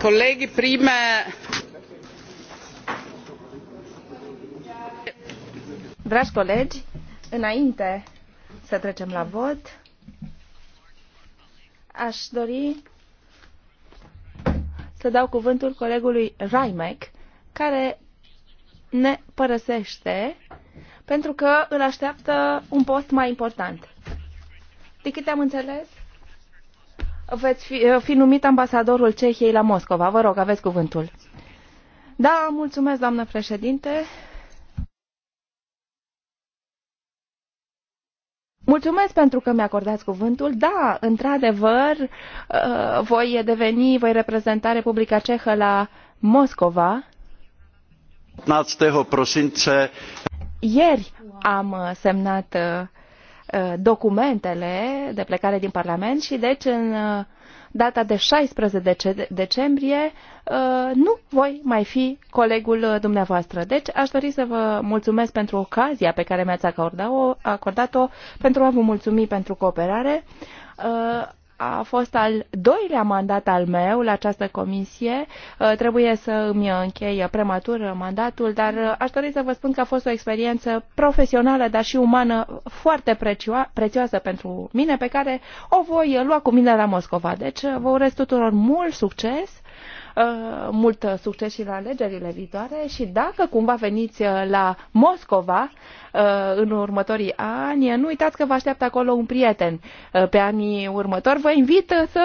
Colleghi, prima Dragi colegi, înainte să trecem la vot, aș dori să dau cuvântul colegului Raimek, care ne părăsește pentru că îl așteaptă un post mai important. De câte am înțeles, veți fi, eh, fi numit ambasadorul Cehiei la Moscova. Vă rog, aveți cuvântul. Da, mulțumesc, doamnă președinte. Mulțumesc pentru că mi-acordați cuvântul. Da, într-adevăr, eh, voi deveni, voi reprezenta Republica Cehă la Moscova. 15 prosince. Ieri am eh, semnat Uh, documentele de plecare din Parlament și deci în uh, data de 16 decembrie uh, nu voi mai fi colegul dumneavoastră. Deci aș dori să vă mulțumesc pentru ocazia pe care mi-ați acordat-o, acordat pentru a vă mulțumi pentru cooperare a fost al doilea mandat al meu la această comisie. Uh, trebuie să îmi închei prematur mandatul, dar uh, aș dori să vă spun că a fost o experiență profesională, dar și umană foarte prețio prețioasă pentru mine, pe care o voi lua cu mine la Moscova. Deci uh, vă urez tuturor mult succes Uh, mult succes și la alegerile viitoare și dacă cumva veniți uh, la Moscova uh, în următorii ani, nu uitați că vă așteaptă acolo un prieten pe anii următori. Vă invit să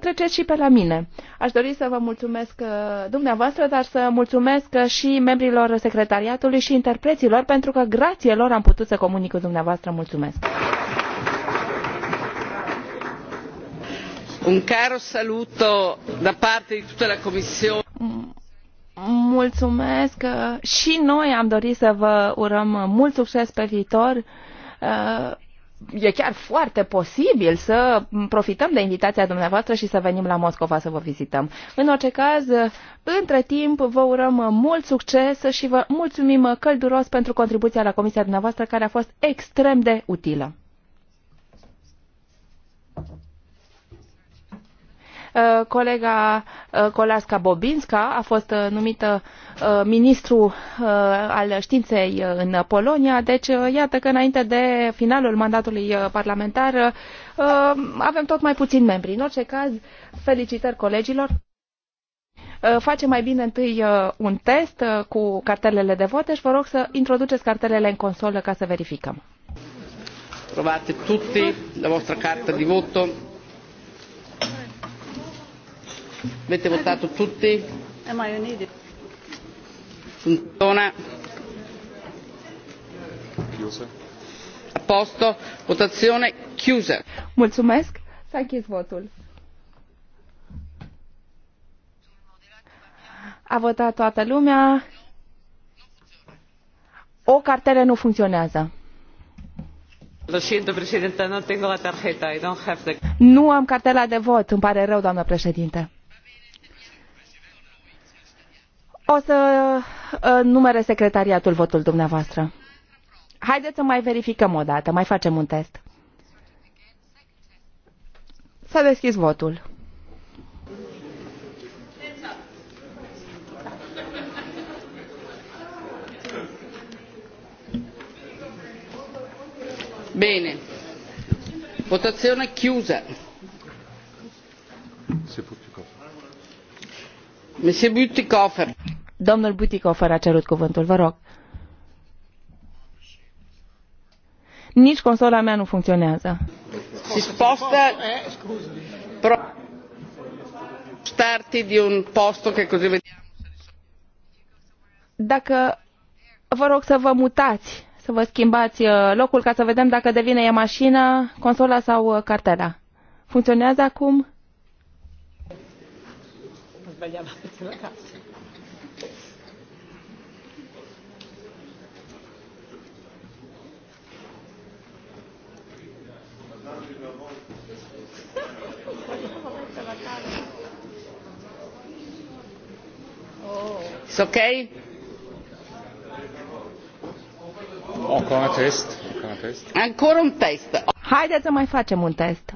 treceți și pe la mine. Aș dori să vă mulțumesc dumneavoastră, dar să mulțumesc și membrilor secretariatului și interpreților pentru că grație lor am putut să comunic cu dumneavoastră. Mulțumesc! Un caro saluto da parte di tutta la Commissione. Mulțumesc și noi am dorit să vă urăm mult succes pe viitor. E chiar foarte posibil să profităm de invitația dumneavoastră și să venim la Moscova să vă vizităm. În orice caz, între timp, vă urăm mult succes și vă mulțumim călduros pentru contribuția la comisia dumneavoastră, care a fost extrem de utilă. Uh, colega uh, Colasca Bobinska a fost uh, numită ministru al științei în Polonia, deci iată că înainte de finalul mandatului parlamentar avem tot mai puțini membri. În orice caz, felicitări colegilor face mai bine întâi un test cu cartelele de vot și deci, vă rog să introduceți cartelele în consolă ca să verificăm. Trovate tutti la vostra carta di voto Avete votato tutti? Am I needed? Funziona? Chiusa. A posto, votazione chiusa. Mulțumesc, s-a închis votul. A votat toată lumea. O cartelă nu funcționează. Nu am cartela de vot, îmi pare rău, doamnă președinte. O să ă, numere secretariatul votul dumneavoastră. Haideți să mai verificăm o dată, mai facem un test. S-a deschis votul. Bine. Votazione chiusa. Monsieur Butikofer. Domnul Butikofer a cerut cuvântul, vă rog. Nici consola mea nu funcționează. Si sposta pro starti di un posto che così vediamo. Dacă vă rog să vă mutați, să vă schimbați uh, locul ca să vedem dacă devine e mașina, consola sau uh, cartela. Funcționează acum? It's okay? Încă un test. Ancora un test. Haideți să mai facem un test.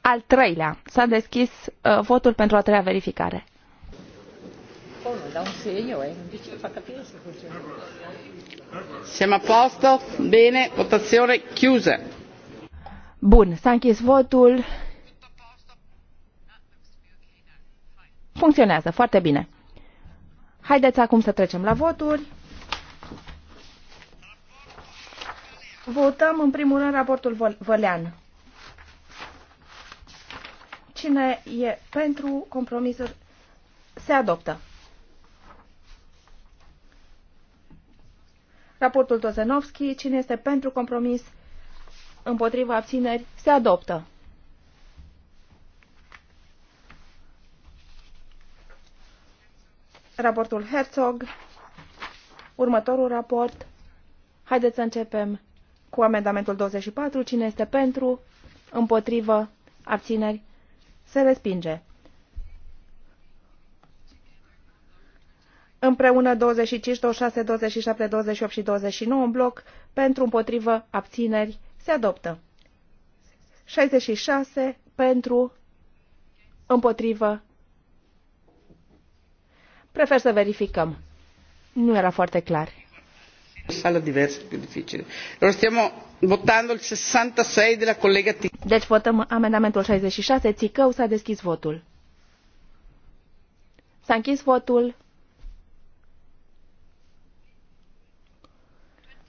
Al treilea. S-a deschis uh, votul pentru a treia verificare. Siamo a posto? Bine, votazione chiusa. Bun, s-a închis votul. Funcționează foarte bine. Haideți acum să trecem la voturi. Votăm în primul rând raportul Vălean. Cine e pentru compromisuri se adoptă. Raportul Tozenovski, cine este pentru compromis împotriva abțineri, se adoptă. raportul Herzog, următorul raport. Haideți să începem cu amendamentul 24. Cine este pentru, împotrivă, abțineri, se respinge. Împreună 25, 26, 27, 28 și 29 în bloc, pentru, împotrivă, abțineri, se adoptă. 66 pentru, împotrivă, Prefer să verificăm. Nu era foarte clar. Sala diverse più difficile. Noi stiamo votando il 66 della collega Ticău. Deci votăm amendamentul 66. Țicău s-a deschis votul. S-a închis votul.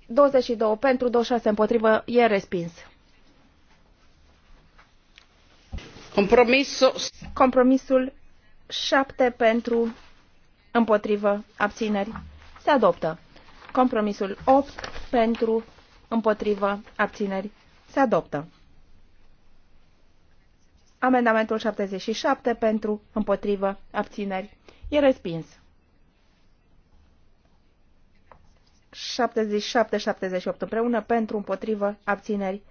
22 pentru, 26 împotrivă, e respins. Compromisul 7 pentru, împotrivă, abțineri, se adoptă. Compromisul 8 pentru, împotrivă, abțineri, se adoptă. Amendamentul 77 pentru, împotrivă, abțineri, e respins. 77-78 împreună pentru, împotrivă, abțineri.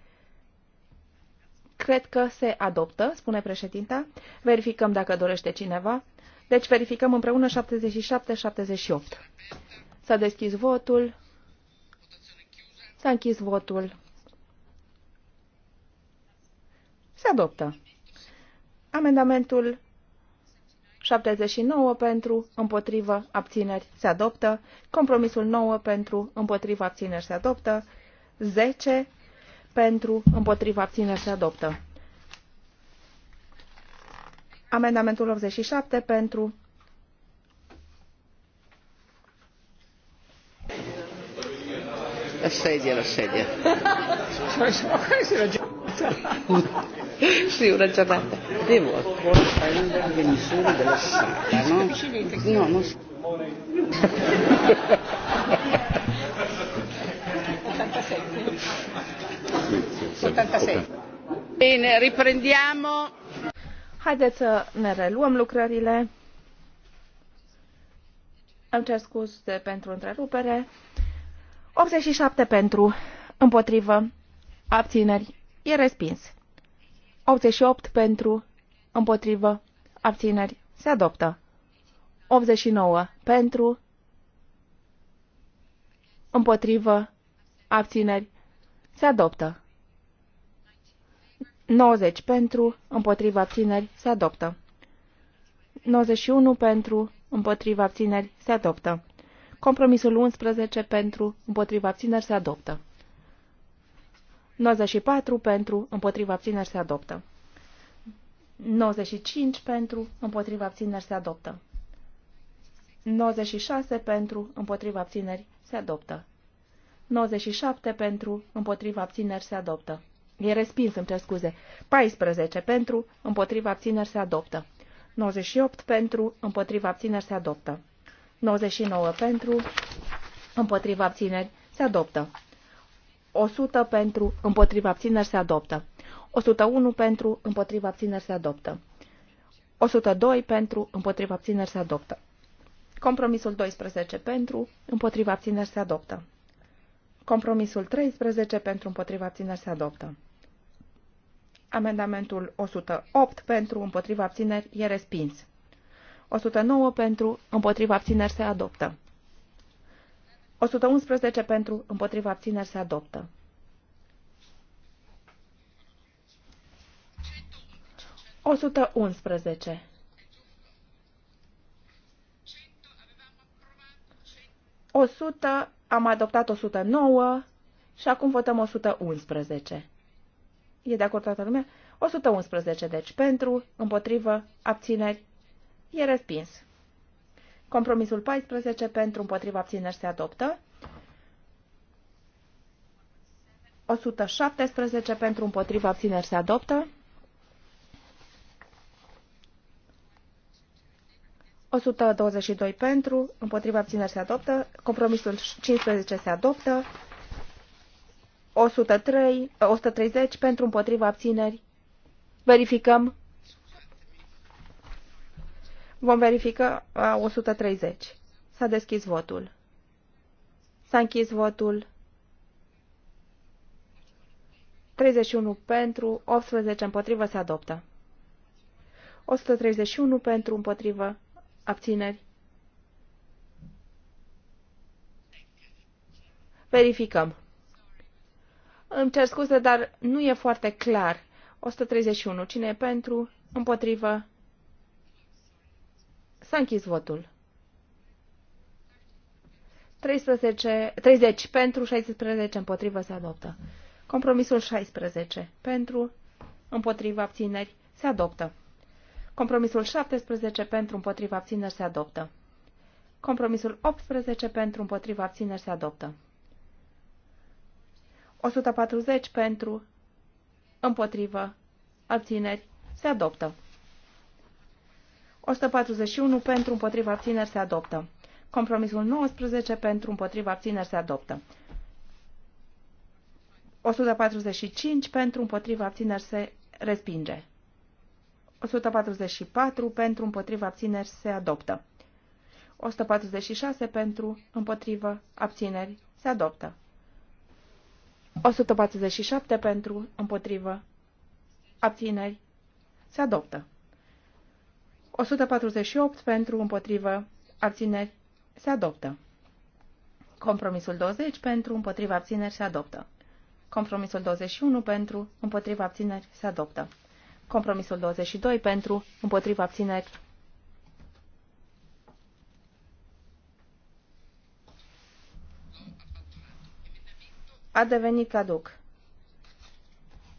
Cred că se adoptă, spune președinta. Verificăm dacă dorește cineva. Deci verificăm împreună 77-78. S-a deschis votul. S-a închis votul. Se adoptă. Amendamentul 79 pentru, împotrivă, abțineri, se adoptă. Compromisul 9 pentru, împotrivă, abțineri, se adoptă. 10 pentru, împotrivă, abțineri, se adoptă. Amendamentul 87 pentru La pentru. la sedia. sì, una giornata. Devo ancora prendere le misure della sala, no? No, non so. Bene, riprendiamo. Haideți să ne reluăm lucrările. Îmi cer scuze pentru întrerupere. 87 pentru, împotrivă, abțineri, e respins. 88 pentru, împotrivă, abțineri, se adoptă. 89 pentru, împotrivă, abțineri, se adoptă. 90 pentru, împotriva abțineri, se adoptă. 91 pentru, împotriva abțineri, se adoptă. Compromisul 11 pentru, împotriva abțineri, se adoptă. 94 pentru, împotriva abțineri, se adoptă. 95 pentru, împotriva abțineri, se adoptă. 96 pentru, împotriva abțineri, se adoptă. 97 pentru, împotriva abțineri, se adoptă. E respins, îmi cer scuze. 14 pentru, împotriva abțineri se adoptă. 98 pentru, împotriva abțineri se adoptă. 99 pentru, împotriva abțineri se adoptă. 100 pentru, împotriva abțineri se adoptă. 101 pentru, împotriva abțineri se adoptă. 102 pentru, împotriva abțineri se adoptă. Compromisul 12 pentru, împotriva abțineri se adoptă. Compromisul 13 pentru, împotriva abțineri se adoptă. Amendamentul 108 pentru împotriva abțineri e respins. 109 pentru împotriva abțineri se adoptă. 111 pentru împotriva abțineri se adoptă. 111. O am adoptat 109 și acum votăm 111. E de acord toată lumea? 111, deci pentru, împotrivă, abțineri, e respins. Compromisul 14 pentru, împotrivă, abțineri se adoptă. 117 pentru, împotrivă, abțineri se adoptă. 122 pentru, împotriva abțineri se adoptă, compromisul 15 se adoptă, 103, 130 pentru împotriva abțineri. Verificăm. Vom verifica 130. S-a deschis votul. S-a închis votul. 31 pentru, 18 împotrivă se adoptă. 131 pentru împotrivă abțineri. Verificăm. Îmi cer scuze, dar nu e foarte clar. 131. Cine e pentru? Împotrivă? S-a închis votul. 13, 30 pentru, 16 împotrivă se adoptă. Compromisul 16 pentru, împotrivă abțineri se adoptă. Compromisul 17 pentru, împotrivă abțineri se adoptă. Compromisul 18 pentru, împotrivă abțineri se adoptă. 140 pentru, împotrivă, abțineri, se adoptă. 141 pentru, împotrivă, abțineri, se adoptă. Compromisul 19 pentru, împotrivă, abțineri, se adoptă. 145 pentru, împotrivă, abțineri, se respinge. 144 pentru, împotrivă, abțineri, se adoptă. 146 pentru, împotrivă, abțineri, se adoptă. 147 pentru, împotrivă, abțineri, se adoptă. 148 pentru, împotrivă, abțineri, se adoptă. Compromisul 20 pentru, împotriva abțineri, se adoptă. Compromisul 21 pentru, împotriva abțineri, se adoptă. Compromisul 22 pentru, împotriva abțineri, a devenit caduc.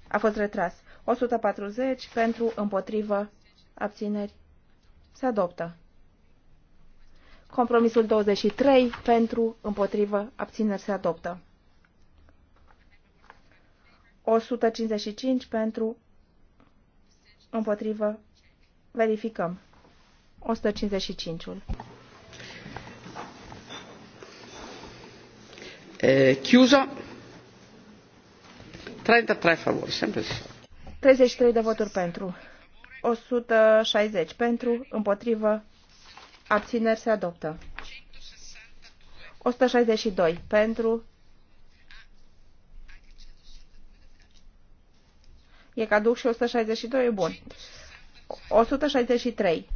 A fost retras. 140 pentru, împotrivă, abțineri. Se adoptă. Compromisul 23 pentru, împotrivă, abțineri se adoptă. 155 pentru, împotrivă, verificăm. 155-ul. Eh, Chiuza. 33 favori, sempre 33 de voturi pentru, 160 pentru, împotrivă, abțineri se adoptă. 162 pentru, e caduc și 162 e bun. 163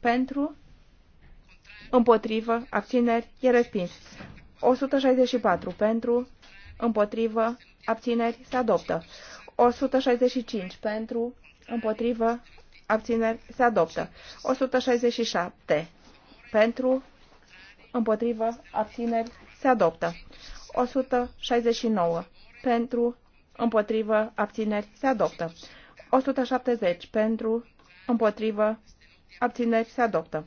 pentru, împotrivă, abțineri, e respins. 164 pentru, împotrivă, abțineri, se adoptă. 165 pentru, împotrivă, abțineri, se adoptă. 167 pentru, împotrivă, abțineri, se adoptă. 169 pentru, împotrivă, abțineri, se adoptă. 170 pentru, împotrivă, abțineri, se adoptă.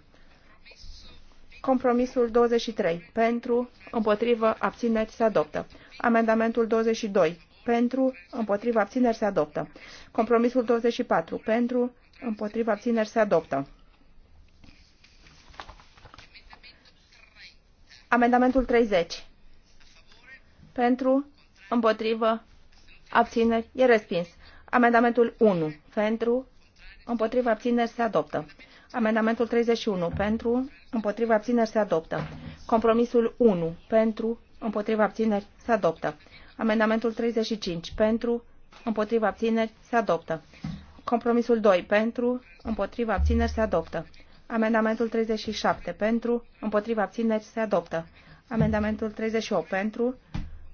Compromisul 23. Pentru, împotrivă, abțineri, se adoptă. Amendamentul 22. Pentru, împotriva abțineri se adoptă. Compromisul 24. Pentru, împotriva abțineri se adoptă. Amendamentul 30. Pentru, împotrivă, abțineri, e respins. Amendamentul 1. Pentru, împotriva abțineri se adoptă. Amendamentul 31. Pentru, împotriva abțineri se adoptă. Compromisul 1. Pentru, împotriva abțineri, se adoptă. Amendamentul 35, pentru, împotriva abțineri, se adoptă. Compromisul 2, pentru, împotriva abțineri, se adoptă. Amendamentul 37, pentru, împotriva abțineri, se adoptă. Amendamentul 38, pentru,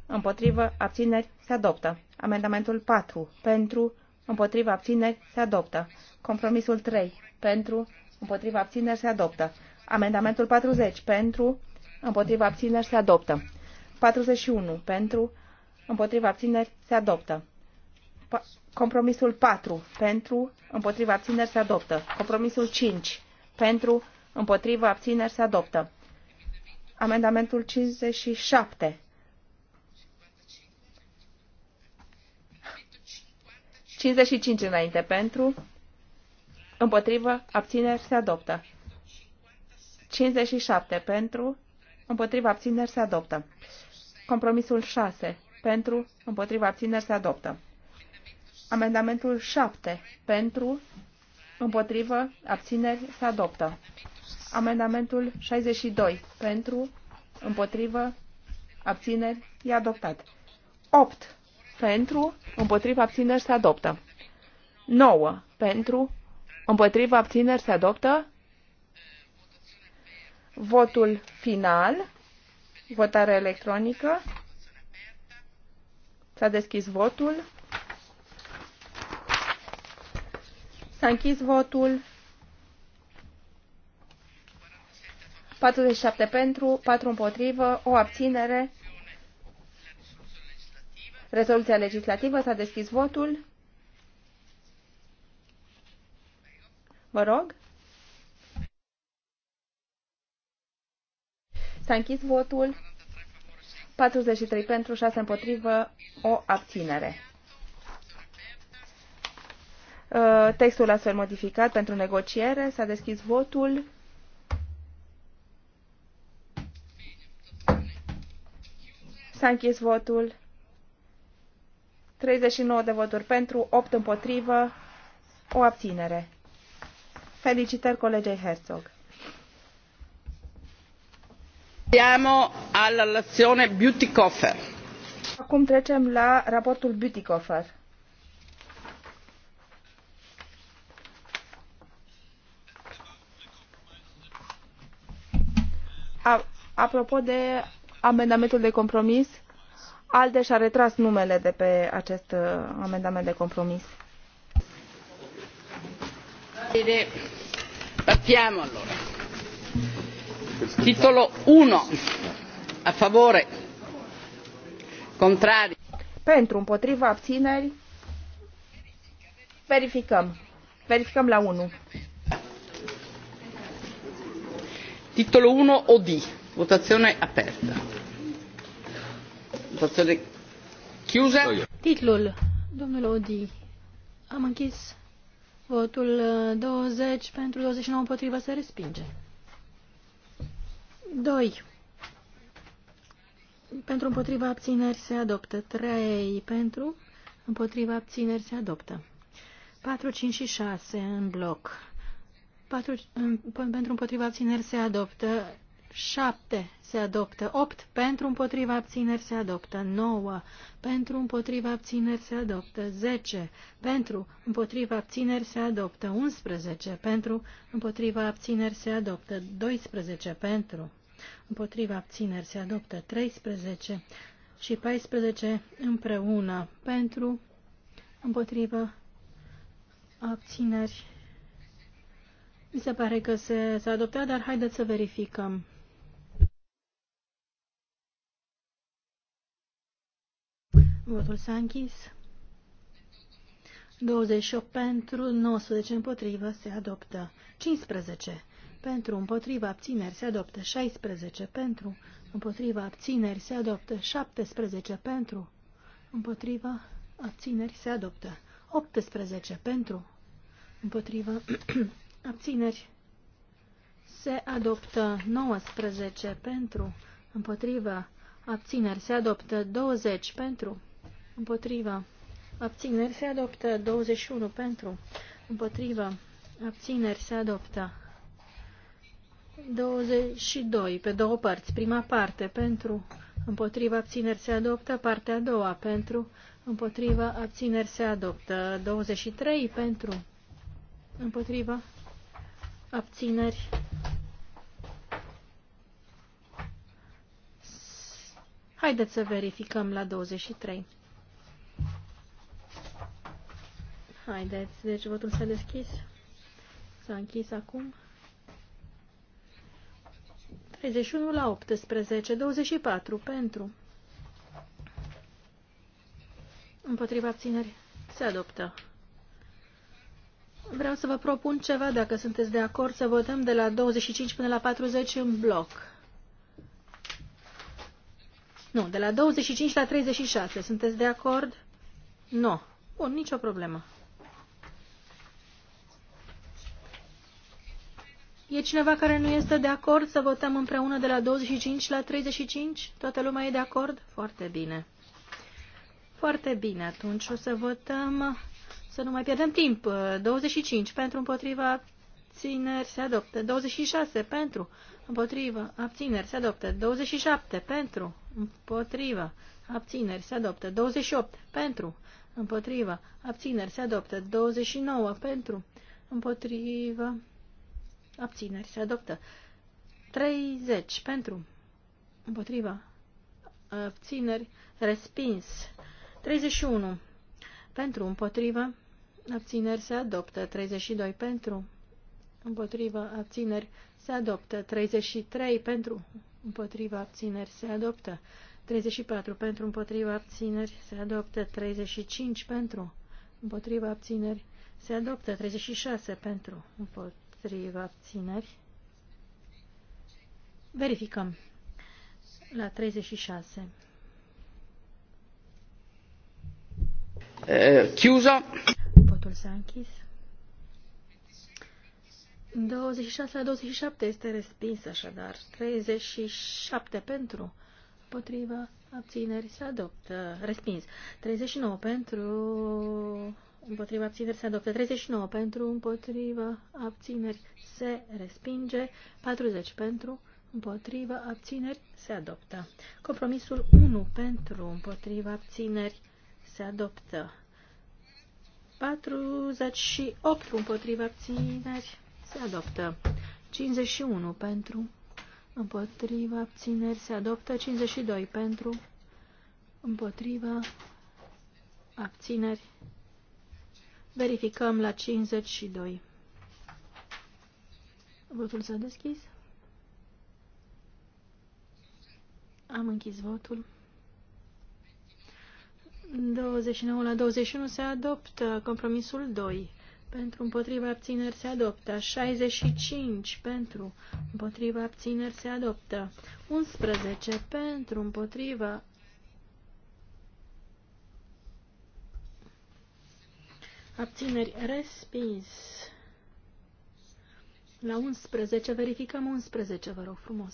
împotriva abțineri, se adoptă. Amendamentul 4, pentru, împotriva abțineri, se adoptă. Compromisul 3, pentru, împotriva abțineri, se adoptă. Amendamentul 40, pentru, împotriva abțineri, se adoptă. 41 pentru, împotriva abțineri se adoptă. Compromisul 4 pentru, împotriva abțineri se adoptă. Compromisul 5 pentru, împotriva abțineri se adoptă. Amendamentul 57 55 înainte pentru, împotrivă, abțineri se adoptă. 57 pentru, împotrivă, abțineri se adoptă. Compromisul 6. Pentru, împotriva abțineri se adoptă. Amendamentul 7. Pentru, împotriva abțineri se adoptă. Amendamentul 62. Pentru, împotriva abțineri e adoptat. 8. Pentru, împotriva abțineri se adoptă. 9. Pentru, împotriva abțineri se adoptă. Votul final Votare electronică. S-a deschis votul. S-a închis votul. 47 pentru, 4 împotrivă, o abținere. Rezoluția legislativă s-a deschis votul. Vă rog. S-a închis votul. 43 pentru, 6 împotrivă, o abținere. Uh, textul astfel modificat pentru negociere. S-a deschis votul. S-a închis votul. 39 de voturi pentru, 8 împotrivă, o abținere. Felicitări colegei Herzog. Siamo alla relazione Beautycoffer. Acum trecem la raportul Beautycoffer. Apropo de amendamentul de compromis, ALDE și-a retras numele de pe acest uh, amendament de compromis. Bine, partiamo allora. Titolo 1. A favore. Contrari. Pentru, împotriva, abțineri. Verificăm. Verificăm la 1. Titolo 1 O OD. Votazione aperta. Votazione chiusa. Titlul, domnule Odi, am închis votul 20 uh, pentru 29 împotriva se respinge. 2. Pentru împotriva abțineri se adoptă. 3. Pentru împotriva abțineri se adoptă. 4, 5 și 6 în bloc. 4, pentru împotriva abțineri se adoptă. 7 se adoptă, 8 pentru împotriva abțineri se adoptă, 9 pentru împotriva abțineri se adoptă, 10 pentru împotriva abțineri se adoptă, 11 pentru împotriva abțineri se adoptă, 12 pentru împotriva abțineri se adoptă, 13 și 14 împreună pentru împotriva abțineri. Mi se pare că se, se adoptat, dar haideți să verificăm. Votul s-a închis. 28 pentru, 19 împotrivă, se adoptă. 15 pentru, împotriva abțineri, se adoptă. 16 pentru, împotriva abțineri, se adoptă. 17 pentru, împotriva abțineri, se adoptă. 18 pentru, împotriva abțineri, se adoptă. 19 pentru, împotriva abțineri, se adoptă. 20 pentru, Împotriva. Abțineri se adoptă. 21 pentru. Împotriva. Abțineri se adoptă. 22 pe două părți. Prima parte pentru. Împotriva abțineri se adoptă. Partea a doua pentru. Împotriva abțineri se adoptă. 23 pentru. Împotriva abțineri. Haideți să verificăm la 23. Haideți, deci votul s-a deschis. S-a închis acum. 31 la 18, 24 pentru. Împotriva abțineri se adoptă. Vreau să vă propun ceva, dacă sunteți de acord, să votăm de la 25 până la 40 în bloc. Nu, de la 25 la 36. Sunteți de acord? Nu. Bun, nicio problemă. E cineva care nu este de acord să votăm împreună de la 25 la 35? Toată lumea e de acord? Foarte bine. Foarte bine, atunci o să votăm, să nu mai pierdem timp. 25 pentru împotriva abțineri se adoptă. 26 pentru împotriva abțineri se adoptă. 27 pentru împotriva abțineri se adoptă. 28 pentru împotriva abțineri se adoptă. 29 pentru împotriva Abțineri. Se adoptă. 30 pentru. Împotriva. Abțineri. Respins. 31 pentru. Împotriva. Abțineri. Se adoptă. 32 pentru. Împotriva. Abțineri. Se adoptă. 33 pentru. Împotriva. Abțineri. Se adoptă. 34 pentru. Împotriva. Abțineri. Se adoptă. 35 pentru. Împotriva. Abțineri. Se adoptă. 36 pentru. Împotriva împotrivă, abțineri. Verificăm. La 36. Eh, Chiuza. Votul s-a închis. 26 la 27 este respins așadar. 37 pentru, Potriva abțineri, se adoptă, respins. 39 pentru, împotriva abțineri se adoptă. 39 pentru, împotriva abțineri se respinge. 40 pentru, împotriva abțineri se adoptă. Compromisul 1 pentru, împotriva abțineri se adoptă. 48 împotriva abțineri se adoptă. 51 pentru, împotriva abțineri se adoptă. 52 pentru, împotriva abțineri Verificăm la 52. Votul s-a deschis. Am închis votul. 29 la 21 se adoptă compromisul 2. Pentru împotriva abțineri se adoptă. 65 pentru împotriva abțineri se adoptă. 11 pentru împotriva Abțineri respins. La 11, verificăm 11, vă rog frumos.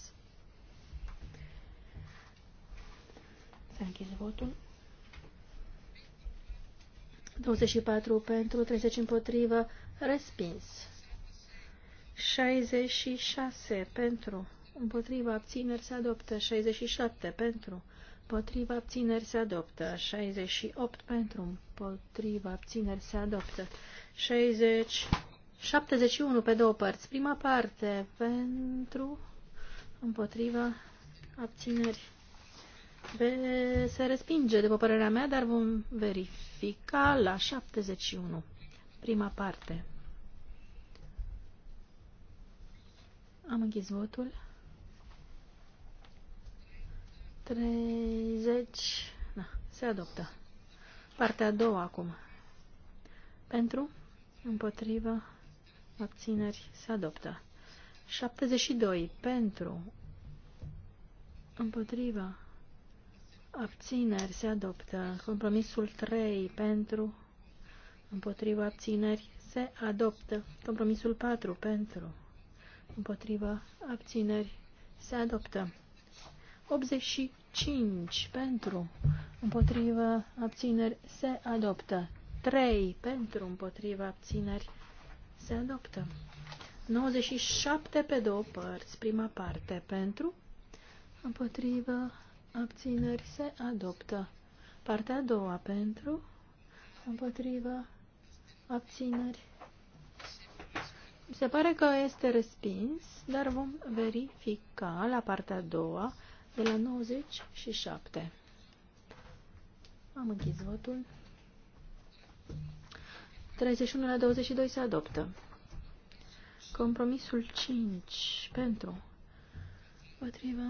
Să închide votul. 24 pentru, 30 împotrivă, respins. 66 pentru, împotrivă, abțineri se adoptă, 67 pentru, Împotriva abțineri se adoptă. 68 pentru. Împotriva abțineri se adoptă. 60. 71 pe două părți. Prima parte pentru. Împotriva abțineri. Be, se respinge, după părerea mea, dar vom verifica la 71. Prima parte. Am închis votul. 30. Na, se adoptă. Partea a doua acum. Pentru, împotrivă, abțineri, se adoptă. 72. Pentru, împotrivă, abțineri, se adoptă. Compromisul 3. Pentru, împotrivă, abțineri, se adoptă. Compromisul 4. Pentru, împotrivă, abțineri, se adoptă. 85 pentru, împotrivă, abțineri, se adoptă. 3 pentru, împotrivă, abțineri, se adoptă. 97 pe două părți, prima parte pentru, împotrivă, abțineri, se adoptă. Partea a doua pentru, împotrivă, abțineri. Se pare că este respins, dar vom verifica la partea a doua de la 97. Am închis votul. 31 la 22 se adoptă. Compromisul 5 pentru. Împotrivă.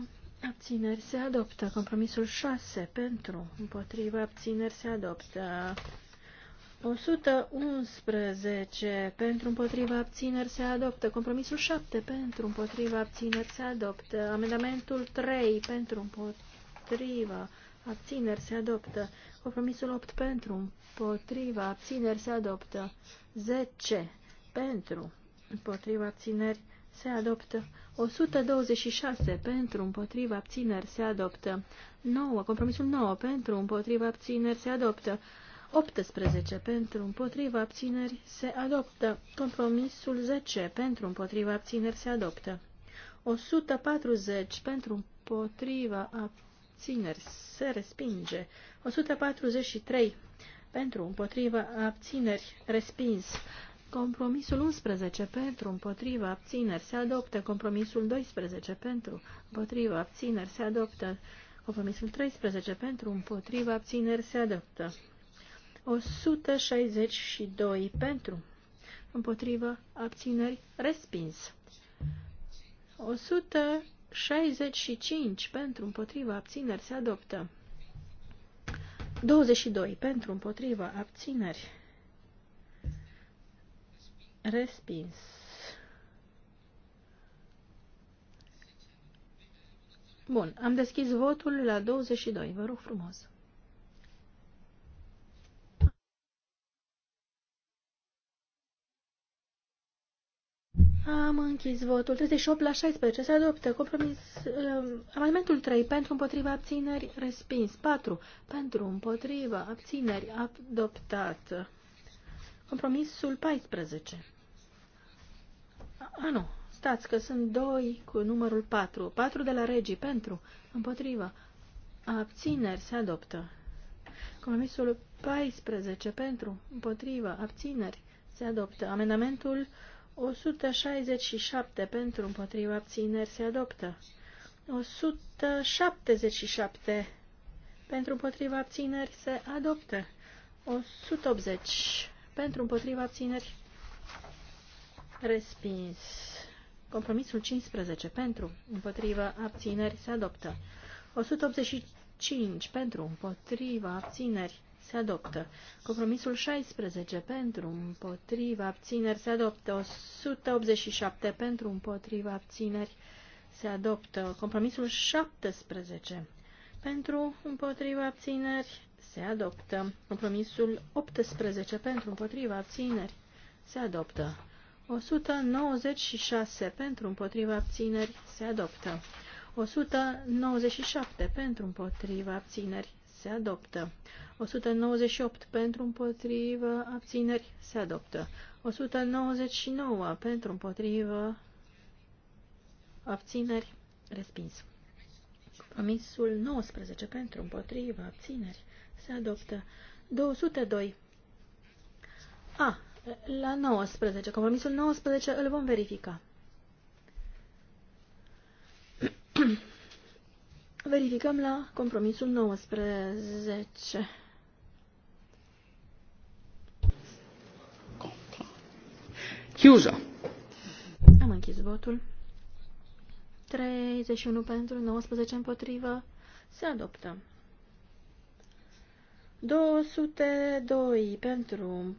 abțineri se adoptă. Compromisul 6 pentru. Împotrivă. abțineri se adoptă. 111 pentru împotriva abțineri se adoptă. Compromisul 7 pentru împotriva abțineri se adoptă. Amendamentul 3 pentru împotriva abțineri se adoptă. Compromisul 8 pentru împotriva abțineri se adoptă. 10 pentru împotriva abțineri se adoptă. 126 pentru împotriva abțineri se adoptă. 9. Compromisul 9 pentru împotriva abțineri se adoptă. 18 pentru împotriva abțineri se adoptă. Compromisul 10 pentru împotriva abțineri se adoptă. 140 pentru împotriva abțineri se respinge. 143 pentru împotriva abțineri respins. Compromisul 11 pentru împotriva abțineri se adoptă. Compromisul 12 pentru împotriva abțineri se adoptă. Compromisul 13 pentru împotriva abțineri se adoptă. 162 pentru, împotrivă, abțineri, respins. 165 pentru, împotrivă, abțineri, se adoptă. 22 pentru, împotrivă, abțineri, respins. Bun, am deschis votul la 22, vă rog frumos. Am închis votul. 38 la 16. Se adoptă. Compromis. Uh, amendamentul 3. Pentru împotriva abțineri. Respins. 4. Pentru împotriva abțineri. Adoptat. Compromisul 14. A, nu. Stați că sunt 2 cu numărul 4. 4 de la regii. Pentru împotriva abțineri. Se adoptă. Compromisul 14. Pentru împotriva abțineri. Se adoptă. Amendamentul 167 pentru împotriva abțineri se adoptă. 177 pentru împotriva abțineri se adoptă. 180 pentru împotriva abțineri respins. Compromisul 15 pentru împotriva abțineri se adoptă. 185 pentru împotriva abțineri se adoptă. Compromisul 16 pentru, împotriva, abțineri, se adoptă. 187 pentru, împotriva, abțineri, se adoptă. Compromisul 17 pentru, împotriva, abțineri, se adoptă. Compromisul 18 pentru, împotriva, abțineri, se adoptă. 196 pentru, împotriva, abțineri, se adoptă. 197 pentru, împotriva, abțineri, se adoptă. 198 pentru împotrivă, abțineri, se adoptă. 199 pentru împotrivă, abțineri, respins. Compromisul 19 pentru împotrivă, abțineri, se adoptă. 202. A, la 19. Compromisul 19 îl vom verifica. Verificăm la compromisul 19. Chiuză. Am închis votul. 31 pentru, 19 împotrivă. Se adoptă. 202 pentru,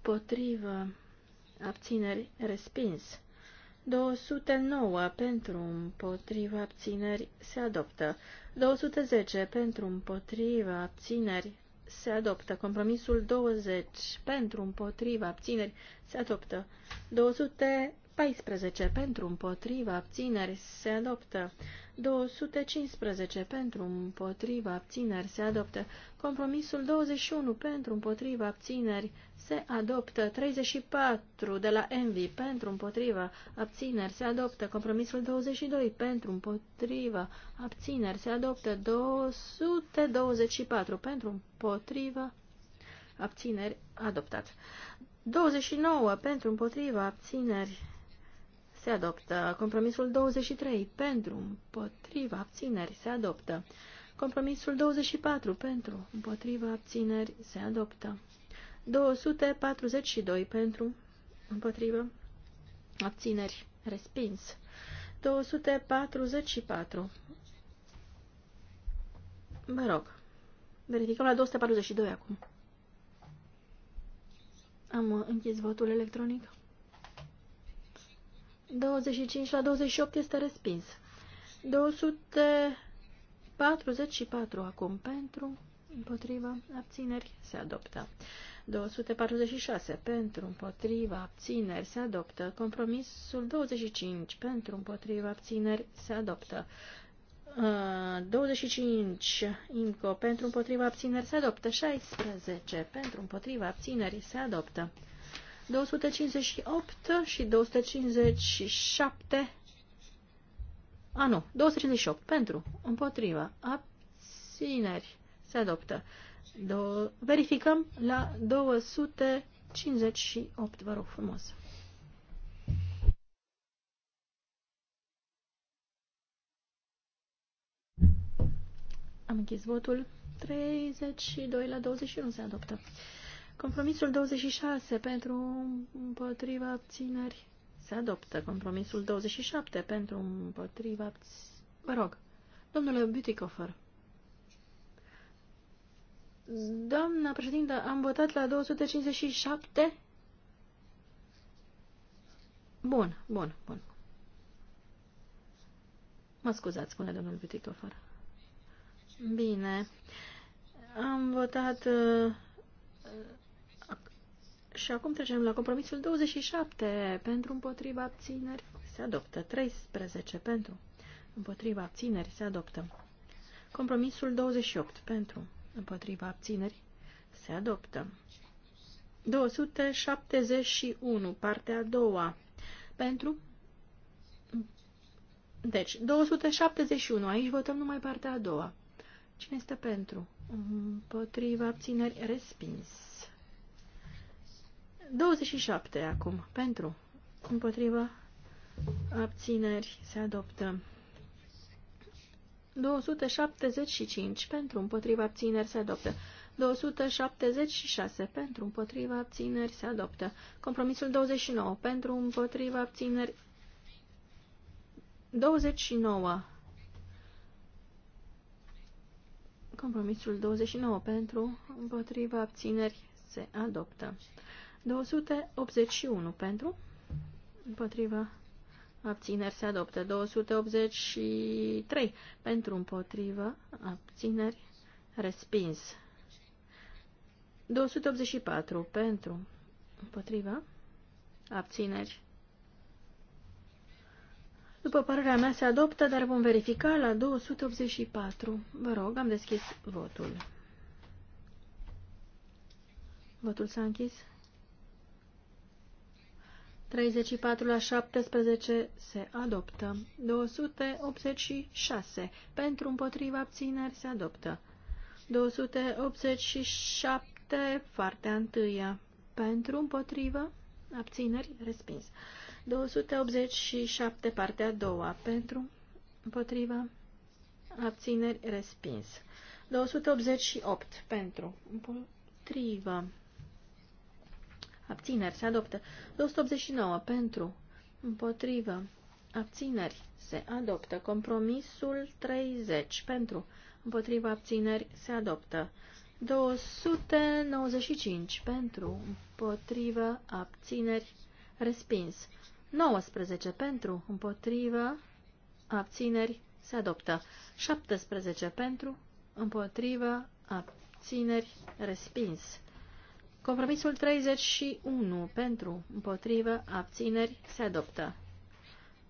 împotrivă, abțineri, respins. 209 pentru împotriva abțineri se adoptă. 210 pentru împotriva abțineri se adoptă. Compromisul 20 pentru împotriva abțineri se adoptă. 200 14 pentru împotriva abțineri se adoptă. 215 pentru împotriva abțineri se adoptă. Compromisul 21 pentru împotriva abțineri se adoptă. 34 de la Envi pentru împotriva abțineri se adoptă. Compromisul 22 pentru împotriva abțineri se adoptă. 224 pentru împotriva abțineri adoptat. 29 pentru împotriva abțineri se adoptă. Compromisul 23 pentru, împotriva, abțineri, se adoptă. Compromisul 24 pentru, împotriva, abțineri, se adoptă. 242 pentru, împotriva, abțineri, respins. 244. Mă rog, verificăm la 242 acum. Am închis votul electronic. 25 la 28 este respins. 244 acum pentru, împotriva, abțineri, se adoptă. 246 pentru, împotriva, abțineri, se adoptă. Compromisul 25 pentru, împotriva, abțineri, se adoptă. 25 uh, INCO pentru împotriva abțineri se adoptă, 16 pentru împotriva abțineri se adoptă. 258 și 257. A, nu. 258. Pentru. Împotriva. Abțineri. Se adoptă. Do Verificăm la 258. Vă rog frumos. Am închis votul. 32 la 21 se adoptă. Compromisul 26 pentru împotriva abțineri se adoptă. Compromisul 27 pentru împotriva abțineri. Vă rog, domnule Butikofer. Doamna președintă, am votat la 257? Bun, bun, bun. Mă scuzați, spune domnul Butikofer. Bine. Am votat... Uh, și acum trecem la compromisul 27. Pentru împotriva abțineri se adoptă. 13 pentru împotriva abțineri se adoptă. Compromisul 28 pentru împotriva abțineri se adoptă. 271, partea a doua. Pentru deci, 271. Aici votăm numai partea a doua. Cine este pentru? Împotriva abțineri respins. 27 acum. Pentru. Împotrivă. Abțineri. Se adoptă. 275. Pentru. Împotrivă. Abțineri. Se adoptă. 276. Pentru. Împotrivă. Abțineri. Se adoptă. Compromisul 29. Pentru. Împotrivă. Abțineri. 29. Compromisul 29 pentru, împotriva abțineri se adoptă. 281 pentru, împotriva abțineri se adoptă. 283 pentru, împotriva abțineri respins. 284 pentru, împotriva abțineri. După părerea mea se adoptă, dar vom verifica la 284. Vă rog, am deschis votul. Votul s-a închis. 34 la 17 se adoptă. 286 pentru împotriva abțineri se adoptă. 287 partea întâia pentru împotriva abțineri respins. 287 partea a doua pentru împotriva abțineri respins. 288 pentru împotriva abțineri, se adoptă. 289 pentru, împotrivă, abțineri, se adoptă. Compromisul 30 pentru, împotrivă, abțineri, se adoptă. 295 pentru, împotrivă, abțineri, respins. 19 pentru, împotrivă, abțineri, se adoptă. 17 pentru, împotrivă, abțineri, respins. Compromisul 31 pentru împotrivă abțineri se adoptă.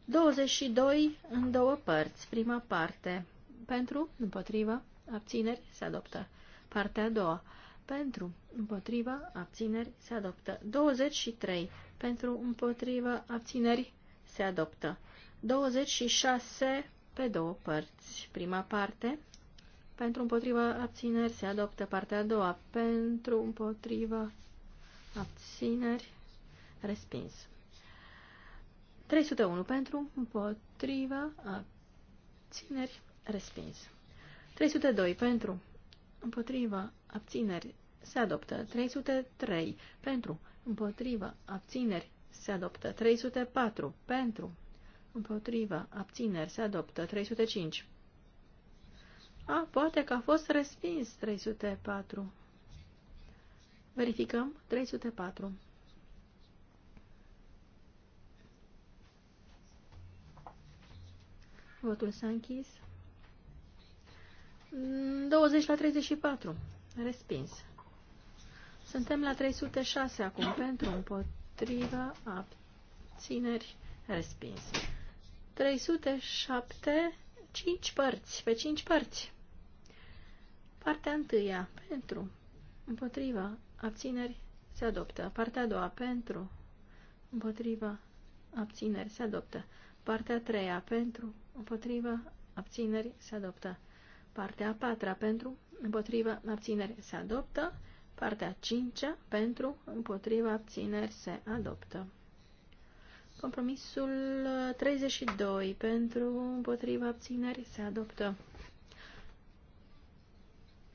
22 în două părți. Prima parte pentru împotrivă abțineri se adoptă. Partea a doua pentru împotrivă abțineri se adoptă. 23 pentru împotrivă abțineri se adoptă. 26 pe două părți. Prima parte pentru împotriva abțineri se adoptă partea a doua. Pentru împotriva abțineri respins. 301 pentru împotriva abțineri respins. 302 pentru împotriva abțineri se adoptă. 303 pentru împotriva abțineri se adoptă. 304 pentru împotriva abțineri se adoptă. 305 a, poate că a fost respins 304. Verificăm 304. Votul s-a închis. 20 la 34. Respins. Suntem la 306 acum. Pentru, împotriva, abțineri, respins. 307, 5 părți. Pe 5 părți. Partea întâia, pentru, împotriva, abțineri, se adoptă. Partea a doua, pentru, împotriva, abțineri, se adoptă. Partea a treia, pentru, împotriva, abțineri, se adoptă. Partea a patra, pentru, împotriva, abțineri, se adoptă. Partea a cincea, pentru, împotriva, abțineri, se adoptă. Compromisul 32, pentru, împotriva, abțineri, se adoptă.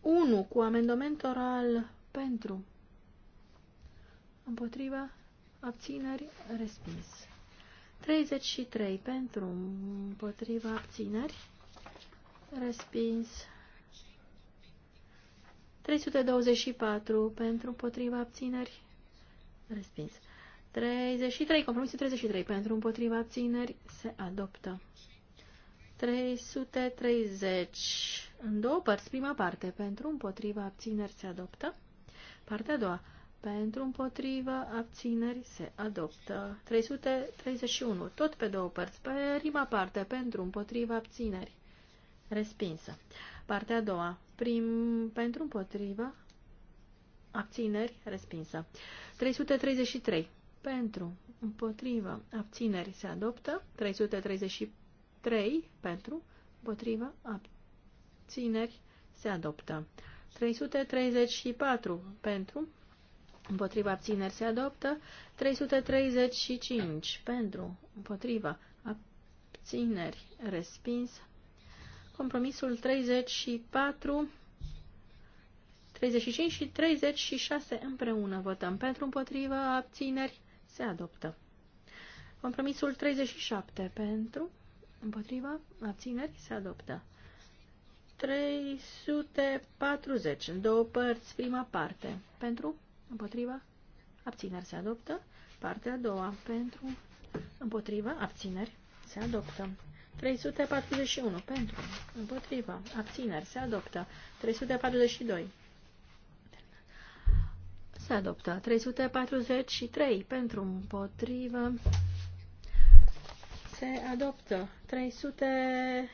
1 cu amendament oral pentru. Împotriva abțineri respins. 33 pentru. Împotriva abțineri respins. 324 pentru. Împotriva abțineri respins. 33, compromisul 33 pentru împotriva abțineri se adoptă. 330 în două părți. Prima parte, pentru împotriva abțineri se adoptă. Partea a doua, pentru împotriva abțineri se adoptă. 331, tot pe două părți. Prima parte, pentru împotriva abțineri, respinsă. Partea a doua, prim, pentru împotriva abțineri, respinsă. 333, pentru împotriva abțineri se adoptă. 333, pentru împotriva abțineri țineri se adoptă. 334 pentru, împotriva abțineri se adoptă. 335 pentru, împotriva abțineri, respins. Compromisul 34, 35 și 36 împreună votăm pentru, împotriva abțineri, se adoptă. Compromisul 37 pentru, împotriva abțineri, se adoptă. 340 în două părți, prima parte. Pentru, împotriva, abțineri se adoptă. Partea a doua, pentru, împotriva, abțineri se adoptă. 341 pentru, împotriva, abțineri se adoptă. 342 se adoptă. 343 pentru, împotriva, se adoptă. 300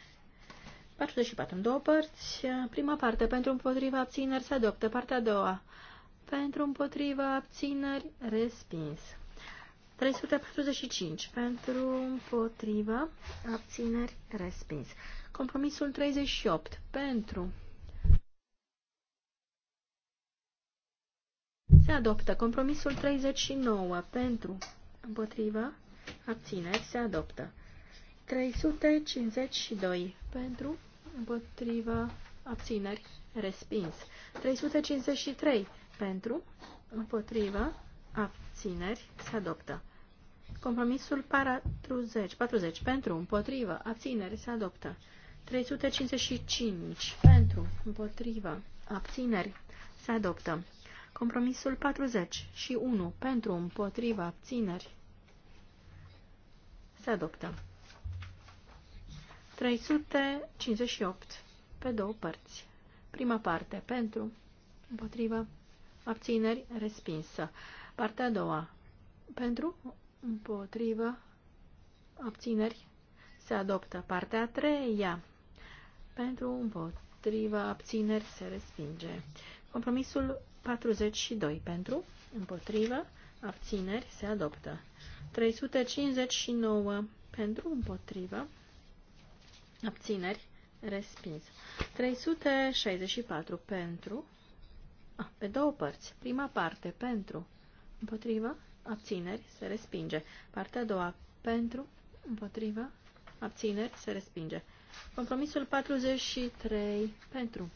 44 în două părți. Prima parte pentru împotriva abțineri se adoptă. Partea a doua pentru împotriva abțineri respins. 345 pentru împotriva abțineri respins. Compromisul 38 pentru se adoptă. Compromisul 39 pentru împotriva abțineri se adoptă. 352 pentru împotriva abțineri respins. 353 pentru împotriva abțineri se adoptă. Compromisul 40, 40 pentru împotriva abțineri se adoptă. 355 pentru împotriva abțineri se adoptă. Compromisul 40 și 1 pentru împotriva abțineri se adoptă. 358 pe două părți. Prima parte pentru, împotrivă, abțineri, respinsă. Partea a doua pentru, împotrivă, abțineri, se adoptă. Partea a treia pentru, împotrivă, abțineri, se respinge. Compromisul 42 pentru, împotrivă, abțineri, se adoptă. 359 pentru, împotrivă, Abțineri. Respins. 364 pentru. ah, pe două părți. Prima parte pentru. Împotrivă. Abțineri. Se respinge. Partea a doua pentru. Împotrivă. Abțineri. Se respinge. Compromisul 43 pentru.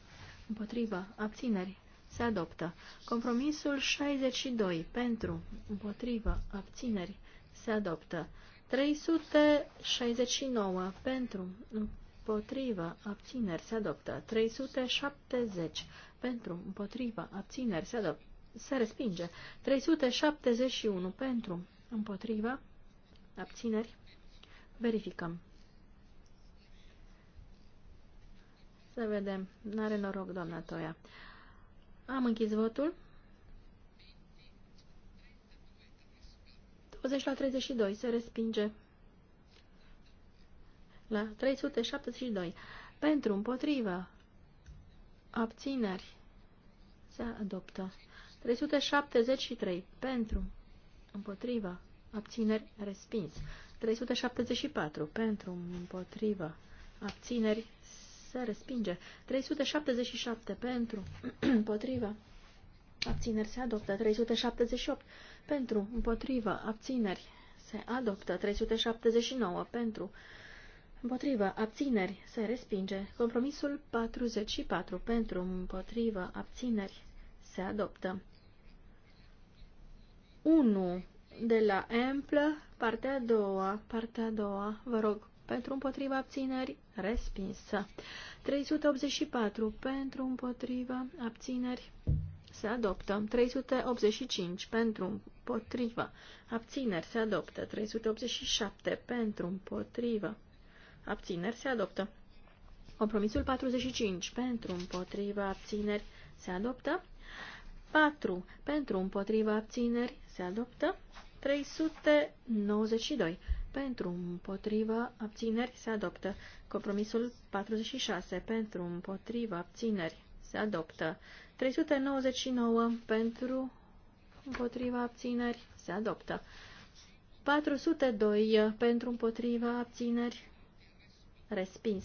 Împotrivă. Abțineri. Se adoptă. Compromisul 62 pentru. Împotrivă. Abțineri. Se adoptă. 369 pentru, împotriva, abțineri se adoptă. 370 pentru, împotriva, abțineri se adoptă. Se respinge. 371 pentru, împotriva, abțineri. Verificăm. Să vedem. N-are noroc, doamna Toia. Am închis votul. 20 la 32 se respinge. La 372. Pentru, împotriva, abțineri, se adoptă. 373. Pentru, împotriva, abțineri, respins. 374. Pentru, împotriva, abțineri, se respinge. 377. Pentru, împotriva, abțineri, se adoptă. 378 pentru, împotrivă, abțineri, se adoptă. 379 pentru, împotrivă, abțineri, se respinge. Compromisul 44 pentru, împotrivă, abțineri, se adoptă. 1 de la amplă, partea a doua, partea a doua, vă rog, pentru împotriva abțineri, respinsă. 384 pentru împotriva abțineri, se adoptă. 385 pentru împotrivă. Abțineri se adoptă. 387 pentru împotrivă. Abțineri se adoptă. Compromisul 45 pentru împotrivă. Abțineri se adoptă. 4 pentru împotrivă. Abțineri se adoptă. 392 pentru împotrivă. Abțineri se adoptă. Compromisul 46 pentru împotrivă. Abțineri se adoptă. 399 pentru, împotriva abțineri, se adoptă. 402 pentru, împotriva abțineri, respins.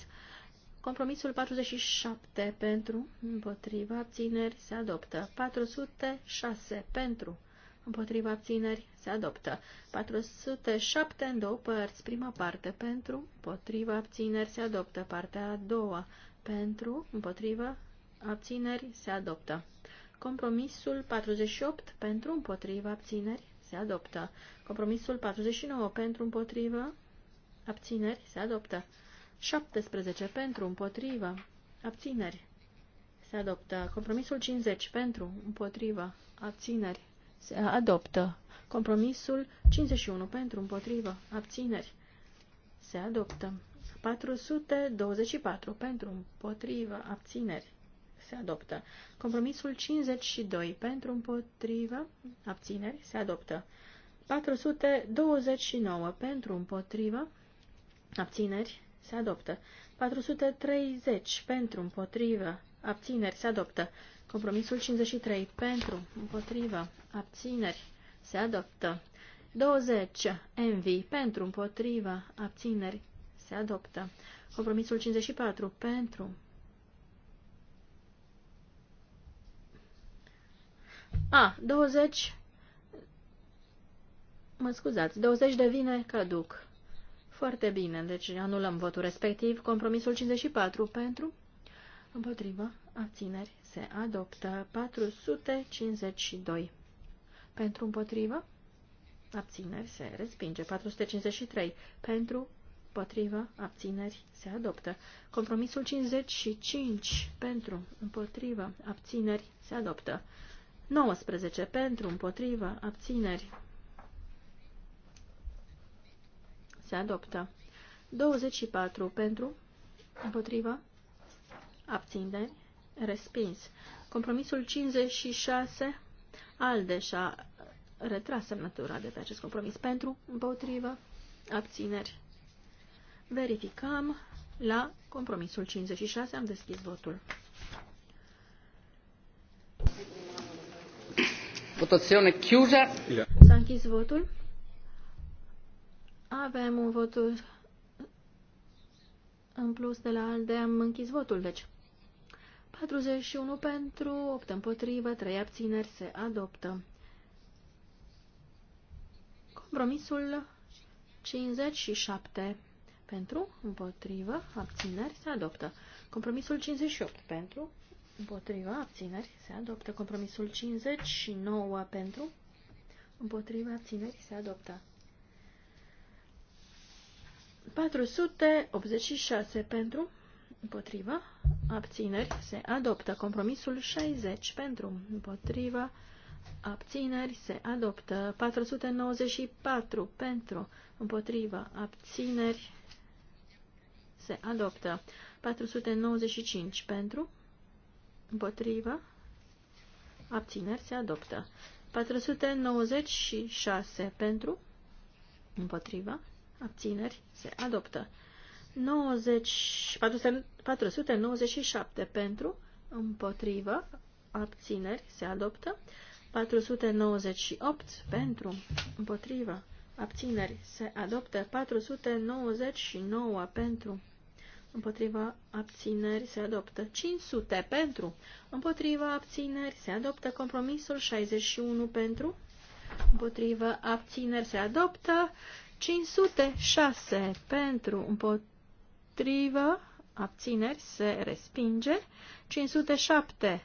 Compromisul 47 pentru, împotriva abțineri, se adoptă. 406 pentru, împotriva abțineri, se adoptă. 407 în două părți, prima parte pentru, împotriva abțineri, se adoptă. Partea a doua pentru, împotriva abțineri, se adoptă. Compromisul 48 pentru împotrivă. abțineri se adoptă. Compromisul 49 pentru împotrivă. abțineri se adoptă. 17 pentru împotrivă. abțineri se adoptă. Compromisul 50 pentru împotrivă. abțineri se adoptă. Compromisul 51 pentru împotrivă. abțineri se adoptă. 424 pentru împotrivă. abțineri se adoptă. Compromisul 52 pentru împotrivă, abțineri, se adoptă. 429 pentru împotrivă, abțineri, se adoptă. 430 pentru împotrivă, abțineri, se adoptă. Compromisul 53 pentru împotrivă, abțineri, se adoptă. 20 envii pentru împotrivă, abțineri, se adoptă. Compromisul 54 pentru A, 20... Mă scuzați, 20 devine caduc. Foarte bine, deci anulăm votul respectiv. Compromisul 54 pentru, împotrivă, abțineri, se adoptă 452. Pentru împotrivă, abțineri, se respinge 453. Pentru împotrivă, abțineri, se adoptă. Compromisul 55 pentru împotrivă, abțineri, se adoptă. 19 pentru, împotrivă, abțineri. Se adoptă. 24 pentru, împotrivă, abțineri, respins. Compromisul 56, al a retras semnătura de pe acest compromis pentru, împotrivă, abțineri. Verificăm la compromisul 56, am deschis votul. Votazione chiusa. S-a închis votul. Avem un vot în plus de la ALDE. Am închis votul, deci. 41 pentru, 8 împotrivă, 3 abțineri se adoptă. Compromisul 57 pentru, împotrivă, abțineri se adoptă. Compromisul 58 pentru, Împotriva abțineri se adoptă. Compromisul 59 pentru. Împotriva abțineri se adoptă. 486 pentru. Împotriva abțineri se adoptă. Compromisul 60 pentru. Împotriva abțineri se adoptă. 494 pentru. Împotriva abțineri se adoptă. 495 pentru Împotrivă. Abțineri se adoptă. 496 pentru. Împotrivă. Abțineri se adoptă. 90, 497 pentru. Împotrivă. Abțineri se adoptă. 498 pentru. Împotrivă. Abțineri se adoptă. 499 pentru împotriva abțineri se adoptă. 500 pentru, împotriva abțineri se adoptă. Compromisul 61 pentru, împotriva abțineri se adoptă. 506 pentru, împotriva abțineri se respinge. 507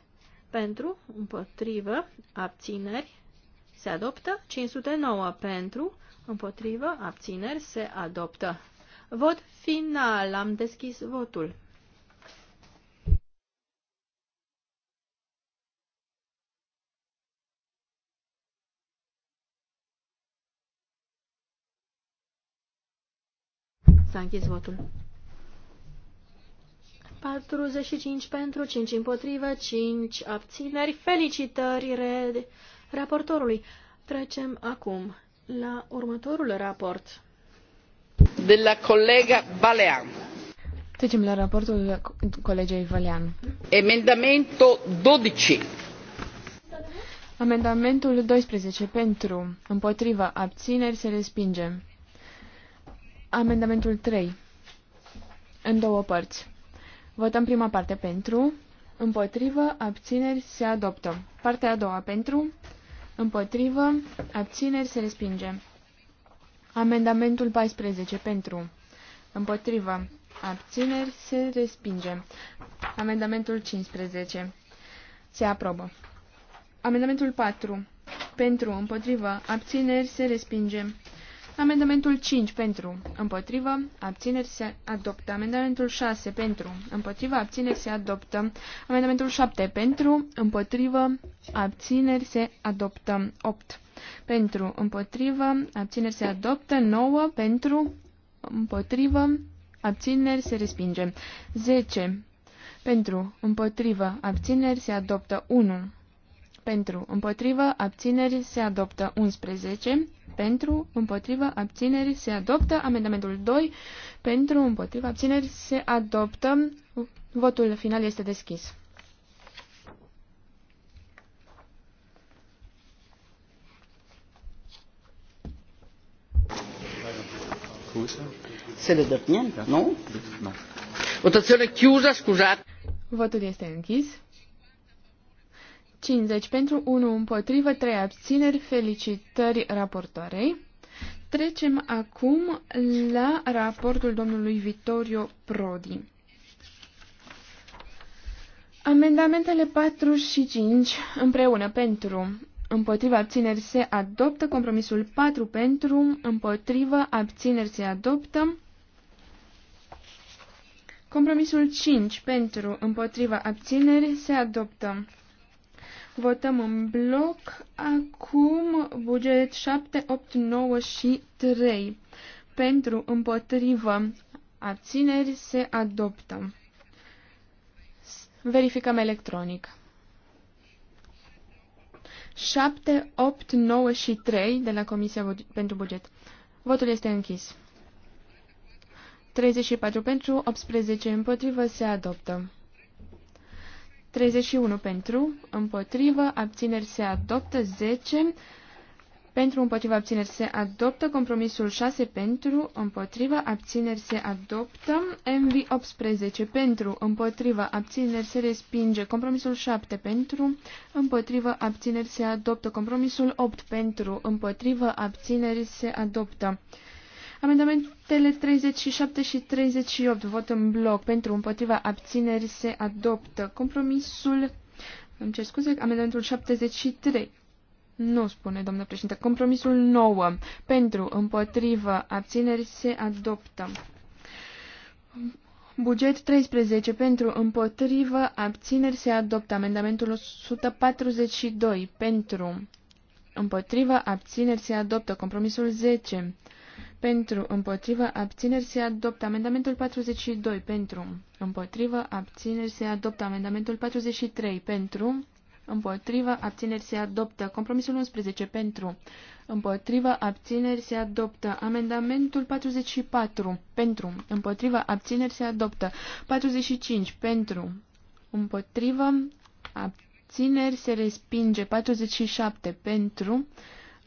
pentru, Împotriva abțineri, se adoptă. 509 pentru, Împotriva abțineri, se adoptă. Vot final. Am deschis votul. S-a închis votul. 45 pentru, 5 împotrivă, 5 abțineri. Felicitări raportorului. Trecem acum la următorul raport. Della collega colega Balean. Trecem la raportul colegei Valean. Emendamentul 12. Amendamentul 12 pentru, împotriva, abțineri se respinge. Amendamentul 3. În două părți. Votăm prima parte pentru, împotrivă, abțineri se adoptă. Partea a doua pentru, împotrivă, abțineri se respinge. Amendamentul 14 pentru. Împotrivă. Abțineri se respinge. Amendamentul 15. Se aprobă. Amendamentul 4. Pentru, împotrivă, abțineri se respinge. Amendamentul 5 pentru, împotrivă, abțineri se adoptă. Amendamentul 6 pentru, împotrivă, abțineri se adoptă. Amendamentul 7 pentru, împotrivă, abțineri se adoptă. 8 pentru, împotrivă, abțineri se adoptă, 9 pentru, împotrivă, abțineri se respinge, 10 pentru, împotrivă, abțineri se adoptă, 1 pentru, împotrivă, abțineri se adoptă, 11 pentru, împotrivă, abțineri se adoptă, amendamentul 2 pentru, împotrivă, abțineri se adoptă, votul final este deschis. Se le dă da. nu? Nu. Da. Votazione chiusa, scuzate. Votul este închis. 50 pentru 1 împotrivă, 3 abțineri. Felicitări raportoarei. Trecem acum la raportul domnului Vittorio Prodi. Amendamentele 4 și 5 împreună pentru împotriva abțineri se adoptă, compromisul 4 pentru, împotriva abțineri se adoptă, compromisul 5 pentru, împotriva abțineri se adoptă. Votăm în bloc acum buget 7, 8, 9 și 3. Pentru, împotrivă, abțineri se adoptă. Verificăm electronic. 7, 8, 9 și 3 de la Comisia pentru Buget. Votul este închis. 34 pentru, 18 împotrivă, se adoptă. 31 pentru, împotrivă, abțineri se adoptă, 10 pentru împotriva abțineri se adoptă, compromisul 6 pentru împotriva abțineri se adoptă, MV 18 pentru împotriva abțineri se respinge, compromisul 7 pentru împotriva abțineri se adoptă, compromisul 8 pentru împotriva abțineri se adoptă. Amendamentele 37 și 38, vot în bloc, pentru împotriva abțineri se adoptă. Compromisul, îmi cer scuze, amendamentul 73, nu, spune domnul președinte. Compromisul nouă. Pentru, împotrivă, abțineri se adoptă. Buget 13. Pentru, împotrivă, abțineri se adoptă. Amendamentul 142. Pentru, împotrivă, abțineri se adoptă. Compromisul 10. Pentru, împotrivă, abțineri se adoptă. Amendamentul 42. Pentru, împotrivă, abțineri se adoptă. Amendamentul 43. Pentru, Împotrivă, abțineri se adoptă. Compromisul 11 pentru. Împotrivă, abțineri se adoptă. Amendamentul 44 pentru. Împotrivă, abțineri se adoptă. 45 pentru. Împotrivă, abțineri se respinge. 47 pentru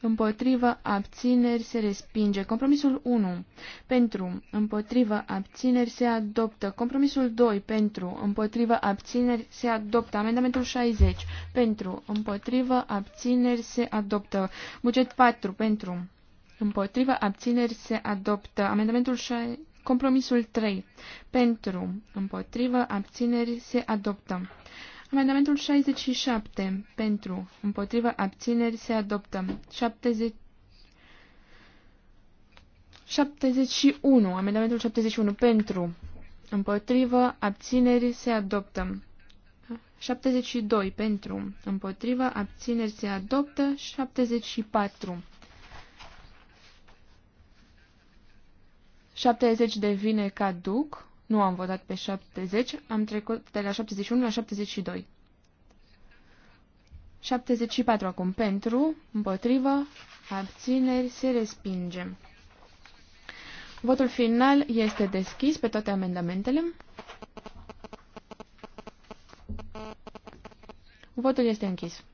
împotrivă, abțineri, se respinge. Compromisul 1, pentru, împotrivă, abțineri, se adoptă. Compromisul 2, pentru, împotrivă, abțineri, se adoptă. Amendamentul 60, pentru, împotrivă, abțineri, se adoptă. Buget 4, pentru, împotrivă, abțineri, se adoptă. Amendamentul 60. Compromisul 3. Pentru, împotrivă, abțineri, se adoptă. Amendamentul 67 pentru, împotriva abțineri se adoptă. 70 71, amendamentul 71 pentru, împotriva abțineri se adoptă. 72 pentru, împotriva abțineri se adoptă. 74 70 devine caduc. Nu am votat pe 70, am trecut de la 71 la 72. 74 acum pentru, împotrivă, abțineri, se respinge. Votul final este deschis pe toate amendamentele. Votul este închis.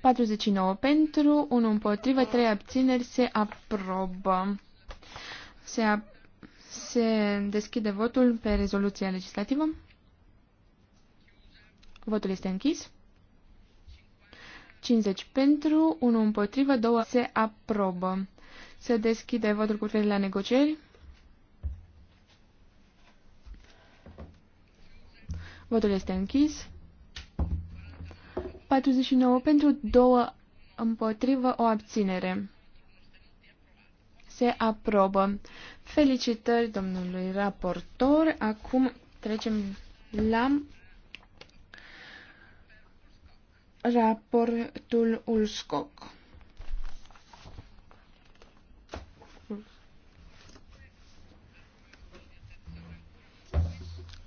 49 pentru, 1 împotrivă, 3 abțineri, se aprobă. Se aprobă se deschide votul pe rezoluția legislativă. Votul este închis. 50 pentru, 1 împotrivă, 2 se aprobă. Se deschide votul cu privire la negocieri. Votul este închis. 49 pentru, 2 împotrivă, o abținere se aprobă. Felicitări domnului raportor. Acum trecem la raportul Ulscoc.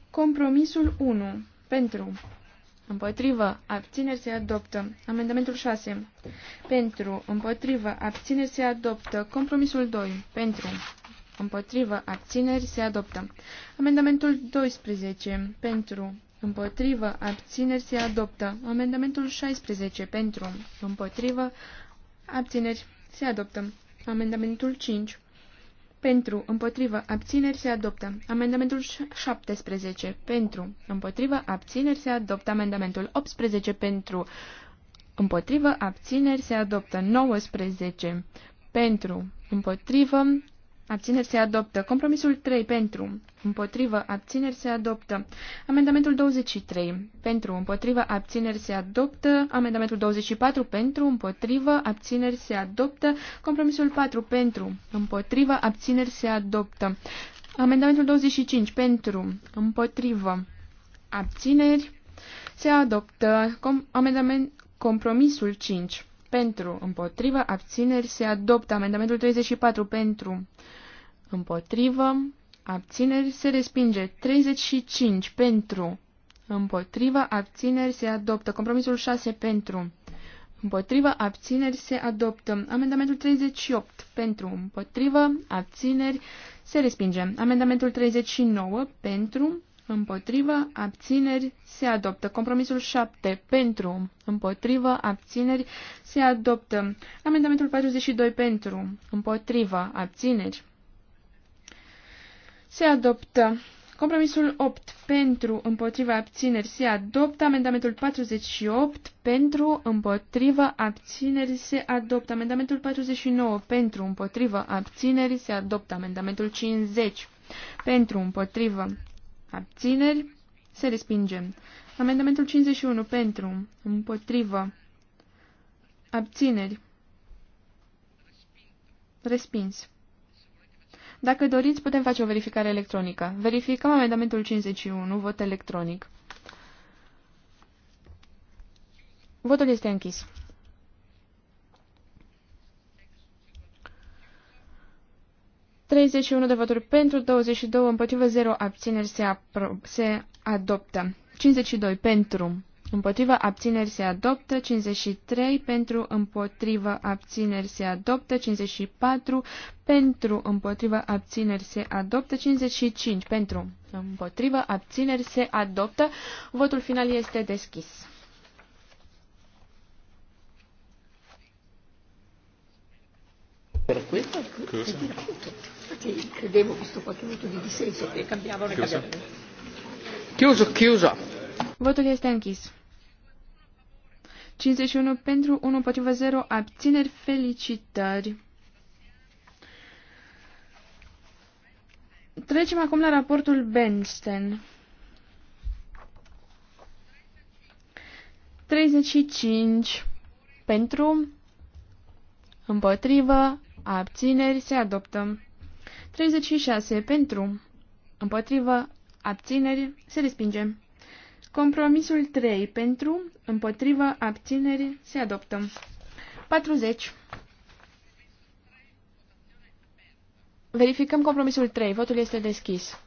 Compromisul 1. Pentru Împotrivă. Abțineri se adoptă. Amendamentul 6. Pentru. Împotrivă. Abțineri se adoptă. Compromisul 2. Pentru. Împotrivă. Abțineri se adoptă. Amendamentul 12. Pentru. Împotrivă. Abțineri se adoptă. Amendamentul 16. Pentru. Împotrivă. Abțineri se adoptă. Amendamentul 5. Pentru, împotrivă, abțineri se adoptă. Amendamentul 17. Pentru, împotrivă, abțineri se adoptă. Amendamentul 18. Pentru, împotrivă, abțineri se adoptă. 19. Pentru, împotrivă, Abțineri se adoptă. Compromisul 3 pentru. Împotrivă. Abțineri se adoptă. Amendamentul 23 pentru. Împotrivă. Abțineri se adoptă. Amendamentul 24 pentru. Împotrivă. Abțineri se adoptă. Compromisul 4 pentru. Împotrivă. Abțineri se adoptă. Amendamentul 25 pentru. Împotrivă. Abțineri se adoptă. Com amendament compromisul 5 pentru, împotrivă, abțineri, se adoptă. Amendamentul 34 pentru, împotrivă, abțineri, se respinge. 35 pentru, împotrivă, abțineri, se adoptă. Compromisul 6 pentru, împotrivă, abțineri, se adoptă. Amendamentul 38 pentru, împotrivă, abțineri, se respinge. Amendamentul 39 pentru, Împotrivă, abțineri, se adoptă. Compromisul 7. Pentru. Împotrivă, abțineri, se adoptă. Amendamentul 42. Pentru. Împotrivă, abțineri, se adoptă. Compromisul 8. Pentru. Împotrivă, abțineri, se adoptă. Amendamentul 48. Pentru. Împotrivă, abțineri, se adoptă. Amendamentul 49. Pentru. Împotrivă, abțineri, se adoptă. Amendamentul 50. Pentru. Împotrivă, Abțineri. Se respinge. Amendamentul 51. Pentru. Împotrivă. Abțineri. Respins. Dacă doriți, putem face o verificare electronică. Verificăm amendamentul 51, vot electronic. Votul este închis. 31 de voturi pentru, 22 împotrivă, 0 abțineri se, se adoptă. 52 pentru, împotrivă, abțineri se adoptă. 53 pentru, împotrivă, abțineri se adoptă. 54 pentru, împotrivă, abțineri se adoptă. 55 pentru, împotrivă, abțineri se adoptă. Votul final este deschis. Per questo? Cosa? Sì, credevo visto qualche minuto di dissenso che cambiavano e cambiavano. Chiuso, chiuso. Votul este închis. 51 pentru, 1 împotriva 0, abțineri, felicitări. Trecem acum la raportul Benstein. 35 pentru, împotrivă, abțineri, se adoptă. 36 pentru, împotrivă, abțineri, se respinge. Compromisul 3 pentru, împotrivă, abțineri, se adoptă. 40. Verificăm compromisul 3. Votul este deschis.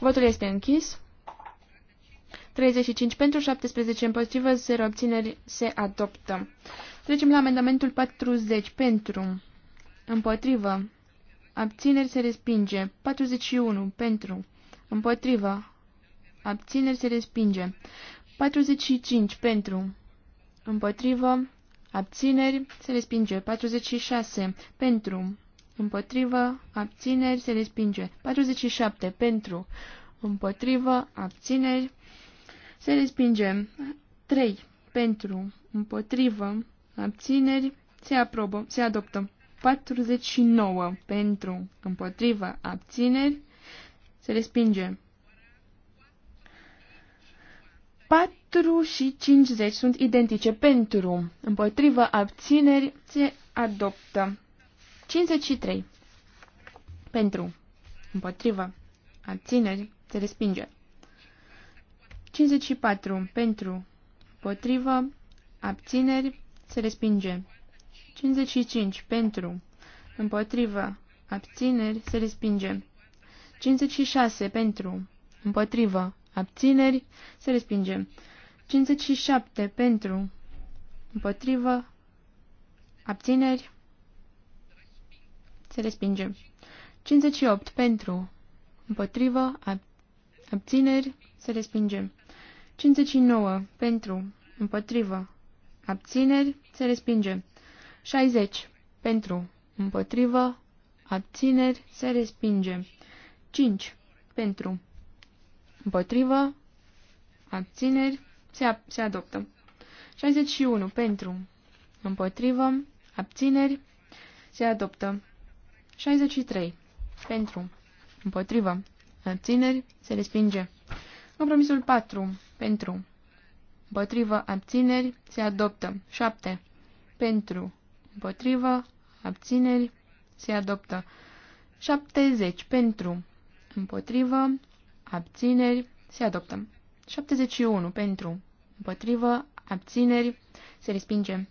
Votul este închis. 35 pentru, 17 împotrivă, 0 abțineri se adoptă. Trecem la amendamentul 40 pentru, împotrivă, abțineri se respinge. 41 pentru, împotrivă, abțineri se respinge. 45 pentru, împotrivă, abțineri se respinge. 46 pentru, Împotrivă, abțineri, se respinge. 47. Pentru. Împotrivă, abțineri, se respinge. 3. Pentru. Împotrivă. Abțineri. Se aprobă. Se adoptă. 49. Pentru. Împotrivă. Abțineri. Se respinge. 4 și 50 sunt identice pentru, împotrivă abțineri se adoptă. 53 pentru, împotrivă abțineri se respinge. 54. Pentru. Potrivă. Abțineri. Se respinge. 55. Pentru. Împotrivă. Abțineri. Se respinge. 56. Pentru. Împotrivă. Abțineri. Se respinge. 57. Pentru. Împotrivă. Abțineri. Se respinge. 58. Pentru. Împotrivă. Abțineri. Se respinge. 59. Pentru. Împotrivă. Abțineri. Se respinge. 60. Pentru. Împotrivă. Abțineri. Se respinge. 5. Pentru. Împotrivă. Abțineri. Se, se adoptă. 61. Pentru. Împotrivă. Abțineri. Se adoptă. 63. Pentru. Împotrivă. Abțineri. Se respinge. Compromisul 4. Pentru. Împotrivă. Abțineri. Se adoptă. 7. Pentru. Împotrivă. Abțineri. Se adoptă. 70. Pentru. Împotrivă. Abțineri. Se adoptă. 71. Pentru. Împotrivă. Abțineri. Se respinge.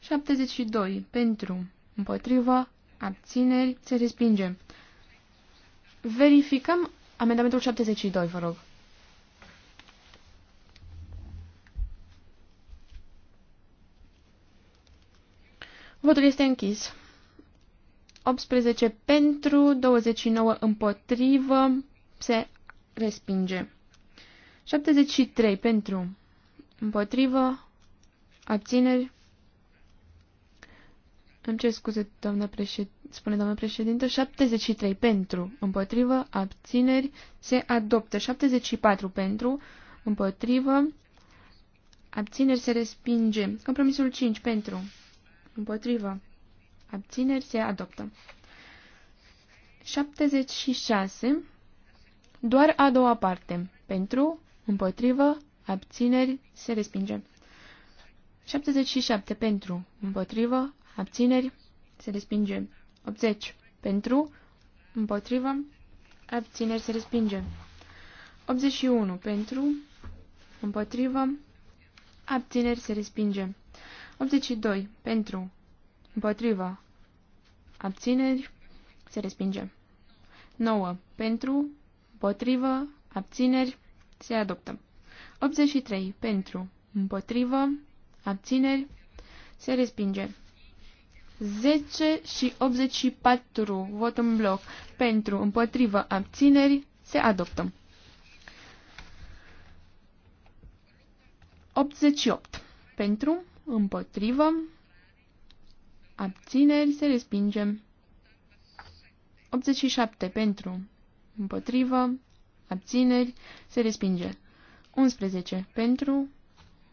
72. Pentru. Împotrivă. Abțineri. Se respinge. Verificăm amendamentul 72, vă rog. Votul este închis. 18 pentru, 29 împotrivă, se respinge. 73 pentru, împotrivă, abțineri. Îmi cer scuze, doamna președ... spune doamna președintă. 73 pentru, împotrivă, abțineri, se adoptă. 74 pentru, împotrivă, abțineri, se respinge. Compromisul 5 pentru, Împotrivă. Abțineri se adoptă. 76. Doar a doua parte. Pentru, împotrivă, abțineri se respinge. 77. Pentru, împotrivă, abțineri se respinge. 80. Pentru, împotrivă, abțineri se respinge. 81. Pentru, împotrivă, abțineri se respinge. 82. Pentru. Împotriva. Abțineri. Se respinge. 9. Pentru. Împotrivă. Abțineri. Se adoptă. 83. Pentru. Împotrivă. Abțineri. Se respinge. 10 și 84. Vot în bloc. Pentru. Împotrivă. Abțineri. Se adoptă. 88. Pentru împotrivă, abțineri, se respinge. 87 pentru, împotrivă, abțineri, se respinge. 11 pentru,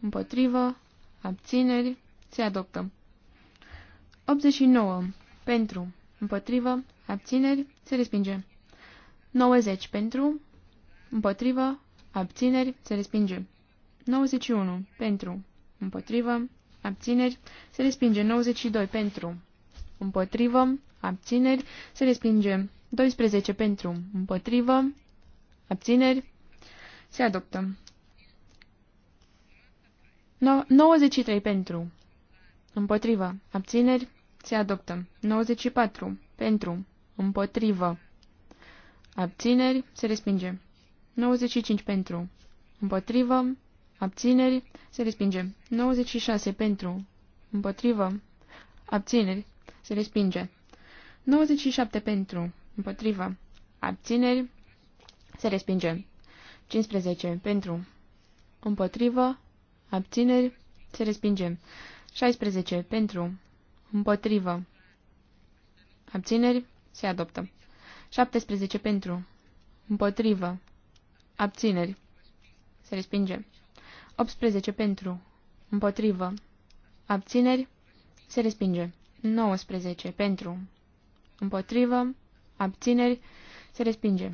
împotrivă, abțineri, se adoptă. 89 pentru, împotrivă, abțineri, se respinge. 90 pentru, împotrivă, abțineri, se respinge. 91 pentru, împotrivă, abțineri, se respinge 92 pentru, împotrivă, abțineri, se respinge 12 pentru, împotrivă, abțineri, se adoptă. No 93 pentru, împotrivă, abțineri, se adoptă. 94 pentru, împotrivă, abțineri, se respinge. 95 pentru, împotrivă, Abțineri. Se respinge. 96 pentru. Împotrivă. Abțineri. Se respinge. 97 pentru. Împotrivă. Abțineri. Se respinge. 15 pentru. Împotrivă. Abțineri. Se respinge. 16 pentru. Împotrivă. Abțineri. Se adoptă. 17 pentru. Împotrivă. Abțineri. Se respinge. 18 pentru. Împotrivă. Abțineri. Se respinge. 19 pentru. Împotrivă. Abțineri. Se respinge.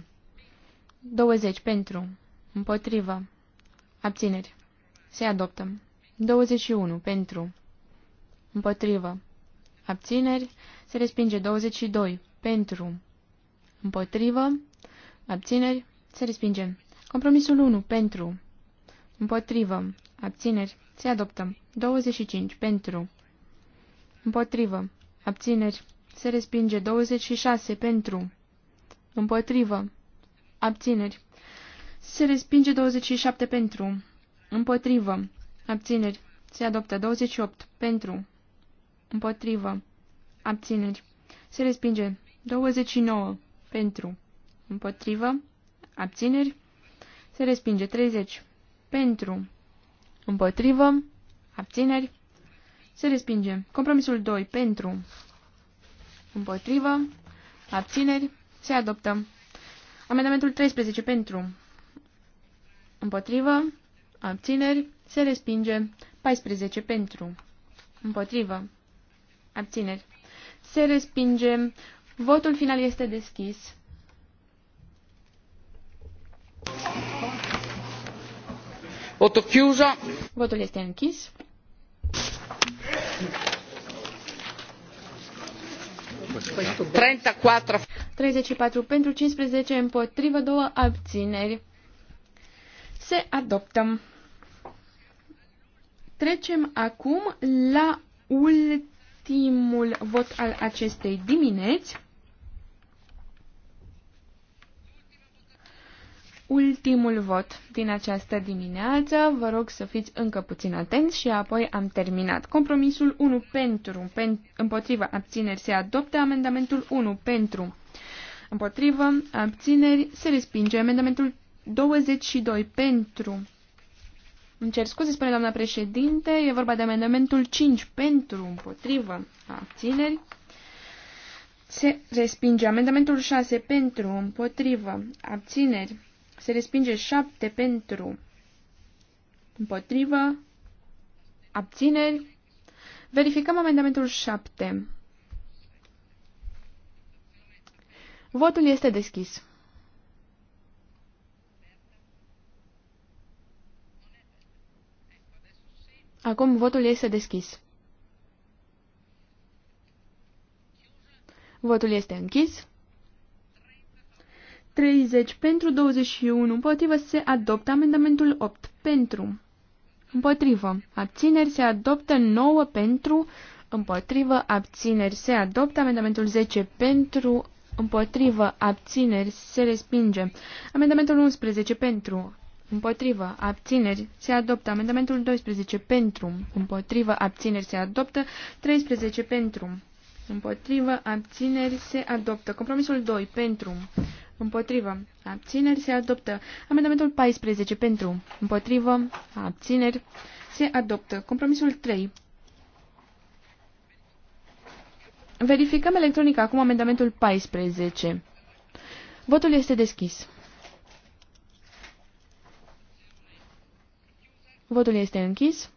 20 pentru. Împotrivă. Abțineri. Se adoptă. 21 pentru. Împotrivă. Abțineri. Se respinge 22 pentru. Împotrivă. Abțineri. Se respinge. Compromisul 1 pentru. Împotrivă. Abțineri. Se adoptă. 25. Pentru. Împotrivă. Abțineri. Se respinge. 26. Pentru. Împotrivă. Abțineri. Se respinge. 27. Pentru. Împotrivă. Abțineri. Se adoptă. 28. Pentru. Împotrivă. Abțineri. Se respinge. 29. Pentru. Împotrivă. Abțineri. Se respinge. 30 pentru, împotrivă, abțineri, se respinge. Compromisul 2 pentru, împotrivă, abțineri, se adoptă. Amendamentul 13 pentru, împotrivă, abțineri, se respinge. 14 pentru, împotrivă, abțineri, se respinge. Votul final este deschis. Votul Votul este închis. Treizeci și patru pentru, 15 împotrivă, două abțineri. Se adoptă. Trecem acum la ultimul vot al acestei dimineți. ultimul vot din această dimineață. Vă rog să fiți încă puțin atenți și apoi am terminat. Compromisul 1 pentru, pen, împotriva abțineri se adoptă, amendamentul 1 pentru, împotriva abțineri se respinge, amendamentul 22 pentru. Îmi cer scuze, spune doamna președinte, e vorba de amendamentul 5 pentru, împotriva abțineri. Se respinge amendamentul 6 pentru, împotrivă, abțineri se respinge 7 pentru. Împotrivă. Abțineri. Verificăm amendamentul 7. Votul este deschis. Acum votul este deschis. Votul este închis. 30 pentru 21 împotrivă se adoptă amendamentul 8 pentru împotrivă abțineri se adoptă 9 pentru împotrivă abțineri se adoptă amendamentul 10 pentru împotrivă abțineri se respinge amendamentul 11 pentru Împotrivă. Abțineri. Se adoptă. Amendamentul 12. Pentru. Împotrivă. Abțineri. Se adoptă. 13. Pentru. Împotrivă, abțineri, se adoptă. Compromisul 2, pentru. Împotrivă, abțineri, se adoptă. Amendamentul 14, pentru. Împotrivă, abțineri, se adoptă. Compromisul 3. Verificăm electronic acum amendamentul 14. Votul este deschis. Votul este închis.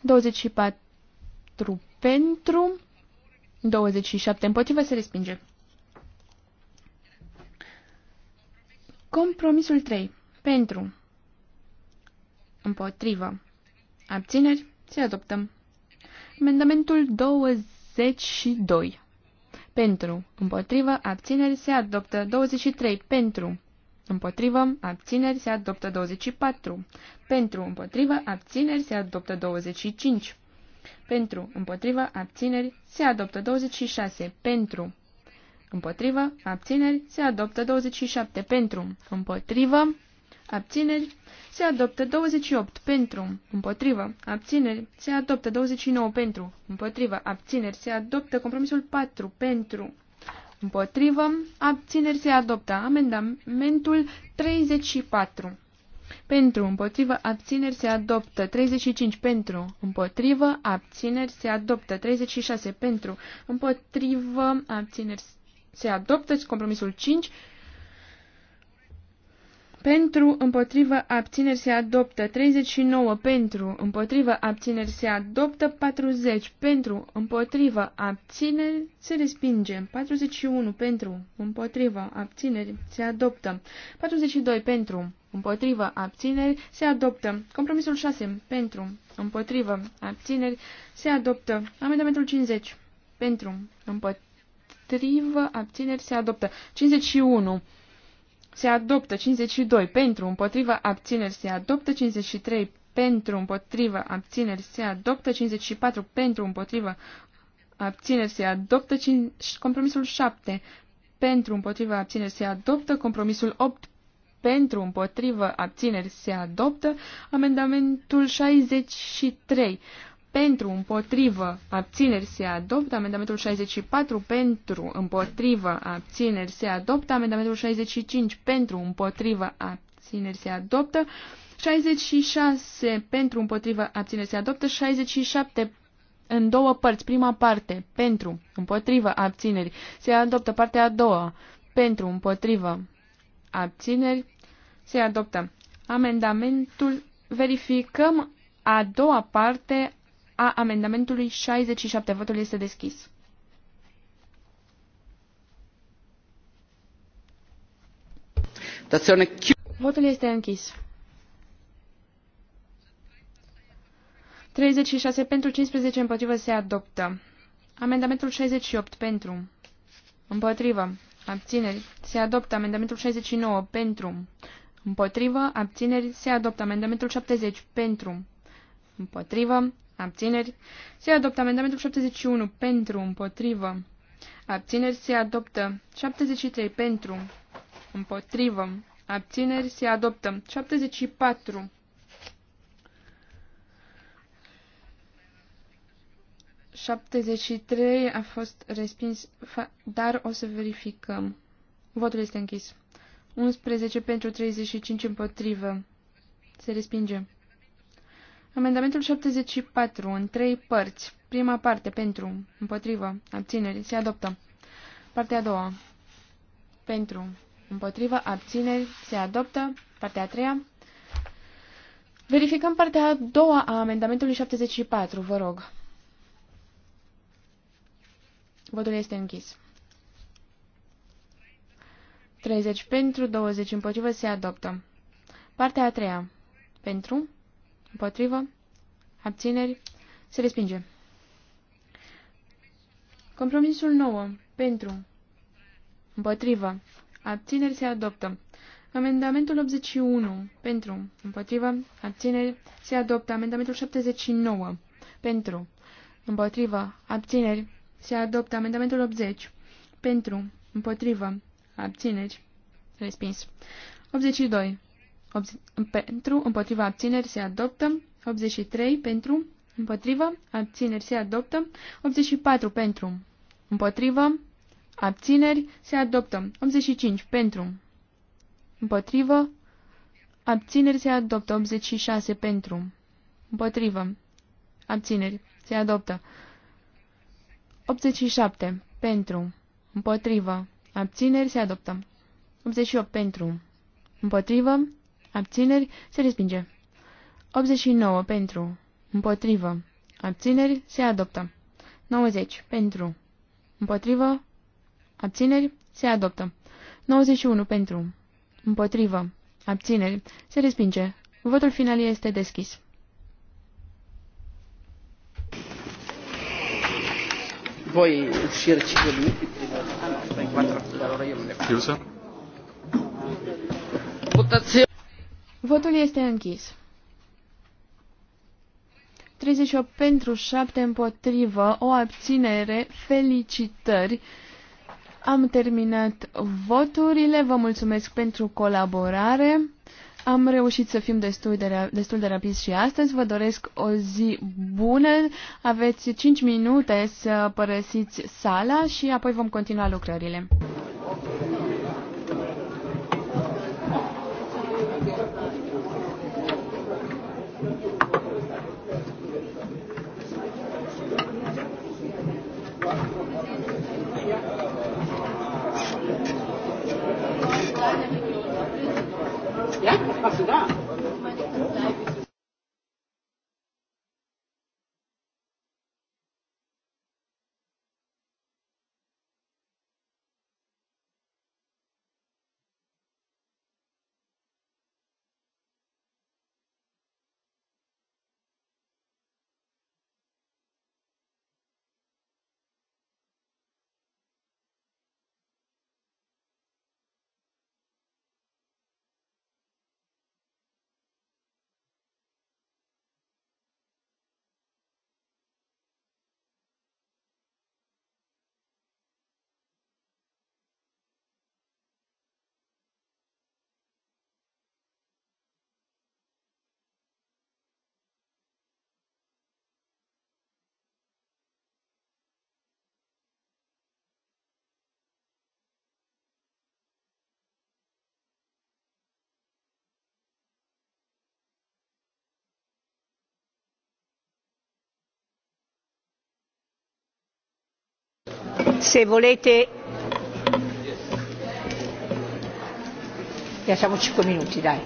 24 pentru, 27 împotrivă se respinge. Compromisul 3. Pentru. Împotrivă. Abțineri. Se adoptă. Amendamentul 22. Pentru. Împotrivă. Abțineri. Se adoptă. 23. Pentru. Împotrivă, abțineri se adoptă 24. Pentru împotrivă, abțineri se adoptă 25. Pentru, împotrivă, abțineri, se adoptă 26. Pentru, împotrivă, abțineri, se adoptă 27. Pentru, împotrivă, abțineri, se adoptă 28. Pentru, împotrivă, abțineri, se adoptă 29. Pentru, împotrivă, abțineri, se adoptă compromisul 4. Pentru, împotrivă, abțineri, se adoptă amendamentul 34. Pentru, împotrivă, abțineri se adoptă. 35 pentru, împotrivă, abțineri se adoptă. 36 pentru, împotrivă, abțineri se adoptă. Compromisul 5 pentru, împotrivă, abțineri se adoptă 39, pentru, împotrivă, abțineri se adoptă 40, pentru, împotrivă, abțineri se respinge 41, pentru, împotrivă, abțineri se adoptă 42, pentru, împotrivă, abțineri se adoptă compromisul 6, pentru, împotrivă, abțineri se adoptă amendamentul 50, pentru, împotrivă, abțineri se adoptă 51, se adoptă 52 pentru, împotrivă, abțineri, se adoptă 53 pentru, împotrivă, abțineri, se adoptă 54 pentru, împotrivă, abțineri, se adoptă 5, compromisul 7 pentru, împotrivă, abțineri, se adoptă compromisul 8 pentru, împotrivă, abțineri, se adoptă amendamentul 63 pentru, împotrivă, abțineri se adoptă. Amendamentul 64 pentru, împotrivă, abțineri se adoptă. Amendamentul 65 pentru, împotrivă, abțineri se adoptă. 66 pentru, împotrivă, abțineri se adoptă. 67 în două părți. Prima parte, pentru, împotrivă, abțineri. Se adoptă partea a doua, pentru, împotrivă, abțineri. Se adoptă. Amendamentul verificăm a doua parte a amendamentului 67. Votul este deschis. Votul este închis. 36 pentru, 15 împotrivă se adoptă. Amendamentul 68 pentru. Împotrivă. Abțineri. Se adoptă amendamentul 69 pentru. Împotrivă. Abțineri. Se adoptă amendamentul 70 pentru. Împotrivă. Abțineri. Se adoptă amendamentul 71 pentru, împotrivă. Abțineri se adoptă 73 pentru, împotrivă. Abțineri se adoptă 74. ...73 a fost respins, dar o să verificăm. Votul este închis. 11 pentru 35 împotrivă. Se respinge. Amendamentul 74, în trei părți. Prima parte, pentru, împotrivă, abțineri, se adoptă. Partea a doua, pentru, împotrivă, abțineri, se adoptă. Partea a treia. Verificăm partea a doua a amendamentului 74, vă rog. Votul este închis. 30 pentru, 20 împotrivă, se adoptă. Partea a treia. Pentru, Împotrivă. Abțineri. Se respinge. Compromisul 9. Pentru. Împotrivă. Abțineri se adoptă. Amendamentul 81. Pentru. Împotrivă. Abțineri se adoptă. Amendamentul 79. Pentru. Împotrivă. Abțineri se adoptă. Amendamentul 80. Pentru. Împotrivă. Abțineri. Respins. 82 pentru, împotriva abțineri se adoptă, 83 pentru, împotriva abțineri se adoptă, 84 pentru, împotriva abțineri se adoptă, 85 pentru, împotriva abțineri se adoptă, 86 pentru, împotriva abțineri se adoptă, 87 pentru, împotriva abțineri se adoptă, 88 pentru, împotriva abțineri, se respinge. 89 pentru, împotrivă, abțineri, se adoptă. 90 pentru, împotrivă, abțineri, se adoptă. 91 pentru, împotrivă, abțineri, se respinge. Votul final este deschis. Voi uscire 5 minuti prima. Votul este închis. 38 pentru 7 împotrivă, o abținere, felicitări. Am terminat voturile, vă mulțumesc pentru colaborare. Am reușit să fim destul de, destul de rapizi și astăzi. Vă doresc o zi bună. Aveți 5 minute să părăsiți sala și apoi vom continua lucrările. What's that? Da. se volete lasciamo 5 minuti dai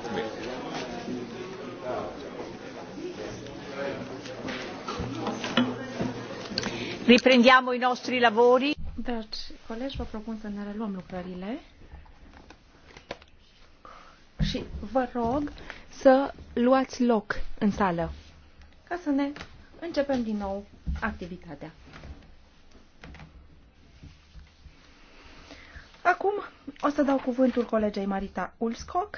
riprendiamo i nostri lavori Dragi colegi, vă propun să ne reluăm lucrările și vă rog să luați loc în sală ca să ne începem din nou activitatea. Acum o să dau cuvântul colegei Marita Ulskog,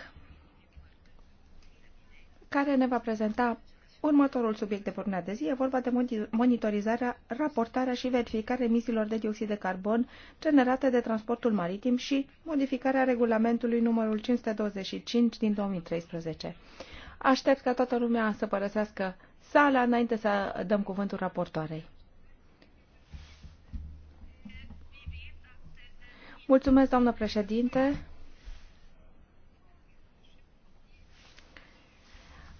care ne va prezenta următorul subiect de vorbirea de zi. E vorba de monitorizarea, raportarea și verificarea emisiilor de dioxid de carbon generate de transportul maritim și modificarea regulamentului numărul 525 din 2013. Aștept ca toată lumea să părăsească sala înainte să dăm cuvântul raportoarei. Mulțumesc, doamnă președinte.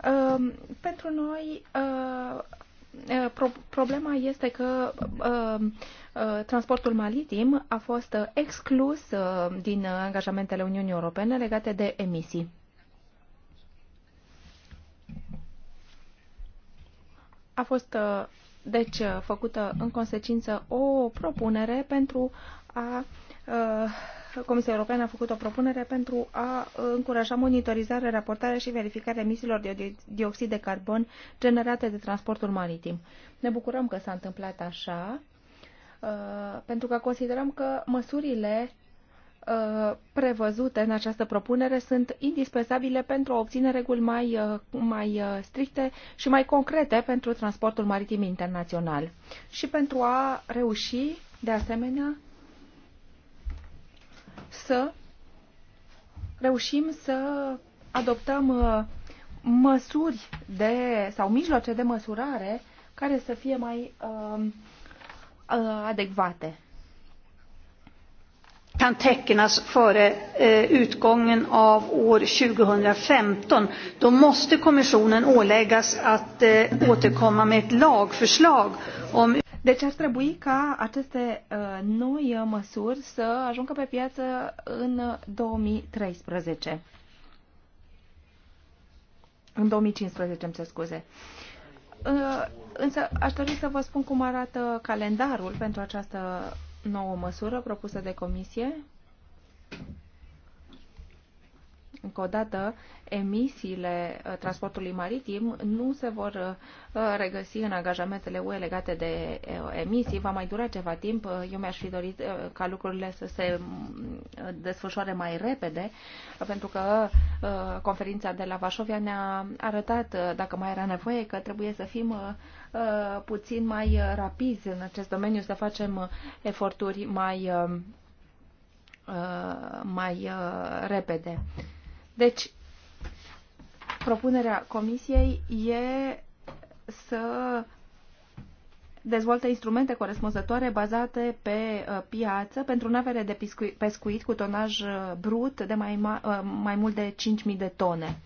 Ehm, pentru noi, ehm, problema este că ehm, transportul maritim a fost exclus din angajamentele Uniunii Europene legate de emisii. A fost, deci, făcută în consecință o propunere pentru a Uh, Comisia Europeană a făcut o propunere pentru a uh, încuraja monitorizarea, raportarea și verificarea emisiilor de dioxid de carbon generate de transportul maritim. Ne bucurăm că s-a întâmplat așa, uh, pentru că considerăm că măsurile prevăzute în această propunere sunt indispensabile pentru a obține reguli mai, mai stricte și mai concrete pentru transportul maritim internațional și pentru a reuși, de asemenea, să reușim să adoptăm uh, măsuri de, sau mijloace de măsurare care să fie mai um, uh, adecvate. Kan tecknas före eh, utgången av år 2015, då måste kommissionen åläggas att eh, återkomma med ett lagförslag om deci ar trebui ca aceste uh, noi uh, măsuri să ajungă pe piață în 2013. În 2015, îmi se scuze. Uh, însă aș dori să vă spun cum arată calendarul pentru această nouă măsură propusă de comisie. Încă o dată, emisiile uh, transportului maritim nu se vor uh, regăsi în angajamentele UE legate de uh, emisii. Va mai dura ceva timp. Eu mi-aș fi dorit ca lucrurile să se mm, desfășoare mai repede, pentru că conferința de la Vașovia ne-a arătat, dacă mai era nevoie, că trebuie să fim puțin mai rapizi în acest domeniu, să facem eforturi mai mai repede. Deci, propunerea Comisiei e să dezvoltă instrumente corespunzătoare bazate pe uh, piață pentru navele de pescuit cu tonaj uh, brut de mai, ma uh, mai mult de 5.000 de tone.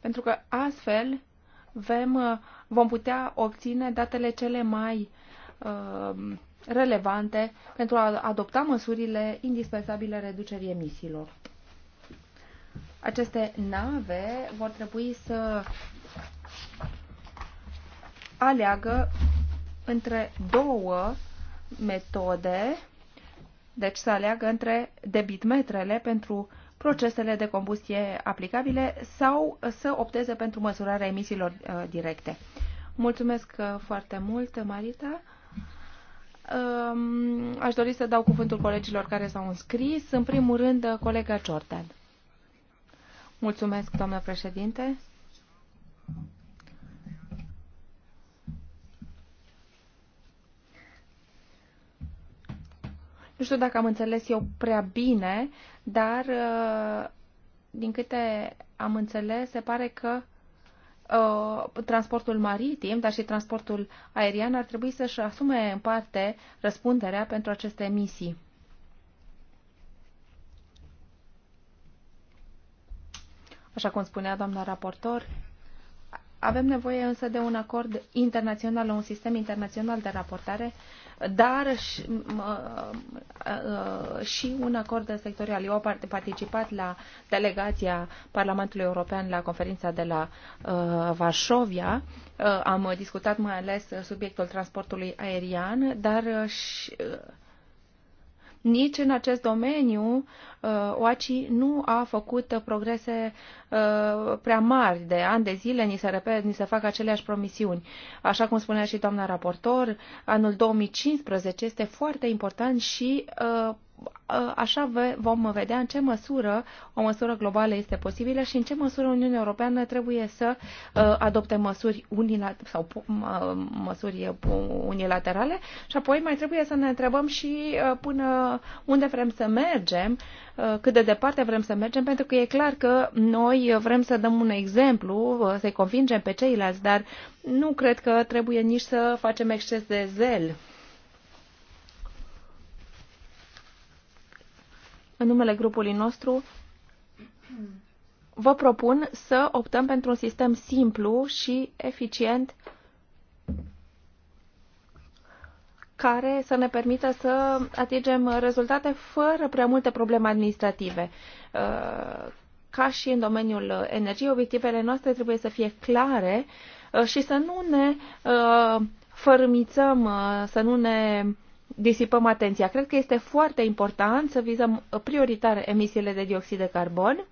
Pentru că astfel vom, vom putea obține datele cele mai uh, Um, relevante pentru a adopta măsurile indispensabile reducerii emisiilor. Aceste nave vor trebui să aleagă între două metode, deci să aleagă între debitmetrele pentru procesele de combustie aplicabile sau să opteze pentru măsurarea emisiilor uh, directe. Mulțumesc uh, foarte mult, Marita. Aș dori să dau cuvântul colegilor care s-au înscris. În primul rând, colega Jordan. Mulțumesc, doamnă președinte. Nu știu dacă am înțeles eu prea bine, dar din câte am înțeles, se pare că Uh, transportul maritim, dar și transportul aerian ar trebui să-și asume în parte răspunderea pentru aceste emisii. Așa cum spunea doamna raportor, avem nevoie însă de un acord internațional, un sistem internațional de raportare dar și, uh, și un acord sectorial. Eu am participat la delegația Parlamentului European la conferința de la uh, Varșovia. Uh, am discutat mai ales subiectul transportului aerian, dar și nici în acest domeniu uh, OACI nu a făcut progrese uh, prea mari de ani de zile, ni se, repet, ni se fac aceleași promisiuni. Așa cum spunea și doamna raportor, anul 2015 este foarte important și uh, așa vom vedea în ce măsură o măsură globală este posibilă și în ce măsură Uniunea Europeană trebuie să adopte măsuri, unilaterale sau, măsuri unilaterale și apoi mai trebuie să ne întrebăm și până unde vrem să mergem, cât de departe vrem să mergem, pentru că e clar că noi vrem să dăm un exemplu, să-i convingem pe ceilalți, dar nu cred că trebuie nici să facem exces de zel în numele grupului nostru, vă propun să optăm pentru un sistem simplu și eficient care să ne permită să atingem rezultate fără prea multe probleme administrative. Uh, ca și în domeniul energiei, obiectivele noastre trebuie să fie clare uh, și să nu ne uh, fărâmițăm, să nu ne disipăm atenția. Cred că este foarte important să vizăm prioritar emisiile de dioxid de carbon.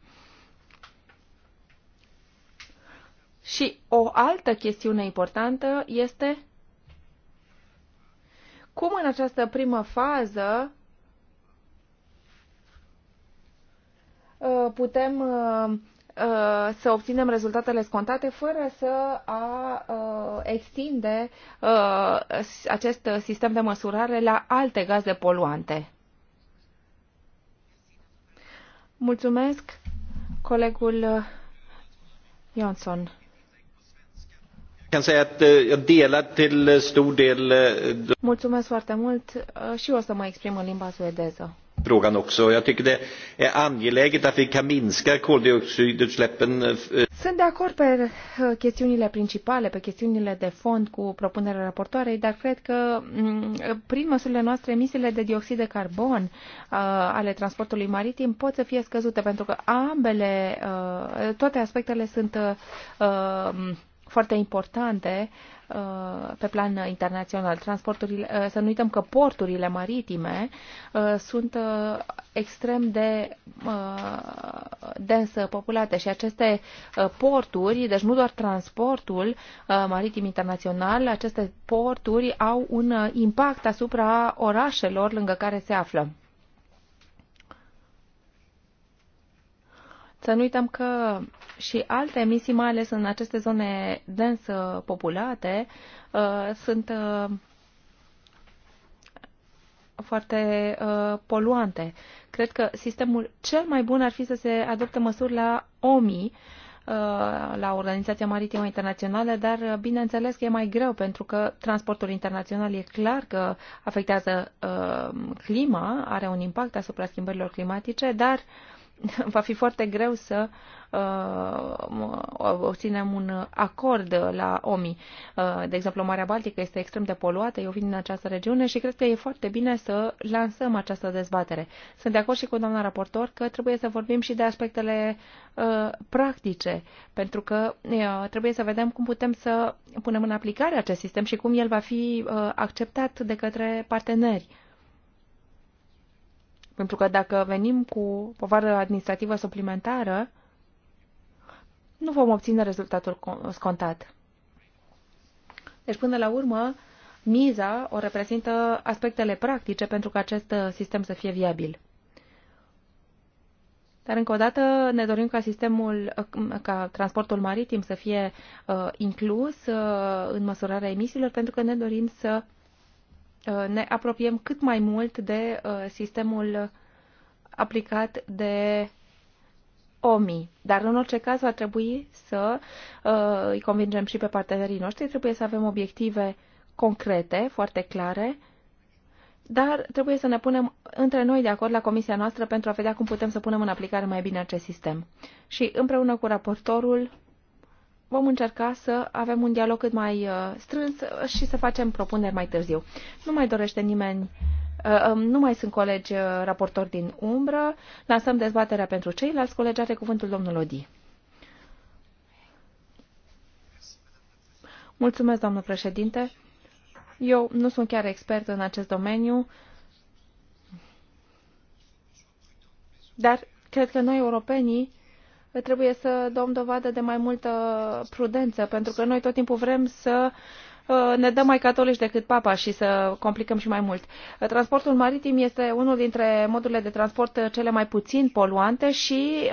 Și o altă chestiune importantă este cum în această primă fază uh, putem uh, uh, să obținem rezultatele scontate fără să a extinde uh, acest sistem de măsurare la alte gaze poluante. Mulțumesc, colegul Johnson. Eh, eh, Mulțumesc foarte mult eh, și o să mă exprim în limba suedeză frågan också. Jag tycker det är angeläget att vi kan minska koldioxidutsläppen. Eh, eh. Sunt de acord pe eh, chestiunile principale, pe chestiunile de fond cu propunerea raportoarei, dar cred că mm, prin măsurile noastre emisiile de dioxid de carbon ale transportului maritim pot să fie scăzute, pentru că ambele, toate aspectele sunt foarte importante uh, pe plan internațional. Transporturile, uh, să nu uităm că porturile maritime uh, sunt extrem de dens populate și aceste porturi, deci nu doar transportul maritim internațional, aceste porturi au un impact asupra orașelor lângă care se află. Să nu uităm că și alte emisii, mai ales în aceste zone dens uh, populate, uh, sunt uh, foarte poluante. Cred că sistemul cel mai bun ar fi să se adopte măsuri la OMI, la Organizația Maritimă Internațională, dar bineînțeles că e mai greu pentru că transportul internațional e clar că afectează clima, are un impact asupra schimbărilor climatice, dar uh, va fi foarte greu să uh, obținem un acord la OMI. Uh, de exemplu, Marea Baltică este extrem de poluată, eu vin din această regiune și cred că e foarte bine să lansăm această dezbatere. Sunt de acord și cu doamna raportor că trebuie să vorbim și de aspectele uh, practice, pentru că uh, trebuie să vedem cum putem să punem în aplicare acest sistem și cum el va fi uh, acceptat de către parteneri. Pentru că dacă venim cu povară administrativă suplimentară, nu vom obține rezultatul scontat. Deci, până la urmă, miza o reprezintă aspectele practice pentru ca acest uh, sistem să fie viabil. Dar încă o dată ne dorim ca sistemul, uh, ca transportul maritim să fie uh, inclus uh, în măsurarea emisiilor, pentru că ne dorim să Uh, ne apropiem cât mai mult de uh, sistemul aplicat de OMI. Dar în orice caz va trebui să uh, îi convingem și pe partenerii noștri, trebuie să avem obiective concrete, foarte clare, dar trebuie să ne punem între noi de acord la comisia noastră pentru a vedea cum putem să punem în aplicare mai bine acest sistem. Și împreună cu raportorul vom încerca să avem un dialog cât mai uh, strâns și să facem propuneri mai târziu. Nu mai dorește nimeni, uh, um, nu mai sunt colegi uh, raportori din umbră. Lansăm dezbaterea pentru ceilalți colegi. Are cuvântul domnul Odi. Mulțumesc, doamnă președinte. Eu nu sunt chiar expert în acest domeniu, dar cred că noi, europenii, trebuie să dăm dovadă de mai multă prudență, pentru că noi tot timpul vrem să Uh, ne dăm mai catolici decât papa și să complicăm și mai mult. Uh, transportul maritim este unul dintre modurile de transport uh, cele mai puțin poluante și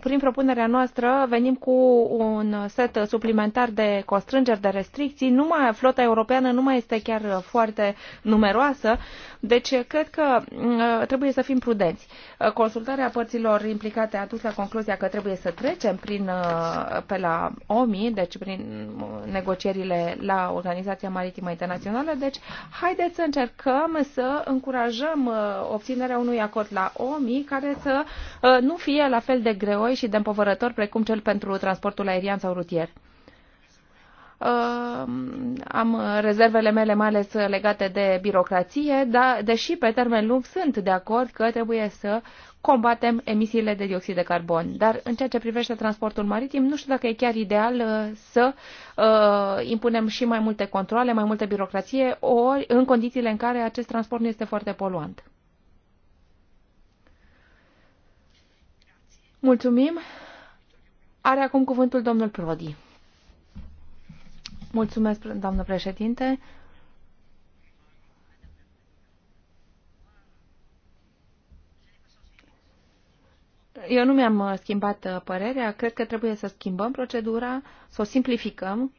prin propunerea noastră venim cu un set suplimentar de constrângeri, de restricții. Numai flota europeană nu mai este chiar foarte numeroasă, deci cred că trebuie să fim prudenți. Consultarea părților implicate a dus la concluzia că trebuie să trecem prin, pe la OMI, deci prin negocierile la Organizația Maritimă Internațională. Deci, haideți să încercăm să încurajăm uh, obținerea unui acord la OMI care să uh, nu fie la fel de greoi și de împovărător precum cel pentru transportul aerian sau rutier uh, am rezervele mele mai ales legate de birocrație, dar deși pe termen lung sunt de acord că trebuie să combatem emisiile de dioxid de carbon. Dar în ceea ce privește transportul maritim, nu știu dacă e chiar ideal uh, să uh, impunem și mai multe controle, mai multă birocrație, ori în condițiile în care acest transport nu este foarte poluant. Mulțumim. Are acum cuvântul domnul Prodi. Mulțumesc, doamnă președinte. eu nu mi-am uh, schimbat uh, părerea, cred că trebuie să schimbăm procedura, să o simplificăm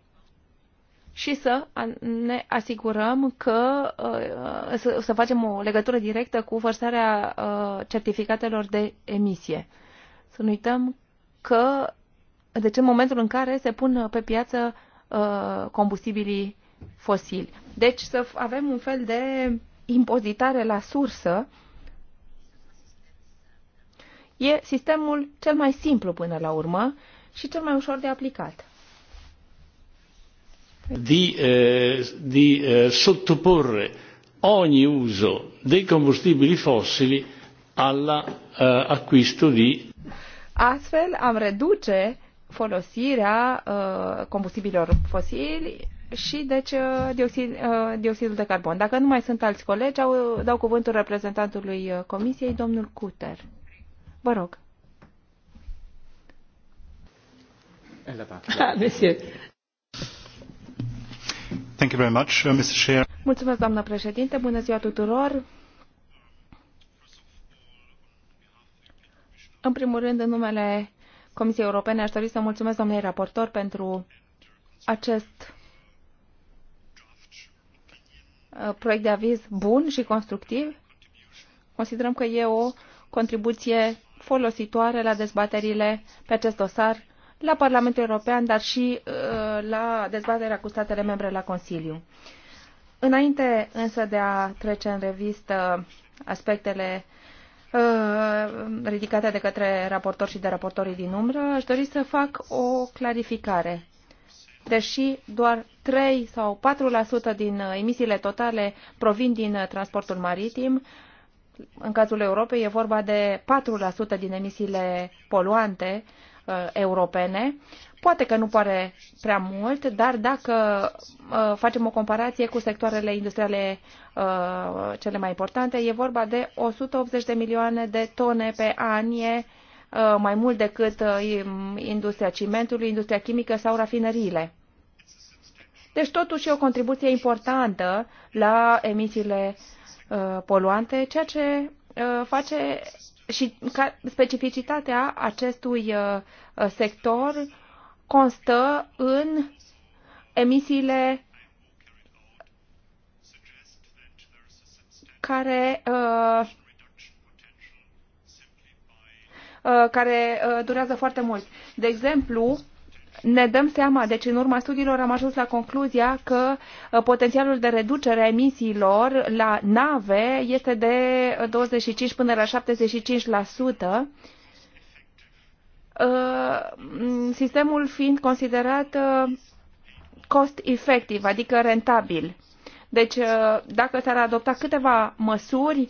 și să ne asigurăm că uh, să, facem o legătură directă cu vărsarea certificatelor de emisie. Să nu uităm că deci în momentul în care se pun pe piață combustibilii fosili. Deci să avem un fel de impozitare la sursă uh, E sistemul cel mai simplu până la urmă și cel mai ușor de aplicat. Di, eh, di eh, sottoporre ogni uso dei combustibili fossili all'acquisto eh, di. Astfel am reduce folosirea uh, eh, combustibilor fosili și deci uh, dioxid, uh, dioxidul de carbon. Dacă nu mai sunt alți colegi, au, dau cuvântul reprezentantului Comisiei, domnul Cuter. Vă rog. Ah, Thank you very much, uh, Mr. Chair. Mulțumesc, doamnă președinte. Bună ziua tuturor. În primul rând, în numele Comisiei Europene, aș dori să mulțumesc doamnei raportor pentru acest uh, proiect de aviz bun și constructiv. Considerăm că e o contribuție folositoare la dezbaterile pe acest dosar la Parlamentul European, dar și uh, la dezbaterea cu statele membre la Consiliu. Înainte însă de a trece în revistă aspectele uh, ridicate de către raportor și de raportorii din umbră, aș dori să fac o clarificare. Deși doar 3 sau 4% din uh, emisiile totale provin din transportul maritim, în cazul Europei e vorba de 4% din emisiile poluante uh, europene. Poate că nu pare prea mult, dar dacă uh, facem o comparație cu sectoarele industriale uh, cele mai importante, e vorba de 180 de milioane de tone pe an, e uh, mai mult decât uh, industria cimentului, industria chimică sau rafinăriile. Deci totuși e o contribuție importantă la emisiile uh, Uh, poluante, ceea ce uh, face și specificitatea acestui uh, sector constă în emisiile care care durează foarte mult. De exemplu, ne dăm seama, deci în urma studiilor am ajuns la concluzia că uh, potențialul de reducere a emisiilor la nave este de 25 până la 75%, uh, sistemul fiind considerat uh, cost efectiv, adică rentabil deci, uh, dacă s-ar adopta câteva măsuri,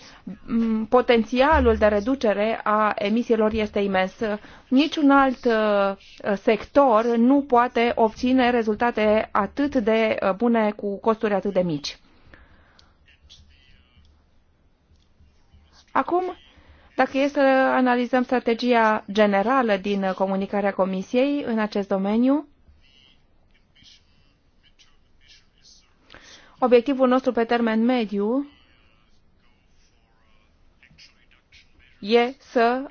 potențialul de reducere a emisiilor este imens. Niciun alt uh, sector nu poate obține rezultate atât de uh, bune cu costuri atât de mici. Acum, dacă e să analizăm strategia generală din comunicarea Comisiei în acest domeniu, Obiectivul nostru pe termen mediu e să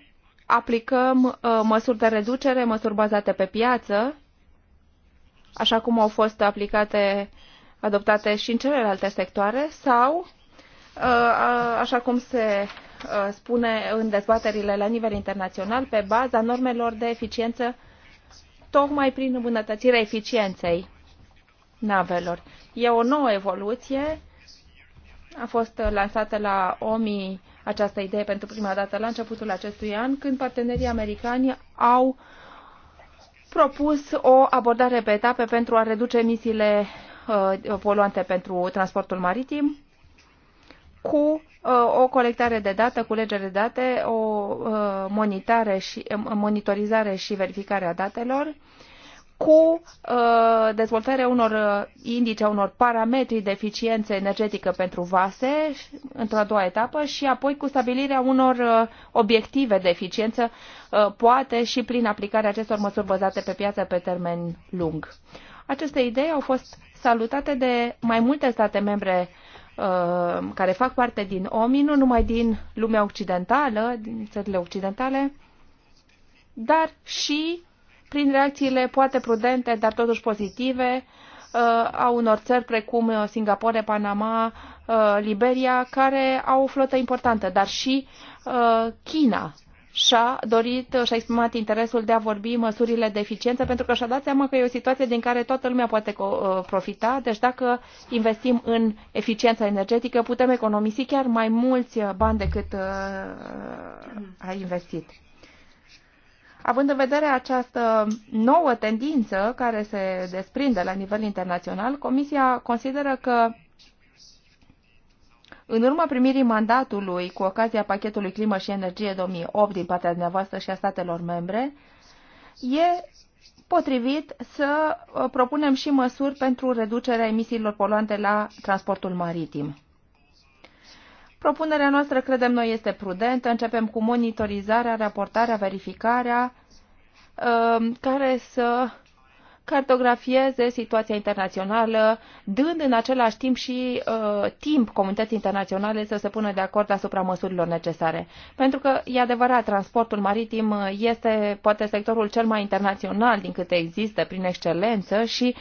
aplicăm uh, măsuri de reducere, măsuri bazate pe piață, așa cum au fost aplicate, adoptate și în celelalte sectoare, sau, uh, așa cum se uh, spune în dezbaterile la nivel internațional, pe baza normelor de eficiență, tocmai prin îmbunătățirea eficienței navelor. E o nouă evoluție. A fost lansată la OMI această idee pentru prima dată la începutul acestui an, când partenerii americani au propus o abordare pe etape pentru a reduce emisiile uh, poluante pentru transportul maritim cu uh, o colectare de date, culegere de date, o uh, monitorizare și verificare a datelor cu uh, dezvoltarea unor uh, indice, unor parametri de eficiență energetică pentru vase, într-o a doua etapă, și apoi cu stabilirea unor uh, obiective de eficiență, uh, poate și prin aplicarea acestor măsuri bazate pe piață pe termen lung. Aceste idei au fost salutate de mai multe state membre uh, care fac parte din OMI, nu numai din lumea occidentală, din țările occidentale, dar și prin reacțiile poate prudente, dar totuși pozitive, uh, a unor țări precum uh, Singapore, Panama, uh, Liberia, care au o flotă importantă, dar și China și-a dorit, și-a exprimat interesul de a vorbi măsurile de eficiență, pentru că și-a dat seama că e o situație din care toată lumea poate profita. Deci dacă investim în eficiența energetică, putem economisi chiar mai mulți bani decât a investit. Având în vedere această nouă tendință care se desprinde la nivel internațional, Comisia consideră că în urma primirii mandatului cu ocazia pachetului Climă și Energie 2008 din partea dumneavoastră și a statelor membre, e potrivit să uh, propunem și măsuri pentru reducerea emisiilor poluante la transportul maritim. Propunerea noastră, credem noi, este prudentă. Începem cu monitorizarea, raportarea, verificarea, uh, care să cartografieze situația internațională, dând în același timp și uh, timp comunității internaționale să se pună de acord asupra măsurilor necesare. Pentru că, e adevărat, transportul maritim uh, este poate sectorul cel mai internațional din câte există, prin excelență, și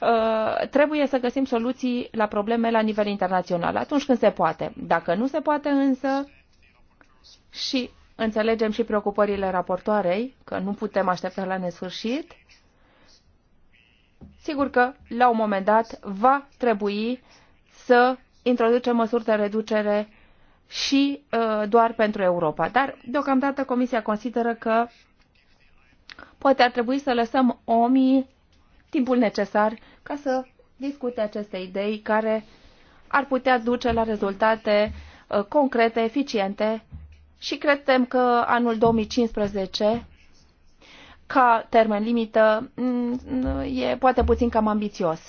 uh, trebuie să găsim soluții la probleme la nivel internațional, atunci când se poate. Dacă nu se poate însă, și înțelegem și preocupările raportoarei, că nu putem aștepta la nesfârșit, sigur că la un moment dat va trebui să introducem măsuri de reducere și uh, doar pentru Europa. Dar deocamdată Comisia consideră că poate ar trebui să lăsăm omii timpul necesar ca să discute aceste idei care ar putea duce la rezultate uh, concrete, eficiente și credem că anul 2015 ca termen limită mm, e poate puțin cam ambițios.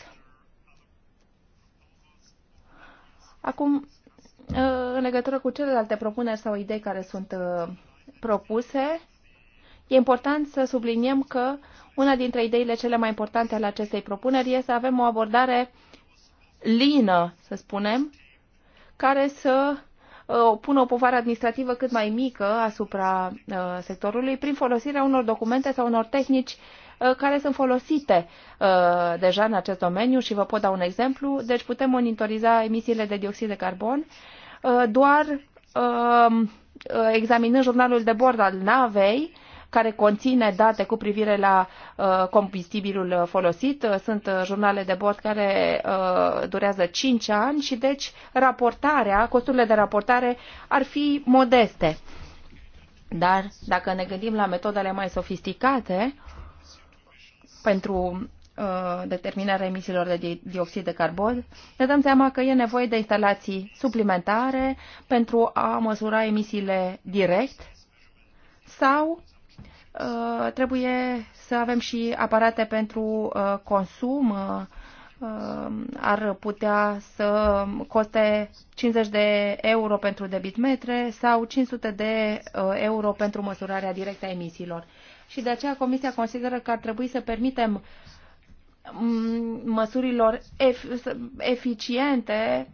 Acum, uh, în legătură cu celelalte propuneri sau idei care sunt uh, propuse, e important să subliniem că una dintre ideile cele mai importante ale acestei propuneri este să avem o abordare lină, să spunem, care să Uh, pună o povară administrativă cât mai mică asupra uh, sectorului prin folosirea unor documente sau unor tehnici uh, care sunt folosite uh, deja în acest domeniu și vă pot da un exemplu. Deci putem monitoriza emisiile de dioxid de carbon uh, doar uh, examinând jurnalul de bord al navei care conține date cu privire la uh, combustibilul folosit. Sunt uh, jurnale de bord care uh, durează 5 ani și deci raportarea, costurile de raportare ar fi modeste. Dar dacă ne gândim la metodele mai sofisticate pentru uh, determinarea emisiilor de dioxid de carbon, ne dăm seama că e nevoie de instalații suplimentare pentru a măsura emisiile direct sau Uh, trebuie să avem și aparate pentru uh, consum. Uh, ar putea să coste 50 de euro pentru debitmetre sau 500 de euro pentru măsurarea directă a emisiilor. Și de aceea Comisia consideră că ar trebui să permitem mm, măsurilor eficiente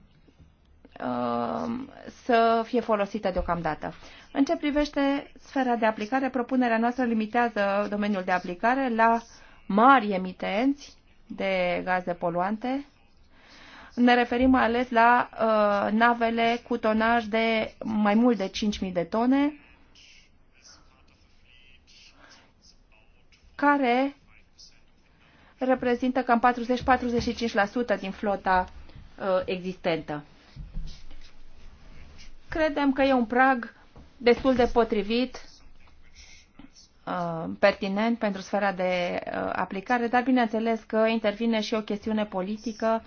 să fie folosite deocamdată. În ce privește sfera de aplicare, propunerea noastră limitează domeniul de aplicare la mari emitenți de gaze poluante. Ne referim mai ales la uh, navele cu tonaj de mai mult de 5.000 de tone, care reprezintă cam 40-45% din flota uh, existentă. Credem că e un prag destul de potrivit, uh, pertinent pentru sfera de uh, aplicare, dar bineînțeles că intervine și o chestiune politică.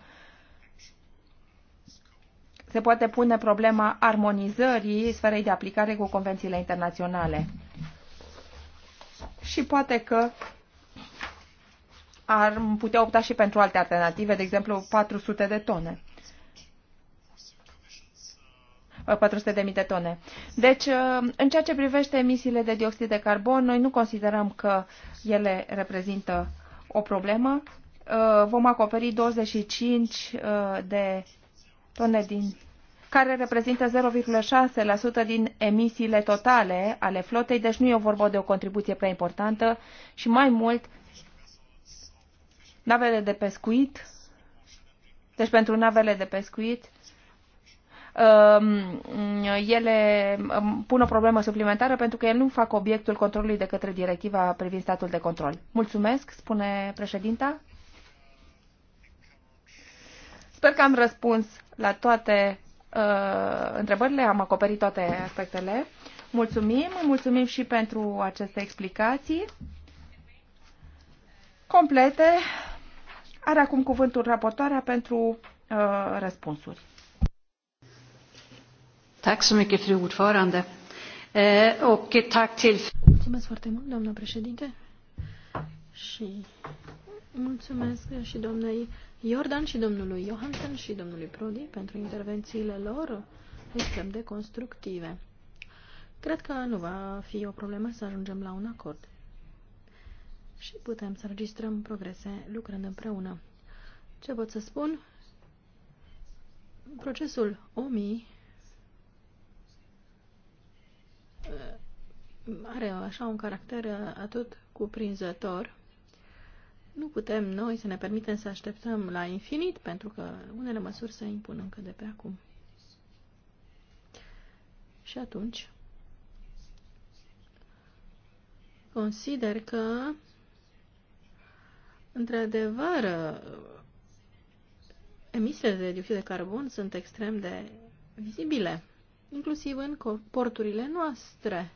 Se poate pune problema armonizării sferei de aplicare cu convențiile internaționale. Și poate că ar putea opta și pentru alte alternative, de exemplu 400 de tone mii de tone. Deci, uh, în ceea ce privește emisiile de dioxid de carbon, noi nu considerăm că ele reprezintă o problemă. Uh, vom acoperi 25 uh, de tone din care reprezintă 0,6% din emisiile totale ale flotei, deci nu e vorba de o contribuție prea importantă și mai mult navele de pescuit, deci pentru navele de pescuit Um, ele um, pun o problemă suplimentară pentru că ele nu fac obiectul controlului de către directiva privind statul de control. Mulțumesc, spune președinta. Sper că am răspuns la toate uh, întrebările, am acoperit toate aspectele. Mulțumim, mulțumim și pentru aceste explicații complete. Are acum cuvântul raportoarea pentru uh, răspunsuri. Tack så mycket, fru ordförande. Eh, och tack till... Mulțumesc foarte mult, doamna președinte. Și mulțumesc și doamnei Jordan și domnului Johansen și domnului Prodi pentru intervențiile lor extrem de constructive. Cred că nu va fi o problemă să ajungem la un acord și putem să registrăm progrese lucrând împreună. Ce pot să spun? Procesul OMI Uh, are așa un caracter uh, atât cuprinzător. Nu putem noi să ne permitem să așteptăm la infinit, pentru că unele măsuri se impun încă de pe acum. Și atunci, consider că, într-adevăr, emisiile de dioxid de carbon sunt extrem de vizibile inclusiv în porturile noastre.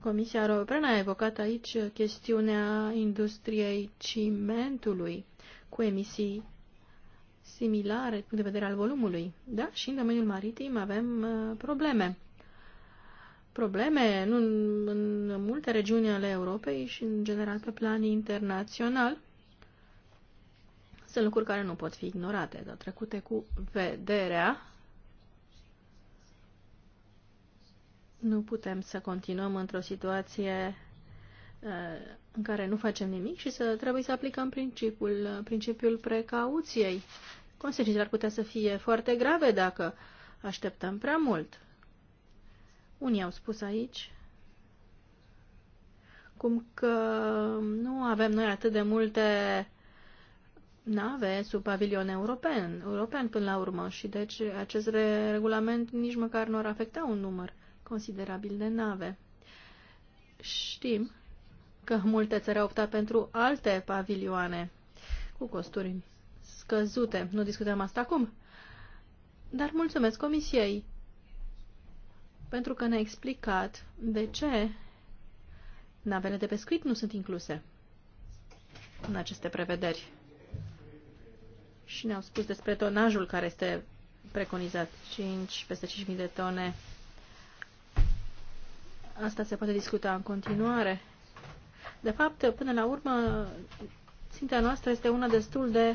Comisia Europeană a evocat aici chestiunea industriei cimentului cu emisii similare din punct de vedere al volumului. Da? Și în domeniul maritim avem uh, probleme. Probleme în, în multe regiuni ale Europei și în general pe plan internațional. Sunt lucruri care nu pot fi ignorate, dar trecute cu vederea Nu putem să continuăm într-o situație uh, în care nu facem nimic și să trebuie să aplicăm principiul, principiul precauției. Consecințele ar putea să fie foarte grave dacă așteptăm prea mult. Unii au spus aici cum că nu avem noi atât de multe nave sub pavilion european, european până la urmă și deci acest regulament nici măcar nu ar afecta un număr considerabil de nave. Știm că multe țări au optat pentru alte pavilioane cu costuri scăzute. Nu discutăm asta acum. Dar mulțumesc Comisiei pentru că ne-a explicat de ce navele de pescuit nu sunt incluse în aceste prevederi. Și ne-au spus despre tonajul care este preconizat 5, peste 5.000 de tone Asta se poate discuta în continuare. De fapt, până la urmă, ținta noastră este una destul de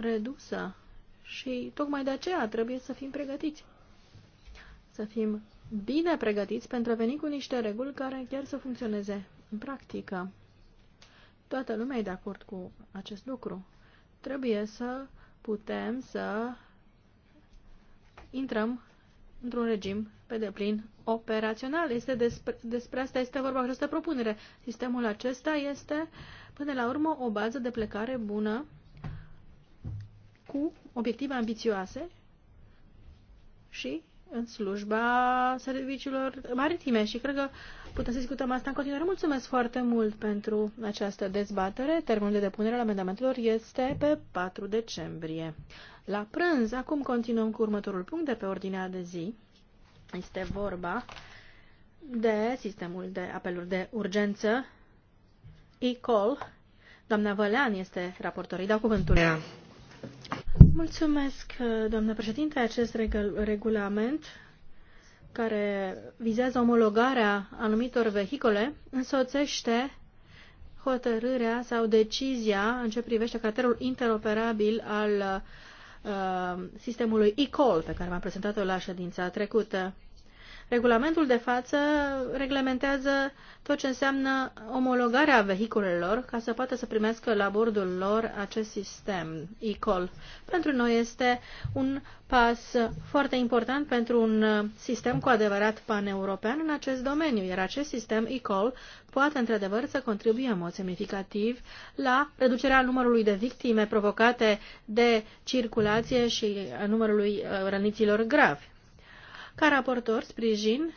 redusă și tocmai de aceea trebuie să fim pregătiți. Să fim bine pregătiți pentru a veni cu niște reguli care chiar să funcționeze în practică. Toată lumea e de acord cu acest lucru. Trebuie să putem să intrăm într-un regim pe deplin operațional. Este despre, despre asta este vorba această propunere. Sistemul acesta este, până la urmă, o bază de plecare bună cu obiective ambițioase și în slujba serviciilor maritime și cred că putem să discutăm asta în continuare. Mulțumesc foarte mult pentru această dezbatere. Termenul de depunere al amendamentelor este pe 4 decembrie. La prânz, acum continuăm cu următorul punct de pe ordinea de zi. Este vorba de sistemul de apeluri de urgență e-call. Doamna Vălean este Îi Dau cuvântul. Yeah. Da. Mulțumesc, doamnă președinte. Acest regulament care vizează omologarea anumitor vehicole însoțește hotărârea sau decizia în ce privește caracterul interoperabil al Uh, sistemului e-call pe care v-am prezentat-o la ședința trecută. Regulamentul de față reglementează tot ce înseamnă omologarea vehiculelor ca să poată să primească la bordul lor acest sistem e-call. Pentru noi este un pas foarte important pentru un sistem cu adevărat paneuropean în acest domeniu, iar acest sistem e-call poate într-adevăr să contribuie în mod semnificativ la reducerea numărului de victime provocate de circulație și a numărului uh, răniților gravi. Ca raportor sprijin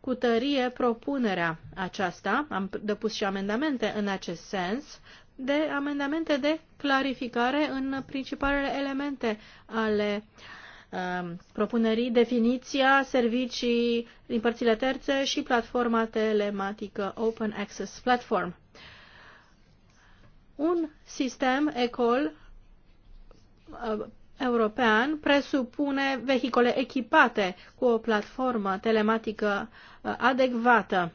cu tărie propunerea aceasta, am depus și amendamente în acest sens, de amendamente de clarificare în principalele elemente ale um, propunerii, definiția, servicii din părțile terțe și platforma telematică Open Access Platform. Un sistem ECOL uh, european presupune vehicole echipate cu o platformă telematică uh, adecvată.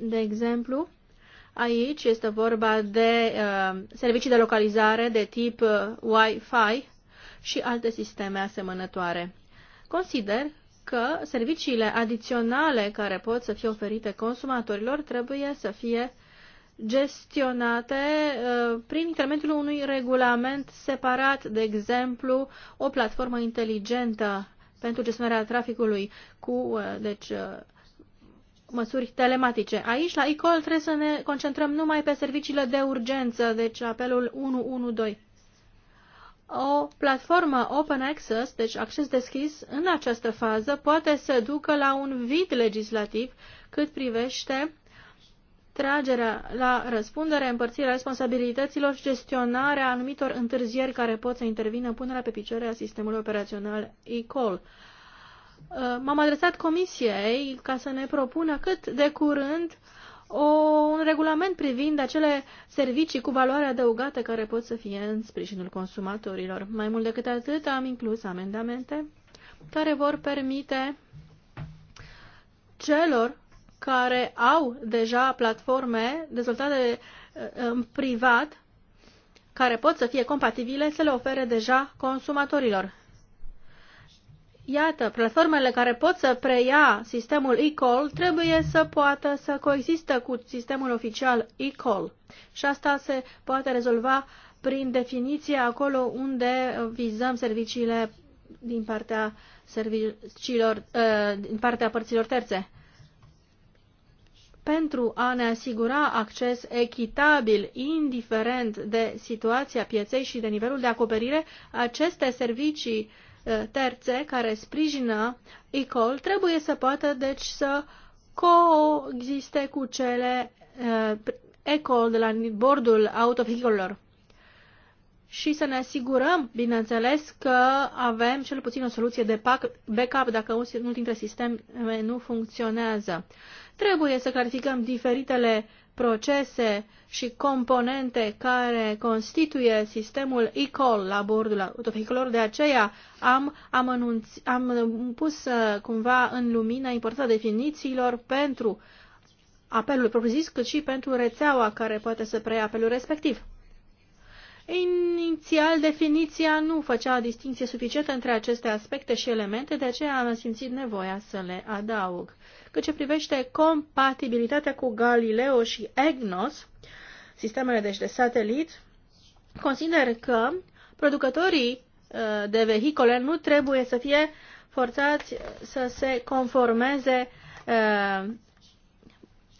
De exemplu, aici este vorba de uh, servicii de localizare de tip uh, Wi-Fi și alte sisteme asemănătoare. Consider că serviciile adiționale care pot să fie oferite consumatorilor trebuie să fie uh, gestionate uh, prin intermediul unui regulament separat, de exemplu, o platformă inteligentă pentru gestionarea traficului cu uh, deci, uh, măsuri telematice. Aici, la ICOL, trebuie să ne concentrăm numai pe serviciile de urgență, deci apelul 112. O platformă open access, deci acces deschis, în această fază poate să ducă la un vid legislativ cât privește tragerea la răspundere, împărțirea responsabilităților și gestionarea anumitor întârzieri care pot să intervină punerea pe picioare a sistemului operațional e-call. Uh, m-am adresat comisiei ca să ne propună cât de curând o, un regulament privind acele servicii cu valoare adăugată care pot să fie în sprijinul consumatorilor. Mai mult decât atât, am inclus amendamente care vor permite celor care au deja platforme dezvoltate eh, în privat care pot să fie compatibile să le ofere deja consumatorilor. Iată, platformele care pot să preia sistemul e-call trebuie să poată să coexistă cu sistemul oficial e-call. Și asta se poate rezolva prin definiție acolo unde vizăm serviciile din partea serviciilor, eh, din partea părților terțe pentru a ne asigura acces echitabil, indiferent de situația pieței și de nivelul de acoperire, aceste servicii uh, terțe care sprijină ECOL trebuie să poată deci să coexiste cu cele uh, ECOL de la bordul autovehiculelor. Și să ne asigurăm, bineînțeles, că avem cel puțin o soluție de backup dacă unul dintre sisteme nu funcționează. Trebuie să clarificăm diferitele procese și componente care constituie sistemul e-call la bordul autovehiculor. De aceea am, am, anunț, am pus uh, cumva în lumină importanța definițiilor pentru apelul propriu-zis, cât și pentru rețeaua care poate să preia apelul respectiv. Inițial, definiția nu făcea distinție suficientă între aceste aspecte și elemente, de aceea am simțit nevoia să le adaug cât ce privește compatibilitatea cu Galileo și EGNOS, sistemele deci de satelit, consider că producătorii uh, de vehicole nu trebuie să fie forțați să se conformeze uh,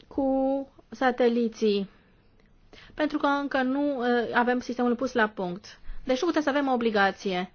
cu sateliții, pentru că încă nu uh, avem sistemul pus la punct. Deci nu putem să avem o obligație.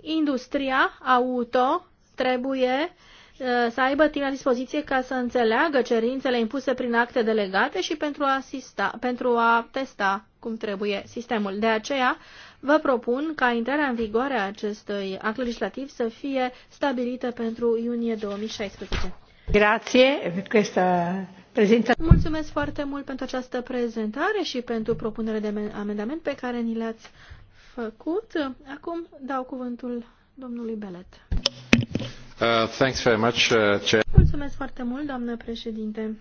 Industria auto trebuie Uh, să aibă timp la dispoziție ca să înțeleagă cerințele impuse prin acte delegate și pentru a, asista, pentru a testa cum trebuie sistemul. De aceea, vă propun ca intrarea în vigoare a acestui act legislativ să fie stabilită pentru iunie 2016. Grazie pentru această prezentare. Mulțumesc foarte mult pentru această prezentare și pentru propunerea de amendament pe care ni le-ați făcut. Acum dau cuvântul domnului Belet. Uh, uh, Mulțumesc foarte mult, doamnă președinte.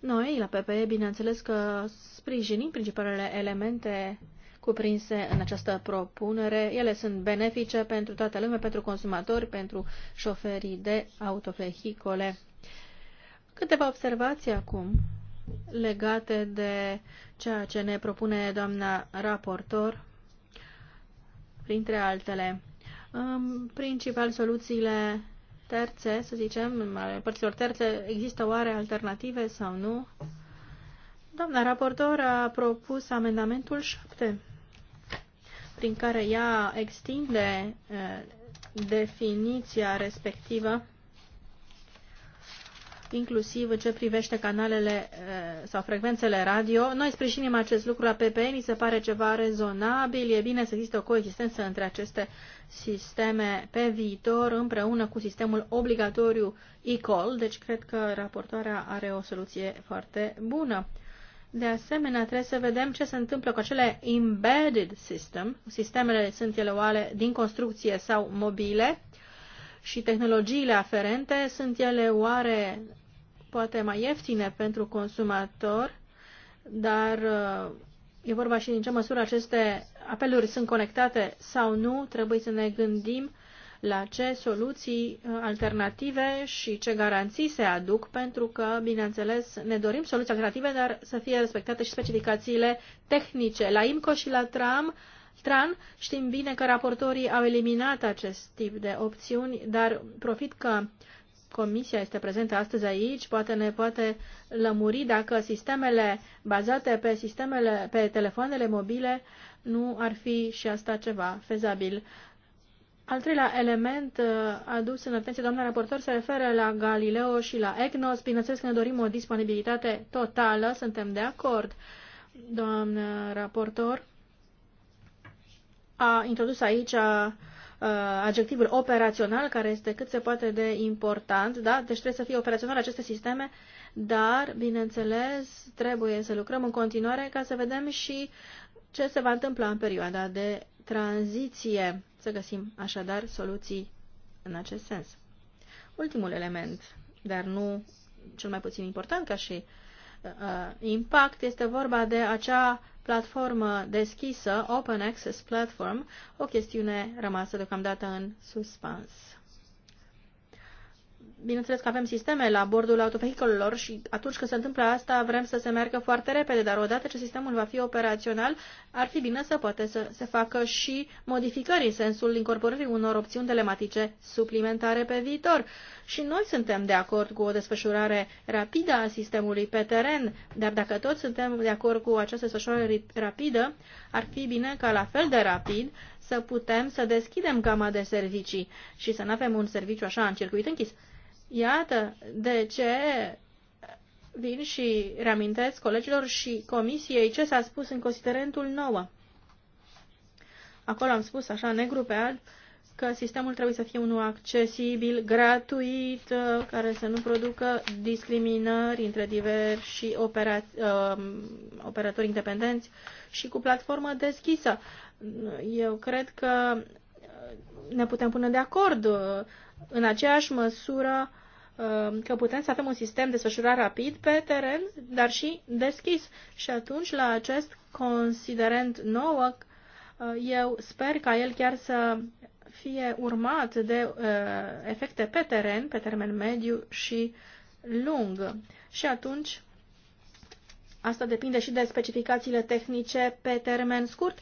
Noi, la PPE, bineînțeles că sprijinim principalele elemente cuprinse în această propunere. Ele sunt benefice pentru toată lumea, pentru consumatori, pentru șoferii de autovehicole. Câteva observații acum legate de ceea ce ne propune doamna raportor, printre altele. În principal, soluțiile terțe, să zicem, ale părților terțe, există oare alternative sau nu? Doamna raportor a propus amendamentul 7, prin care ea extinde eh, definiția respectivă inclusiv în ce privește canalele eh, sau frecvențele radio. Noi sprijinim acest lucru la PPN, mi se pare ceva rezonabil, e bine să existe o coexistență între aceste sisteme pe viitor împreună cu sistemul obligatoriu e-call, deci cred că raportoarea are o soluție foarte bună. De asemenea, trebuie să vedem ce se întâmplă cu acele embedded system, sistemele sunt ele oale din construcție sau mobile, și tehnologiile aferente, sunt ele oare poate mai ieftine pentru consumator, dar uh, e vorba și din ce măsură aceste apeluri sunt conectate sau nu, trebuie să ne gândim la ce soluții uh, alternative și ce garanții se aduc, pentru că, bineînțeles, ne dorim soluții alternative, dar să fie respectate și specificațiile tehnice. La IMCO și la TRAM TRAN. Știm bine că raportorii au eliminat acest tip de opțiuni, dar profit că Comisia este prezentă astăzi aici, poate ne poate lămuri dacă sistemele bazate pe, sistemele, pe telefoanele mobile nu ar fi și asta ceva fezabil. Al treilea element uh, adus în atenție, doamna raportor, se referă la Galileo și la EGNOS. Bineînțeles că ne dorim o disponibilitate totală, suntem de acord, doamna raportor a introdus aici adjectivul operațional, care este cât se poate de important, da? deci trebuie să fie operațional aceste sisteme, dar, bineînțeles, trebuie să lucrăm în continuare ca să vedem și ce se va întâmpla în perioada de tranziție, să găsim așadar soluții în acest sens. Ultimul element, dar nu cel mai puțin important ca și uh, impact, este vorba de acea platformă deschisă, Open Access Platform, o chestiune rămasă deocamdată în suspans bineînțeles că avem sisteme la bordul autovehicolelor și atunci când se întâmplă asta vrem să se meargă foarte repede, dar odată ce sistemul va fi operațional, ar fi bine să poate să se facă și modificări în sensul incorporării unor opțiuni telematice suplimentare pe viitor. Și noi suntem de acord cu o desfășurare rapidă a sistemului pe teren, dar dacă toți suntem de acord cu această desfășurare rapidă, ar fi bine ca la fel de rapid să putem să deschidem gama de servicii și să nu avem un serviciu așa în circuit închis. Iată de ce vin și reamintesc colegilor și comisiei ce s-a spus în considerentul 9. Acolo am spus așa negru pe alb că sistemul trebuie să fie unul accesibil, gratuit, care să nu producă discriminări între diversi uh, operatori independenți și cu platformă deschisă. Eu cred că ne putem pune de acord în aceeași măsură uh, că putem să avem un sistem desfășurat rapid pe teren, dar și deschis. Și atunci, la acest considerent nou, uh, eu sper ca el chiar să fie urmat de uh, efecte pe teren, pe termen mediu și lung. Și atunci, asta depinde și de specificațiile tehnice pe termen scurt.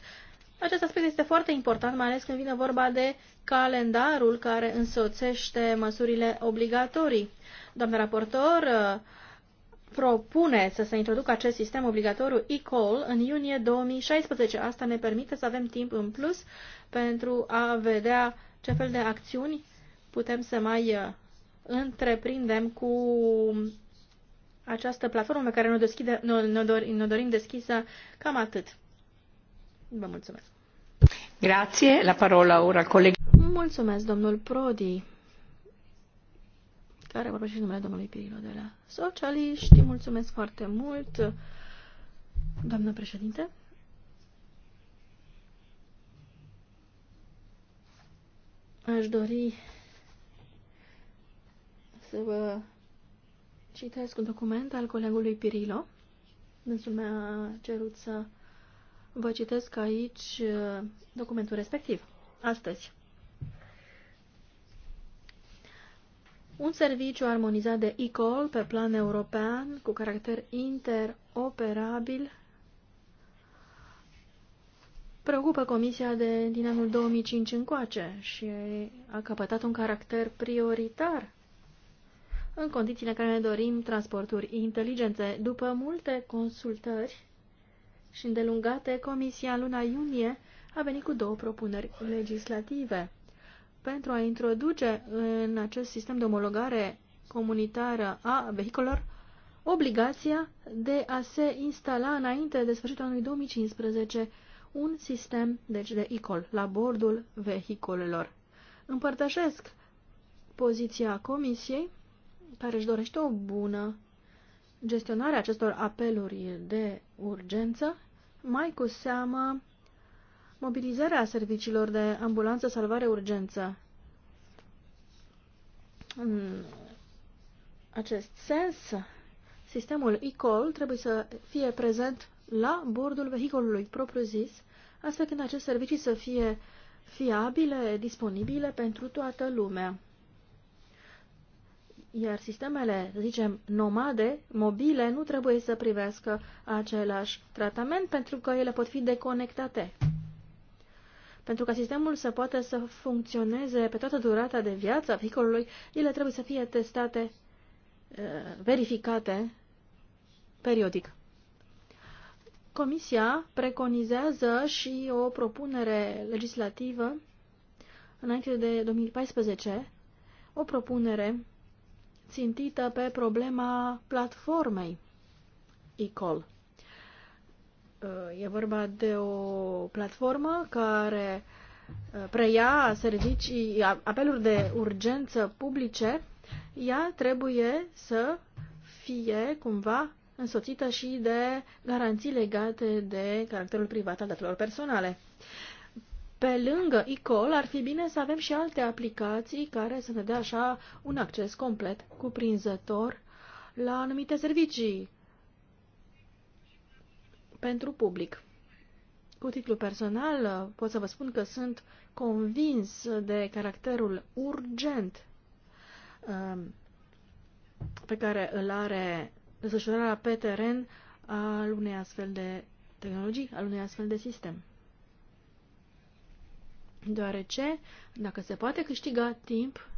Acest aspect este foarte important, mai ales când vine vorba de calendarul care însoțește măsurile obligatorii. Domnul raportor uh, propune să se introducă acest sistem obligatoriu e-call în iunie 2016. Asta ne permite să avem timp în plus pentru a vedea ce fel de acțiuni putem să mai uh, întreprindem cu această platformă pe care ne-o, ne ne dorim deschisă. Cam atât. Vă mulțumesc. Grazie. La parola ora coleg. Mulțumesc, domnul Prodi, care vorbește numele domnului Pirilo de la Socialiști. Mulțumesc foarte mult, doamnă președinte. Aș dori să vă citesc un document al colegului Pirilo. Dânsul mi-a cerut să vă citesc aici uh, documentul respectiv, astăzi. un serviciu armonizat de e-call pe plan european cu caracter interoperabil preocupă Comisia de, din anul 2005 încoace și a căpătat un caracter prioritar în condițiile în care ne dorim transporturi inteligente. După multe consultări și îndelungate, Comisia în luna iunie a venit cu două propuneri legislative – pentru a introduce în acest sistem de omologare comunitară a vehiculelor obligația de a se instala înainte de sfârșitul anului 2015 un sistem deci de ICOL la bordul vehiculelor. Împărtășesc poziția Comisiei, care își dorește o bună gestionare acestor apeluri de urgență, mai cu seamă Mobilizarea serviciilor de ambulanță, salvare, urgență. În acest sens, sistemul e-call trebuie să fie prezent la bordul vehiculului propriu-zis, astfel când acest servicii să fie fiabile, disponibile pentru toată lumea. Iar sistemele, să zicem, nomade, mobile, nu trebuie să privească același tratament pentru că ele pot fi deconectate pentru ca sistemul să poată să funcționeze pe toată durata de viață a vehiculului, ele trebuie să fie testate, uh, verificate periodic. Comisia preconizează și o propunere legislativă înainte de 2014, o propunere țintită pe problema platformei ECOL. Uh, e vorba de o platformă care uh, preia servicii, apeluri de urgență publice. Ea trebuie să fie cumva însoțită și de garanții legate de caracterul privat al datelor personale. Pe lângă e-call ar fi bine să avem și alte aplicații care să ne dea așa un acces complet, cuprinzător, la anumite servicii pentru public. Cu titlu personal pot să vă spun că sunt convins de caracterul urgent um, pe care îl are desfășurarea pe teren al unei astfel de tehnologii, al unei astfel de sistem. Deoarece, dacă se poate câștiga timp,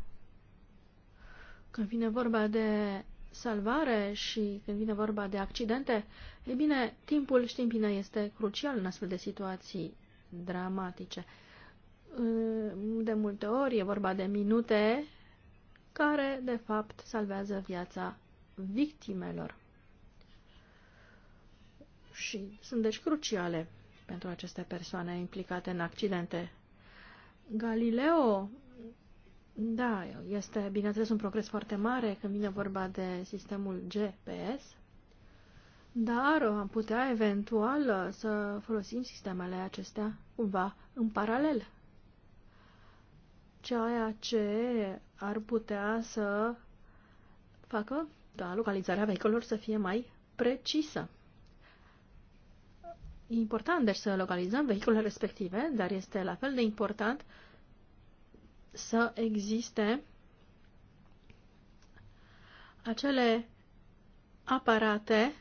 când vine vorba de salvare și când vine vorba de accidente, e bine, timpul, știm bine, este crucial în astfel de situații dramatice. De multe ori e vorba de minute care, de fapt, salvează viața victimelor. Și sunt deci cruciale pentru aceste persoane implicate în accidente. Galileo da, este, bineînțeles, un progres foarte mare când vine vorba de sistemul GPS, dar am putea eventual uh, să folosim sistemele acestea cumva în paralel. Ceea ce ar putea să facă da, localizarea vehiculelor să fie mai precisă. E important, deci, să localizăm vehiculele respective, dar este la fel de important uh, să existe acele aparate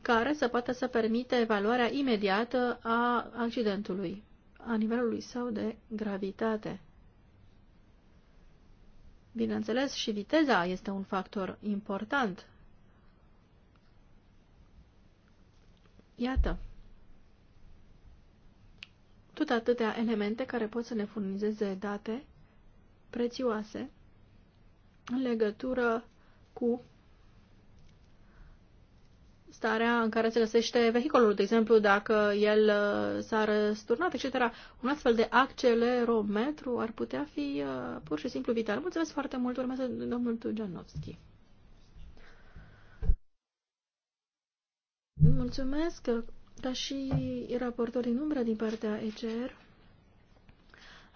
care să poată să permite evaluarea imediată a accidentului, a nivelului său de gravitate. Bineînțeles, și viteza este un factor important. Iată, atâtea elemente care pot să ne furnizeze date prețioase în legătură cu starea în care se găsește vehiculul, de exemplu, dacă el uh, s-a răsturnat, etc. Un astfel de accelerometru ar putea fi uh, pur și simplu vital. Mulțumesc foarte mult, urmează domnul Tujanovski. Mulțumesc dar și raportor din umbră din partea ECR,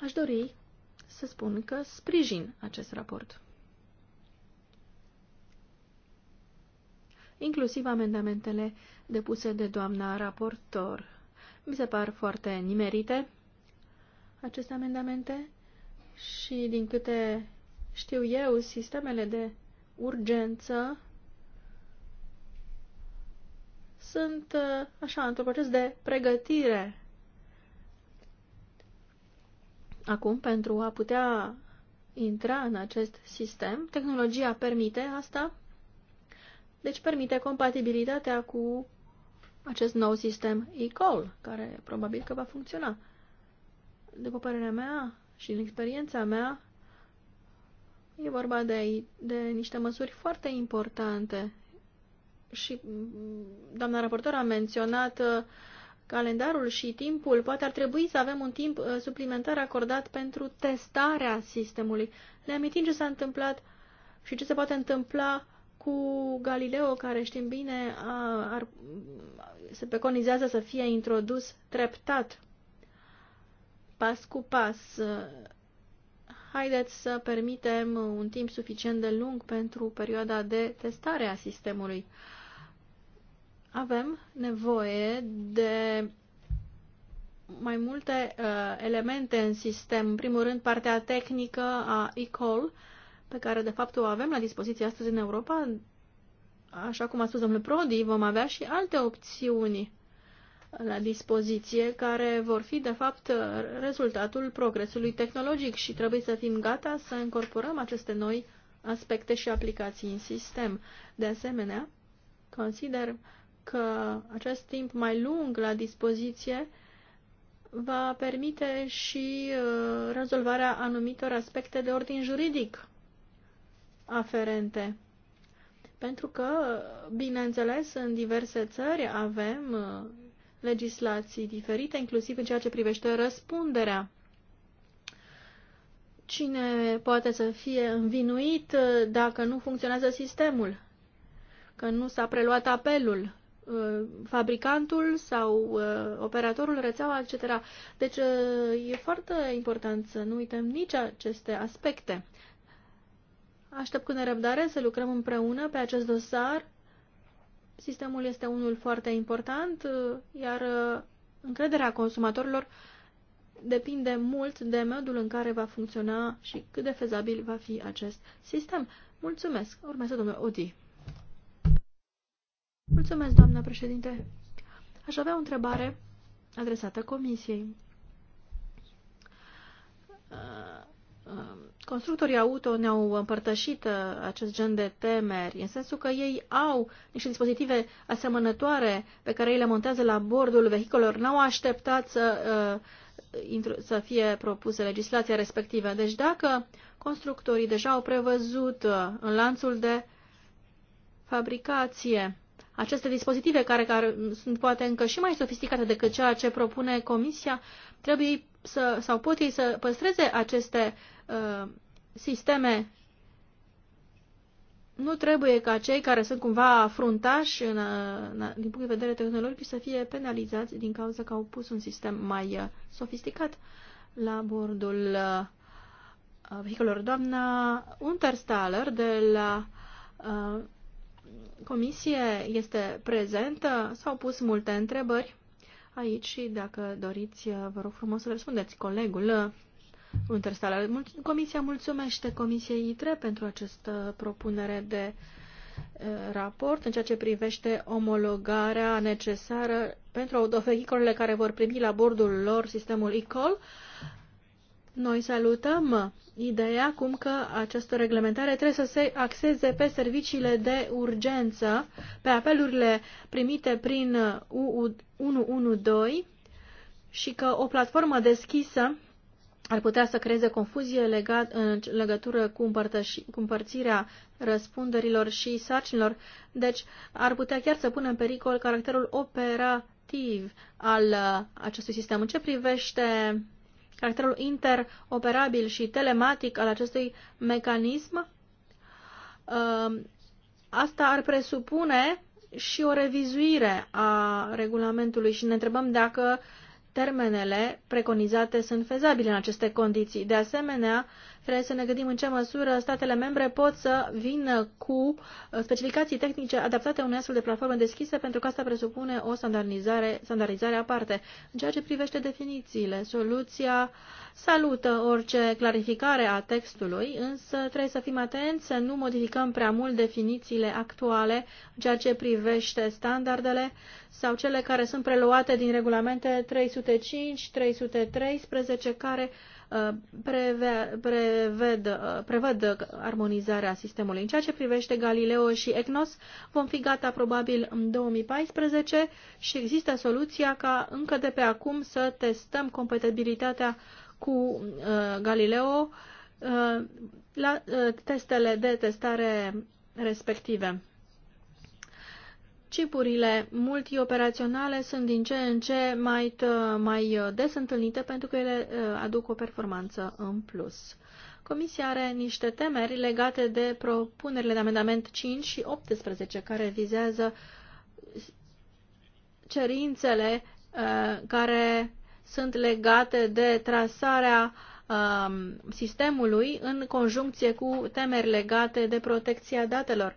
aș dori să spun că sprijin acest raport. Inclusiv amendamentele depuse de doamna raportor. Mi se par foarte nimerite aceste amendamente și, din câte știu eu, sistemele de urgență sunt uh, așa, într-un proces de pregătire acum pentru a putea intra în acest sistem. Tehnologia permite asta, deci permite compatibilitatea cu acest nou sistem e-call, care probabil că va funcționa. După părerea mea și în experiența mea, e vorba de, de niște măsuri foarte importante și mm, doamna raportor a menționat uh, calendarul și timpul, poate ar trebui să avem un timp uh, suplimentar acordat pentru testarea sistemului. Ne amintim ce s-a întâmplat și ce se poate întâmpla cu Galileo, care știm bine, a, ar, se preconizează să fie introdus treptat, pas cu pas. Haideți să permitem un timp suficient de lung pentru perioada de testare a sistemului avem nevoie de mai multe uh, elemente în sistem. În primul rând, partea tehnică a e pe care de fapt o avem la dispoziție astăzi în Europa. Așa cum a spus domnul Prodi, vom avea și alte opțiuni la dispoziție, care vor fi, de fapt, rezultatul progresului tehnologic și trebuie să fim gata să incorporăm aceste noi aspecte și aplicații în sistem. De asemenea, consider că acest timp mai lung la dispoziție va permite și uh, rezolvarea anumitor aspecte de ordin juridic aferente. Pentru că, bineînțeles, în diverse țări avem uh, legislații diferite, inclusiv în ceea ce privește răspunderea. Cine poate să fie învinuit uh, dacă nu funcționează sistemul, că nu s-a preluat apelul Uh, fabricantul sau uh, operatorul, rețeaua, etc. Deci uh, e foarte important să nu uităm nici aceste aspecte. Aștept cu nerăbdare să lucrăm împreună pe acest dosar. Sistemul este unul foarte important, iar încrederea consumatorilor depinde mult de modul în care va funcționa și cât de fezabil va fi acest sistem. Mulțumesc! Urmează domnul Odi. Mulțumesc, doamnă președinte. Aș avea o întrebare adresată Comisiei. Constructorii auto ne-au împărtășit uh, acest gen de temeri, în sensul că ei au niște dispozitive asemănătoare pe care ei le montează la bordul vehicolor, n-au așteptat să, uh, să fie propuse legislația respectivă. Deci dacă constructorii deja au prevăzut uh, în lanțul de fabricație aceste dispozitive, care, care sunt poate încă și mai sofisticate decât ceea ce propune Comisia, trebuie să, sau pot ei să păstreze aceste uh, sisteme. Nu trebuie ca cei care sunt cumva afruntași în, în, din punct de vedere tehnologic să fie penalizați din cauza că au pus un sistem mai uh, sofisticat la bordul uh, vehiculor. Doamna Unterstaller de la uh, comisie este prezentă. S-au pus multe întrebări aici și dacă doriți, vă rog frumos să răspundeți. Colegul Unterstaller, comisia mulțumește Comisiei ITRE pentru această propunere de eh, raport în ceea ce privește omologarea necesară pentru autovehicolele care vor primi la bordul lor sistemul e noi salutăm ideea cum că această reglementare trebuie să se axeze pe serviciile de urgență, pe apelurile primite prin 112 și că o platformă deschisă ar putea să creeze confuzie legat, în legătură cu, cu împărțirea răspunderilor și sarcinilor, deci ar putea chiar să pună în pericol caracterul operativ al uh, acestui sistem. În ce privește caracterul interoperabil și telematic al acestui mecanism, um, asta ar presupune și o revizuire a regulamentului și ne întrebăm dacă termenele preconizate sunt fezabile în aceste condiții. De asemenea, Trebuie să ne gândim în ce măsură statele membre pot să vină cu uh, specificații tehnice adaptate unei astfel de platforme deschise, pentru că asta presupune o standardizare, standardizare aparte. În ceea ce privește definițiile, soluția salută orice clarificare a textului, însă trebuie să fim atenți să nu modificăm prea mult definițiile actuale în ceea ce privește standardele sau cele care sunt preluate din regulamente 305-313 care Uh, preved, preved, uh, prevăd armonizarea sistemului. În ceea ce privește Galileo și EGNOS, vom fi gata probabil în 2014 și există soluția ca încă de pe acum să testăm compatibilitatea cu uh, Galileo uh, la uh, testele de testare respective. Cipurile multioperaționale sunt din ce în ce mai, mai uh, des întâlnite pentru că ele uh, aduc o performanță în plus. Comisia are niște temeri legate de propunerile de amendament 5 și 18 care vizează cerințele uh, care sunt legate de trasarea um, sistemului în conjuncție cu temeri legate de protecția datelor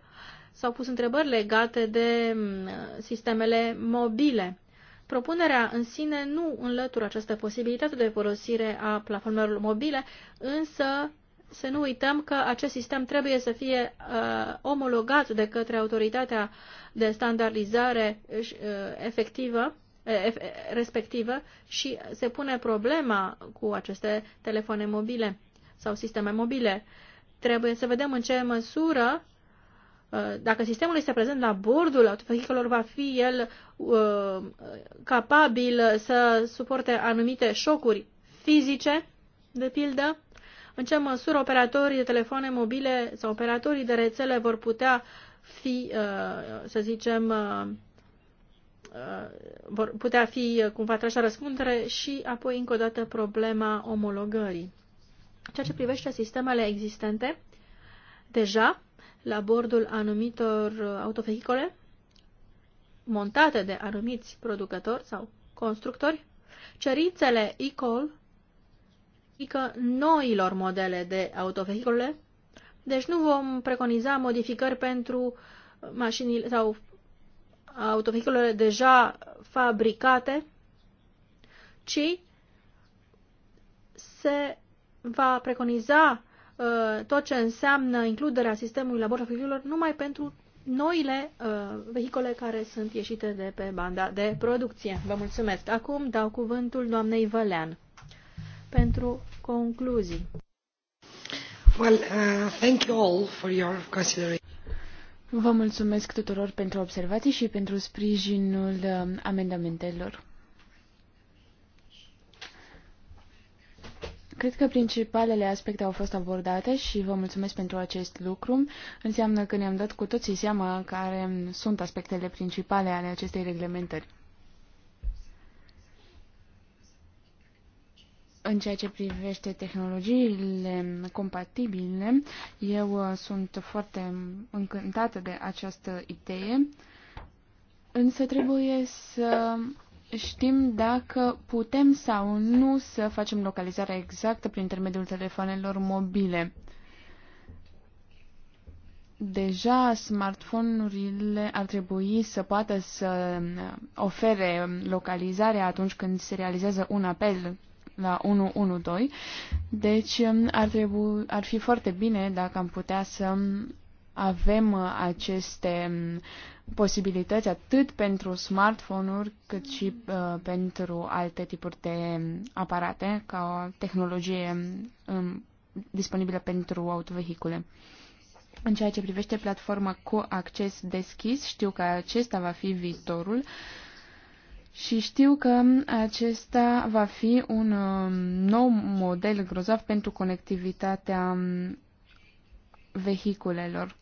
s-au pus întrebări legate de mm, sistemele mobile. Propunerea în sine nu înlătură această posibilitate de folosire a platformelor mobile, însă să nu uităm că acest sistem trebuie să fie uh, omologat de către autoritatea de standardizare uh, efectivă, uh, respectivă și se pune problema cu aceste telefoane mobile sau sisteme mobile. Trebuie să vedem în ce măsură Uh, dacă sistemul este prezent la bordul autovehiculor, va fi el uh, capabil să suporte anumite șocuri fizice, de pildă, în ce măsură operatorii de telefoane mobile sau operatorii de rețele vor putea fi, uh, să zicem, uh, uh vor putea fi uh, cumva trași la răspundere și apoi încă o dată problema omologării. Ceea ce privește sistemele existente, deja la bordul anumitor uh, autovehicole montate de anumiți producători sau constructori, cerințele e-call adică noilor modele de autovehicole, deci nu vom preconiza modificări pentru mașinile sau autovehiculele deja fabricate, ci se va preconiza Uh, tot ce înseamnă includerea sistemului la borda fluviilor numai pentru noile uh, vehicole care sunt ieșite de pe banda de producție. Vă mulțumesc. Acum dau cuvântul doamnei Vălean pentru concluzii. Well, uh, thank you all for your consideration. Vă mulțumesc tuturor pentru observații și pentru sprijinul uh, amendamentelor. Cred că principalele aspecte au fost abordate și vă mulțumesc pentru acest lucru. Înseamnă că ne-am dat cu toții seama care sunt aspectele principale ale acestei reglementări. În ceea ce privește tehnologiile compatibile, eu uh, sunt foarte încântată de această idee, însă trebuie să știm dacă putem sau nu să facem localizarea exactă prin intermediul telefonelor mobile. Deja smartphone-urile ar trebui să poată să ofere localizarea atunci când se realizează un apel la 112, deci ar, trebui, ar fi foarte bine dacă am putea să avem uh, aceste um, posibilități atât pentru smartphone-uri cât și uh, pentru alte tipuri de um, aparate ca o tehnologie um, disponibilă pentru autovehicule. În ceea ce privește platforma cu acces deschis, știu că acesta va fi viitorul. și știu că acesta va fi un um, nou model grozav pentru conectivitatea vehiculelor.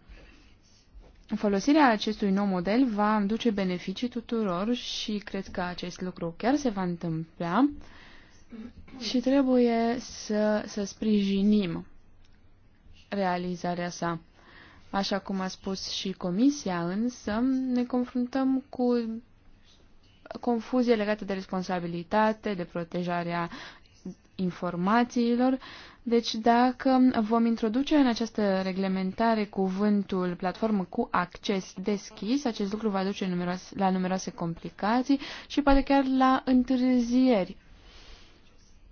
Folosirea acestui nou model va aduce beneficii tuturor și cred că acest lucru chiar se va întâmpla și trebuie să, să sprijinim realizarea sa. Așa cum a spus și Comisia, însă ne confruntăm cu confuzie legată de responsabilitate, de protejarea informațiilor. Deci dacă vom introduce în această reglementare cuvântul platformă cu acces deschis, acest lucru va duce numeroase, la numeroase complicații și poate chiar la întârzieri.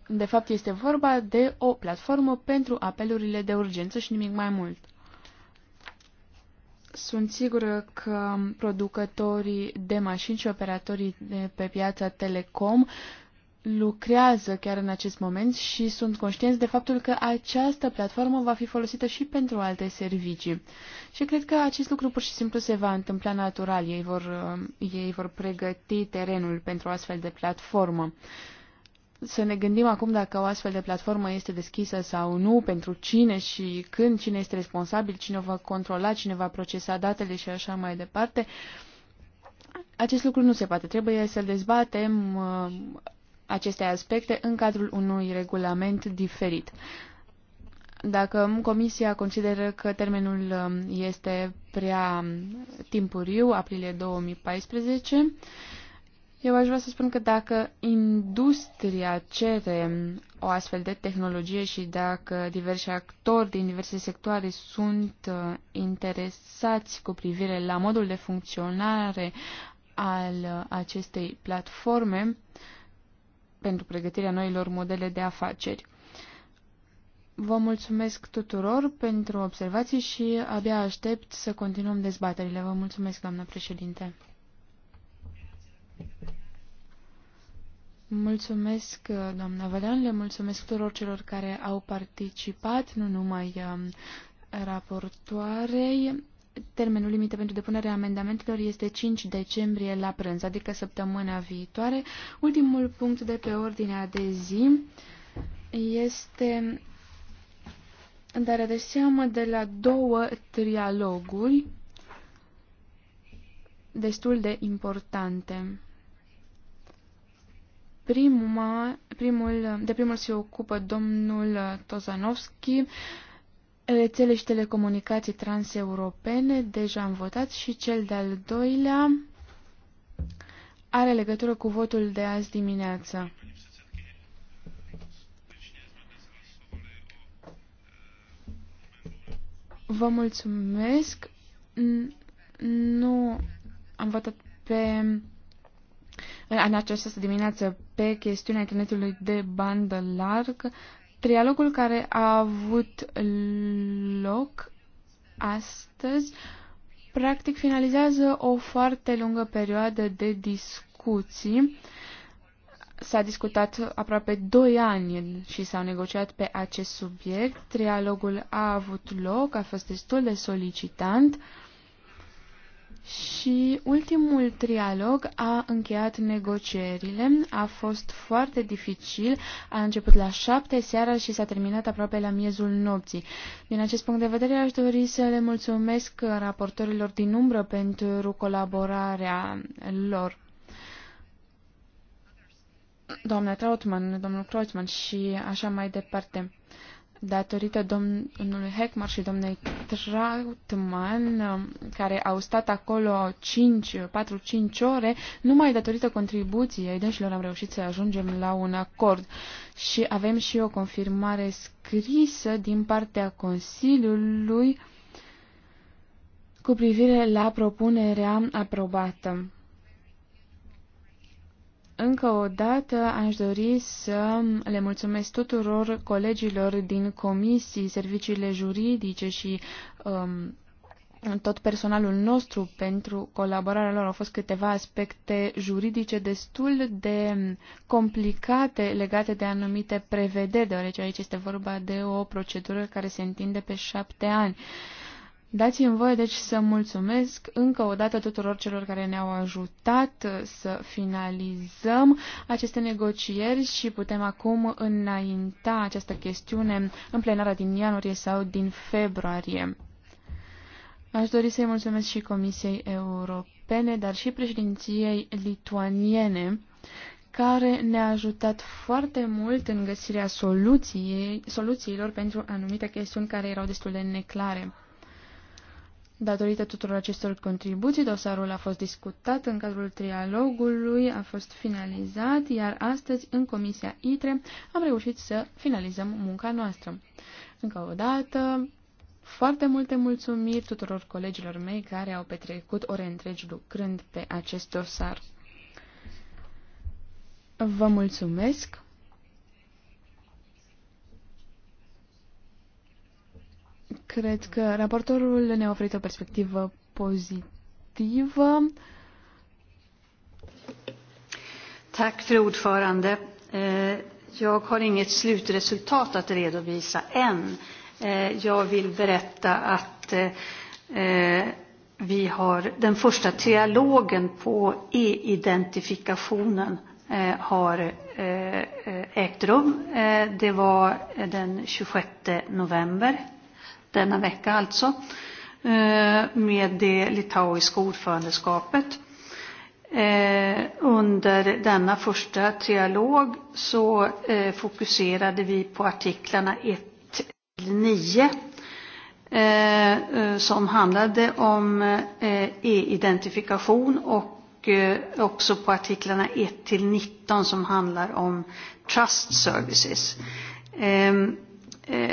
De fapt, este vorba de o platformă pentru apelurile de urgență și nimic mai mult. Sunt sigură că producătorii de mașini și operatorii de pe piața Telecom lucrează chiar în acest moment și sunt conștienți de faptul că această platformă va fi folosită și pentru alte servicii. Și cred că acest lucru pur și simplu se va întâmpla natural. Ei vor, uh, ei vor pregăti terenul pentru o astfel de platformă. Să ne gândim acum dacă o astfel de platformă este deschisă sau nu, pentru cine și când, cine este responsabil, cine va controla, cine va procesa datele și așa mai departe. Acest lucru nu se poate. Trebuie să-l dezbatem uh, aceste aspecte în cadrul unui regulament diferit. Dacă Comisia consideră că termenul um, este prea timpuriu, aprilie 2014, eu aș vrea să spun că dacă industria cere o astfel de tehnologie și dacă diversi actori din diverse sectoare sunt uh, interesați cu privire la modul de funcționare al uh, acestei platforme, uh, pentru pregătirea noilor modele de afaceri. Vă mulțumesc tuturor pentru observații și abia aștept să continuăm dezbaterile. Vă mulțumesc, doamnă președinte. Mulțumesc, doamna Vălean, le mulțumesc tuturor celor care au participat, nu numai um, raportoarei. Termenul limită pentru depunerea amendamentelor este 5 decembrie la prânz, adică săptămâna viitoare. Ultimul punct de pe ordinea de zi este darea de seamă de la două trialoguri destul de importante. Primul, primul, de primul se ocupă domnul Tozanovski, rețele și telecomunicații transeuropene, deja am votat, și cel de-al doilea are legătură cu votul de azi dimineață. Vă mulțumesc. Nu am votat pe în această dimineață pe chestiunea internetului de bandă largă. Trialogul care a avut loc astăzi practic finalizează o foarte lungă perioadă de discuții. S-a discutat aproape 2 ani și s-au negociat pe acest subiect. Trialogul a avut loc, a fost destul de solicitant. Uh, și ultimul trialog a încheiat negocierile, a fost foarte dificil, a început la șapte seara și s-a terminat aproape la miezul nopții. Din acest punct de vedere aș dori să le mulțumesc raportorilor din umbră pentru colaborarea lor. Doamna Trautmann, domnul Kreutzmann și așa mai departe datorită domnului Heckmar și domnei Trautmann, um, care au stat acolo 4-5 ore, numai datorită contribuției dânșilor am reușit să ajungem la un acord. Și avem și o confirmare scrisă din partea Consiliului cu privire la propunerea aprobată. Încă o dată aș dori să le mulțumesc tuturor colegilor din comisii, serviciile juridice și um, tot personalul nostru pentru colaborarea lor. Au fost câteva aspecte juridice destul de complicate legate de anumite prevederi, deoarece aici este vorba de o procedură care se întinde pe șapte ani. Uh, Dați-mi voie deci să mulțumesc încă o dată tuturor celor care ne-au ajutat să finalizăm aceste negocieri și putem acum înainta această chestiune în plenara din ianuarie sau din februarie. Aș dori să-i mulțumesc și Comisiei Europene, dar și președinției lituaniene, care ne-a ajutat foarte mult în găsirea soluției, soluțiilor pentru anumite chestiuni care erau destul de neclare. Datorită tuturor acestor contribuții, dosarul a fost discutat în cadrul trialogului, a fost finalizat, iar astăzi, în Comisia ITRE, am reușit să finalizăm munca noastră. Încă o dată, foarte multe mulțumiri tuturor colegilor mei care au petrecut ore întregi lucrând pe acest dosar. Vă mulțumesc! Cred că raportorul ne-a oferit o perspectivă pozitivă. Tack, fru ordförande. Eh, jag har inget slutresultat att redovisa än. Eh, jag vill berätta att eh, vi har den första trialogen på e-identifikationen har ägt rum. Det var den 26 november denna vecka alltså, eh, med det litauiska ordförandeskapet. Eh, under denna första trialog så eh, fokuserade vi på artiklarna 1 till 9 som handlade om e-identifikation och också på artiklarna 1 till 19 som handlar om trust services. Ehm,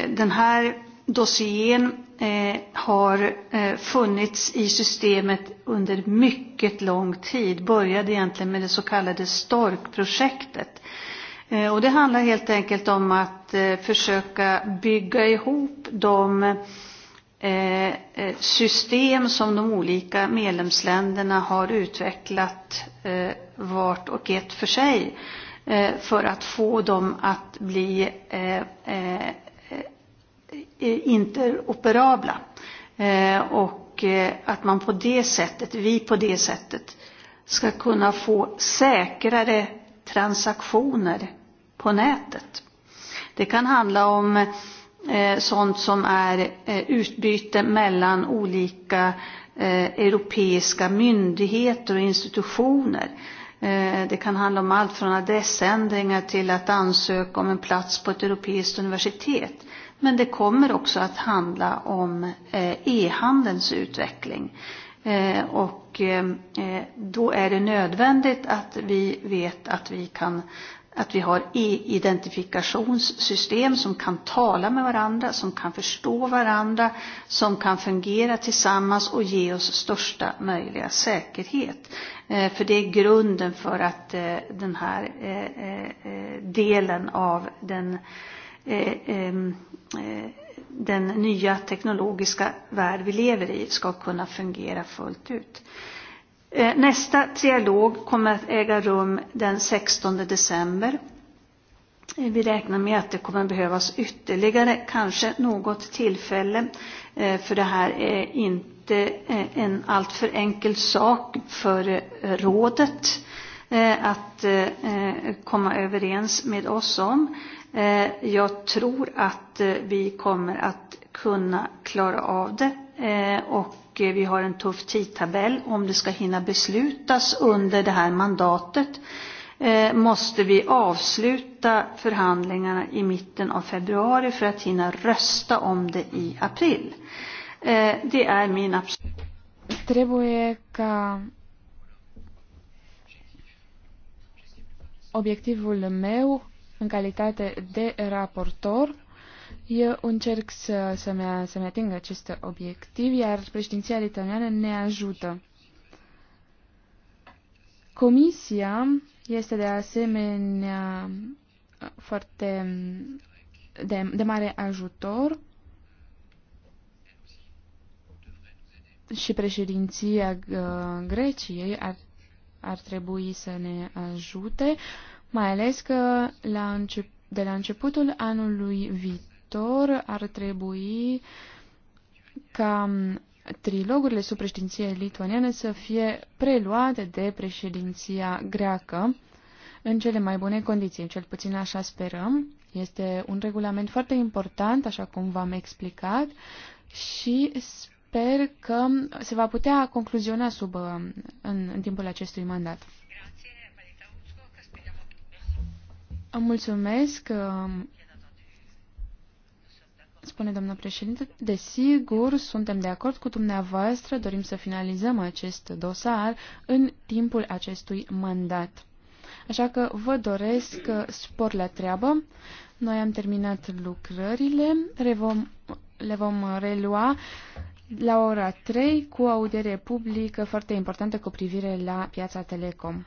den här dossiern eh, har eh, funnits i systemet under mycket lång tid. Började egentligen med det så kallade Storkprojektet. Eh, och det handlar helt enkelt om att eh, försöka bygga ihop de eh, eh system som de olika medlemsländerna har utvecklat eh, vart och ett för sig eh, för att få dem att bli eh, eh, interoperabla. Eh, och eh, att man på det sättet, vi på det sättet, ska kunna få säkrare transaktioner på nätet. Det kan handla om eh, sånt som är utbyte mellan olika europeiska myndigheter och institutioner. Det kan handla om allt från adressändringar till att ansöka om en plats på ett europeiskt universitet. Men det kommer också att handla om eh, e-handelns utveckling. Eh, och eh, då är det nödvändigt att vi vet att vi kan att vi har e-identifikationssystem som kan tala med varandra, som kan förstå varandra, som kan fungera tillsammans och ge oss största möjliga säkerhet. För det är grunden för att den här delen av den Eh, ehm, eh, den nya teknologiska värld vi lever i ska kunna fungera fullt ut. Eh, nästa trialog kommer att äga rum den 16 december. Vi räknar med att det kommer behövas ytterligare kanske något tillfälle för det här är inte en alltför enkel sak för rådet att komma överens med oss om. Eh, jag tror att eh, vi kommer att kunna klara av det eh, och vi har en tuff tidtabell. Om det ska hinna beslutas under det här mandatet måste vi avsluta förhandlingarna i mitten av februari för att hinna rösta om det i april. Det är min absolut... obiectivul meu în calitate de raportor. Eu încerc să, să-mi, să, -mi, să ating acest obiectiv, iar președinția litoniană ne ajută. Comisia este de asemenea foarte de, de mare ajutor și președinția uh, Greciei ar, ar trebui să ne ajute. Uh, mai ales că la încep, de la începutul anului viitor ar trebui ca trilogurile sub președinție lituaniană să fie preluate de președinția greacă în cele mai bune condiții, cel puțin așa sperăm. Este un regulament foarte important, așa cum v-am explicat, și sper că se va putea concluziona sub, în, în timpul acestui mandat. Mulțumesc, um, spune doamna președinte. Desigur, suntem de acord cu dumneavoastră, dorim să finalizăm acest dosar în timpul acestui mandat. Așa că vă doresc spor la treabă. Noi am terminat lucrările, le vom, le vom relua la ora 3 cu audiere publică foarte importantă cu privire la piața Telecom.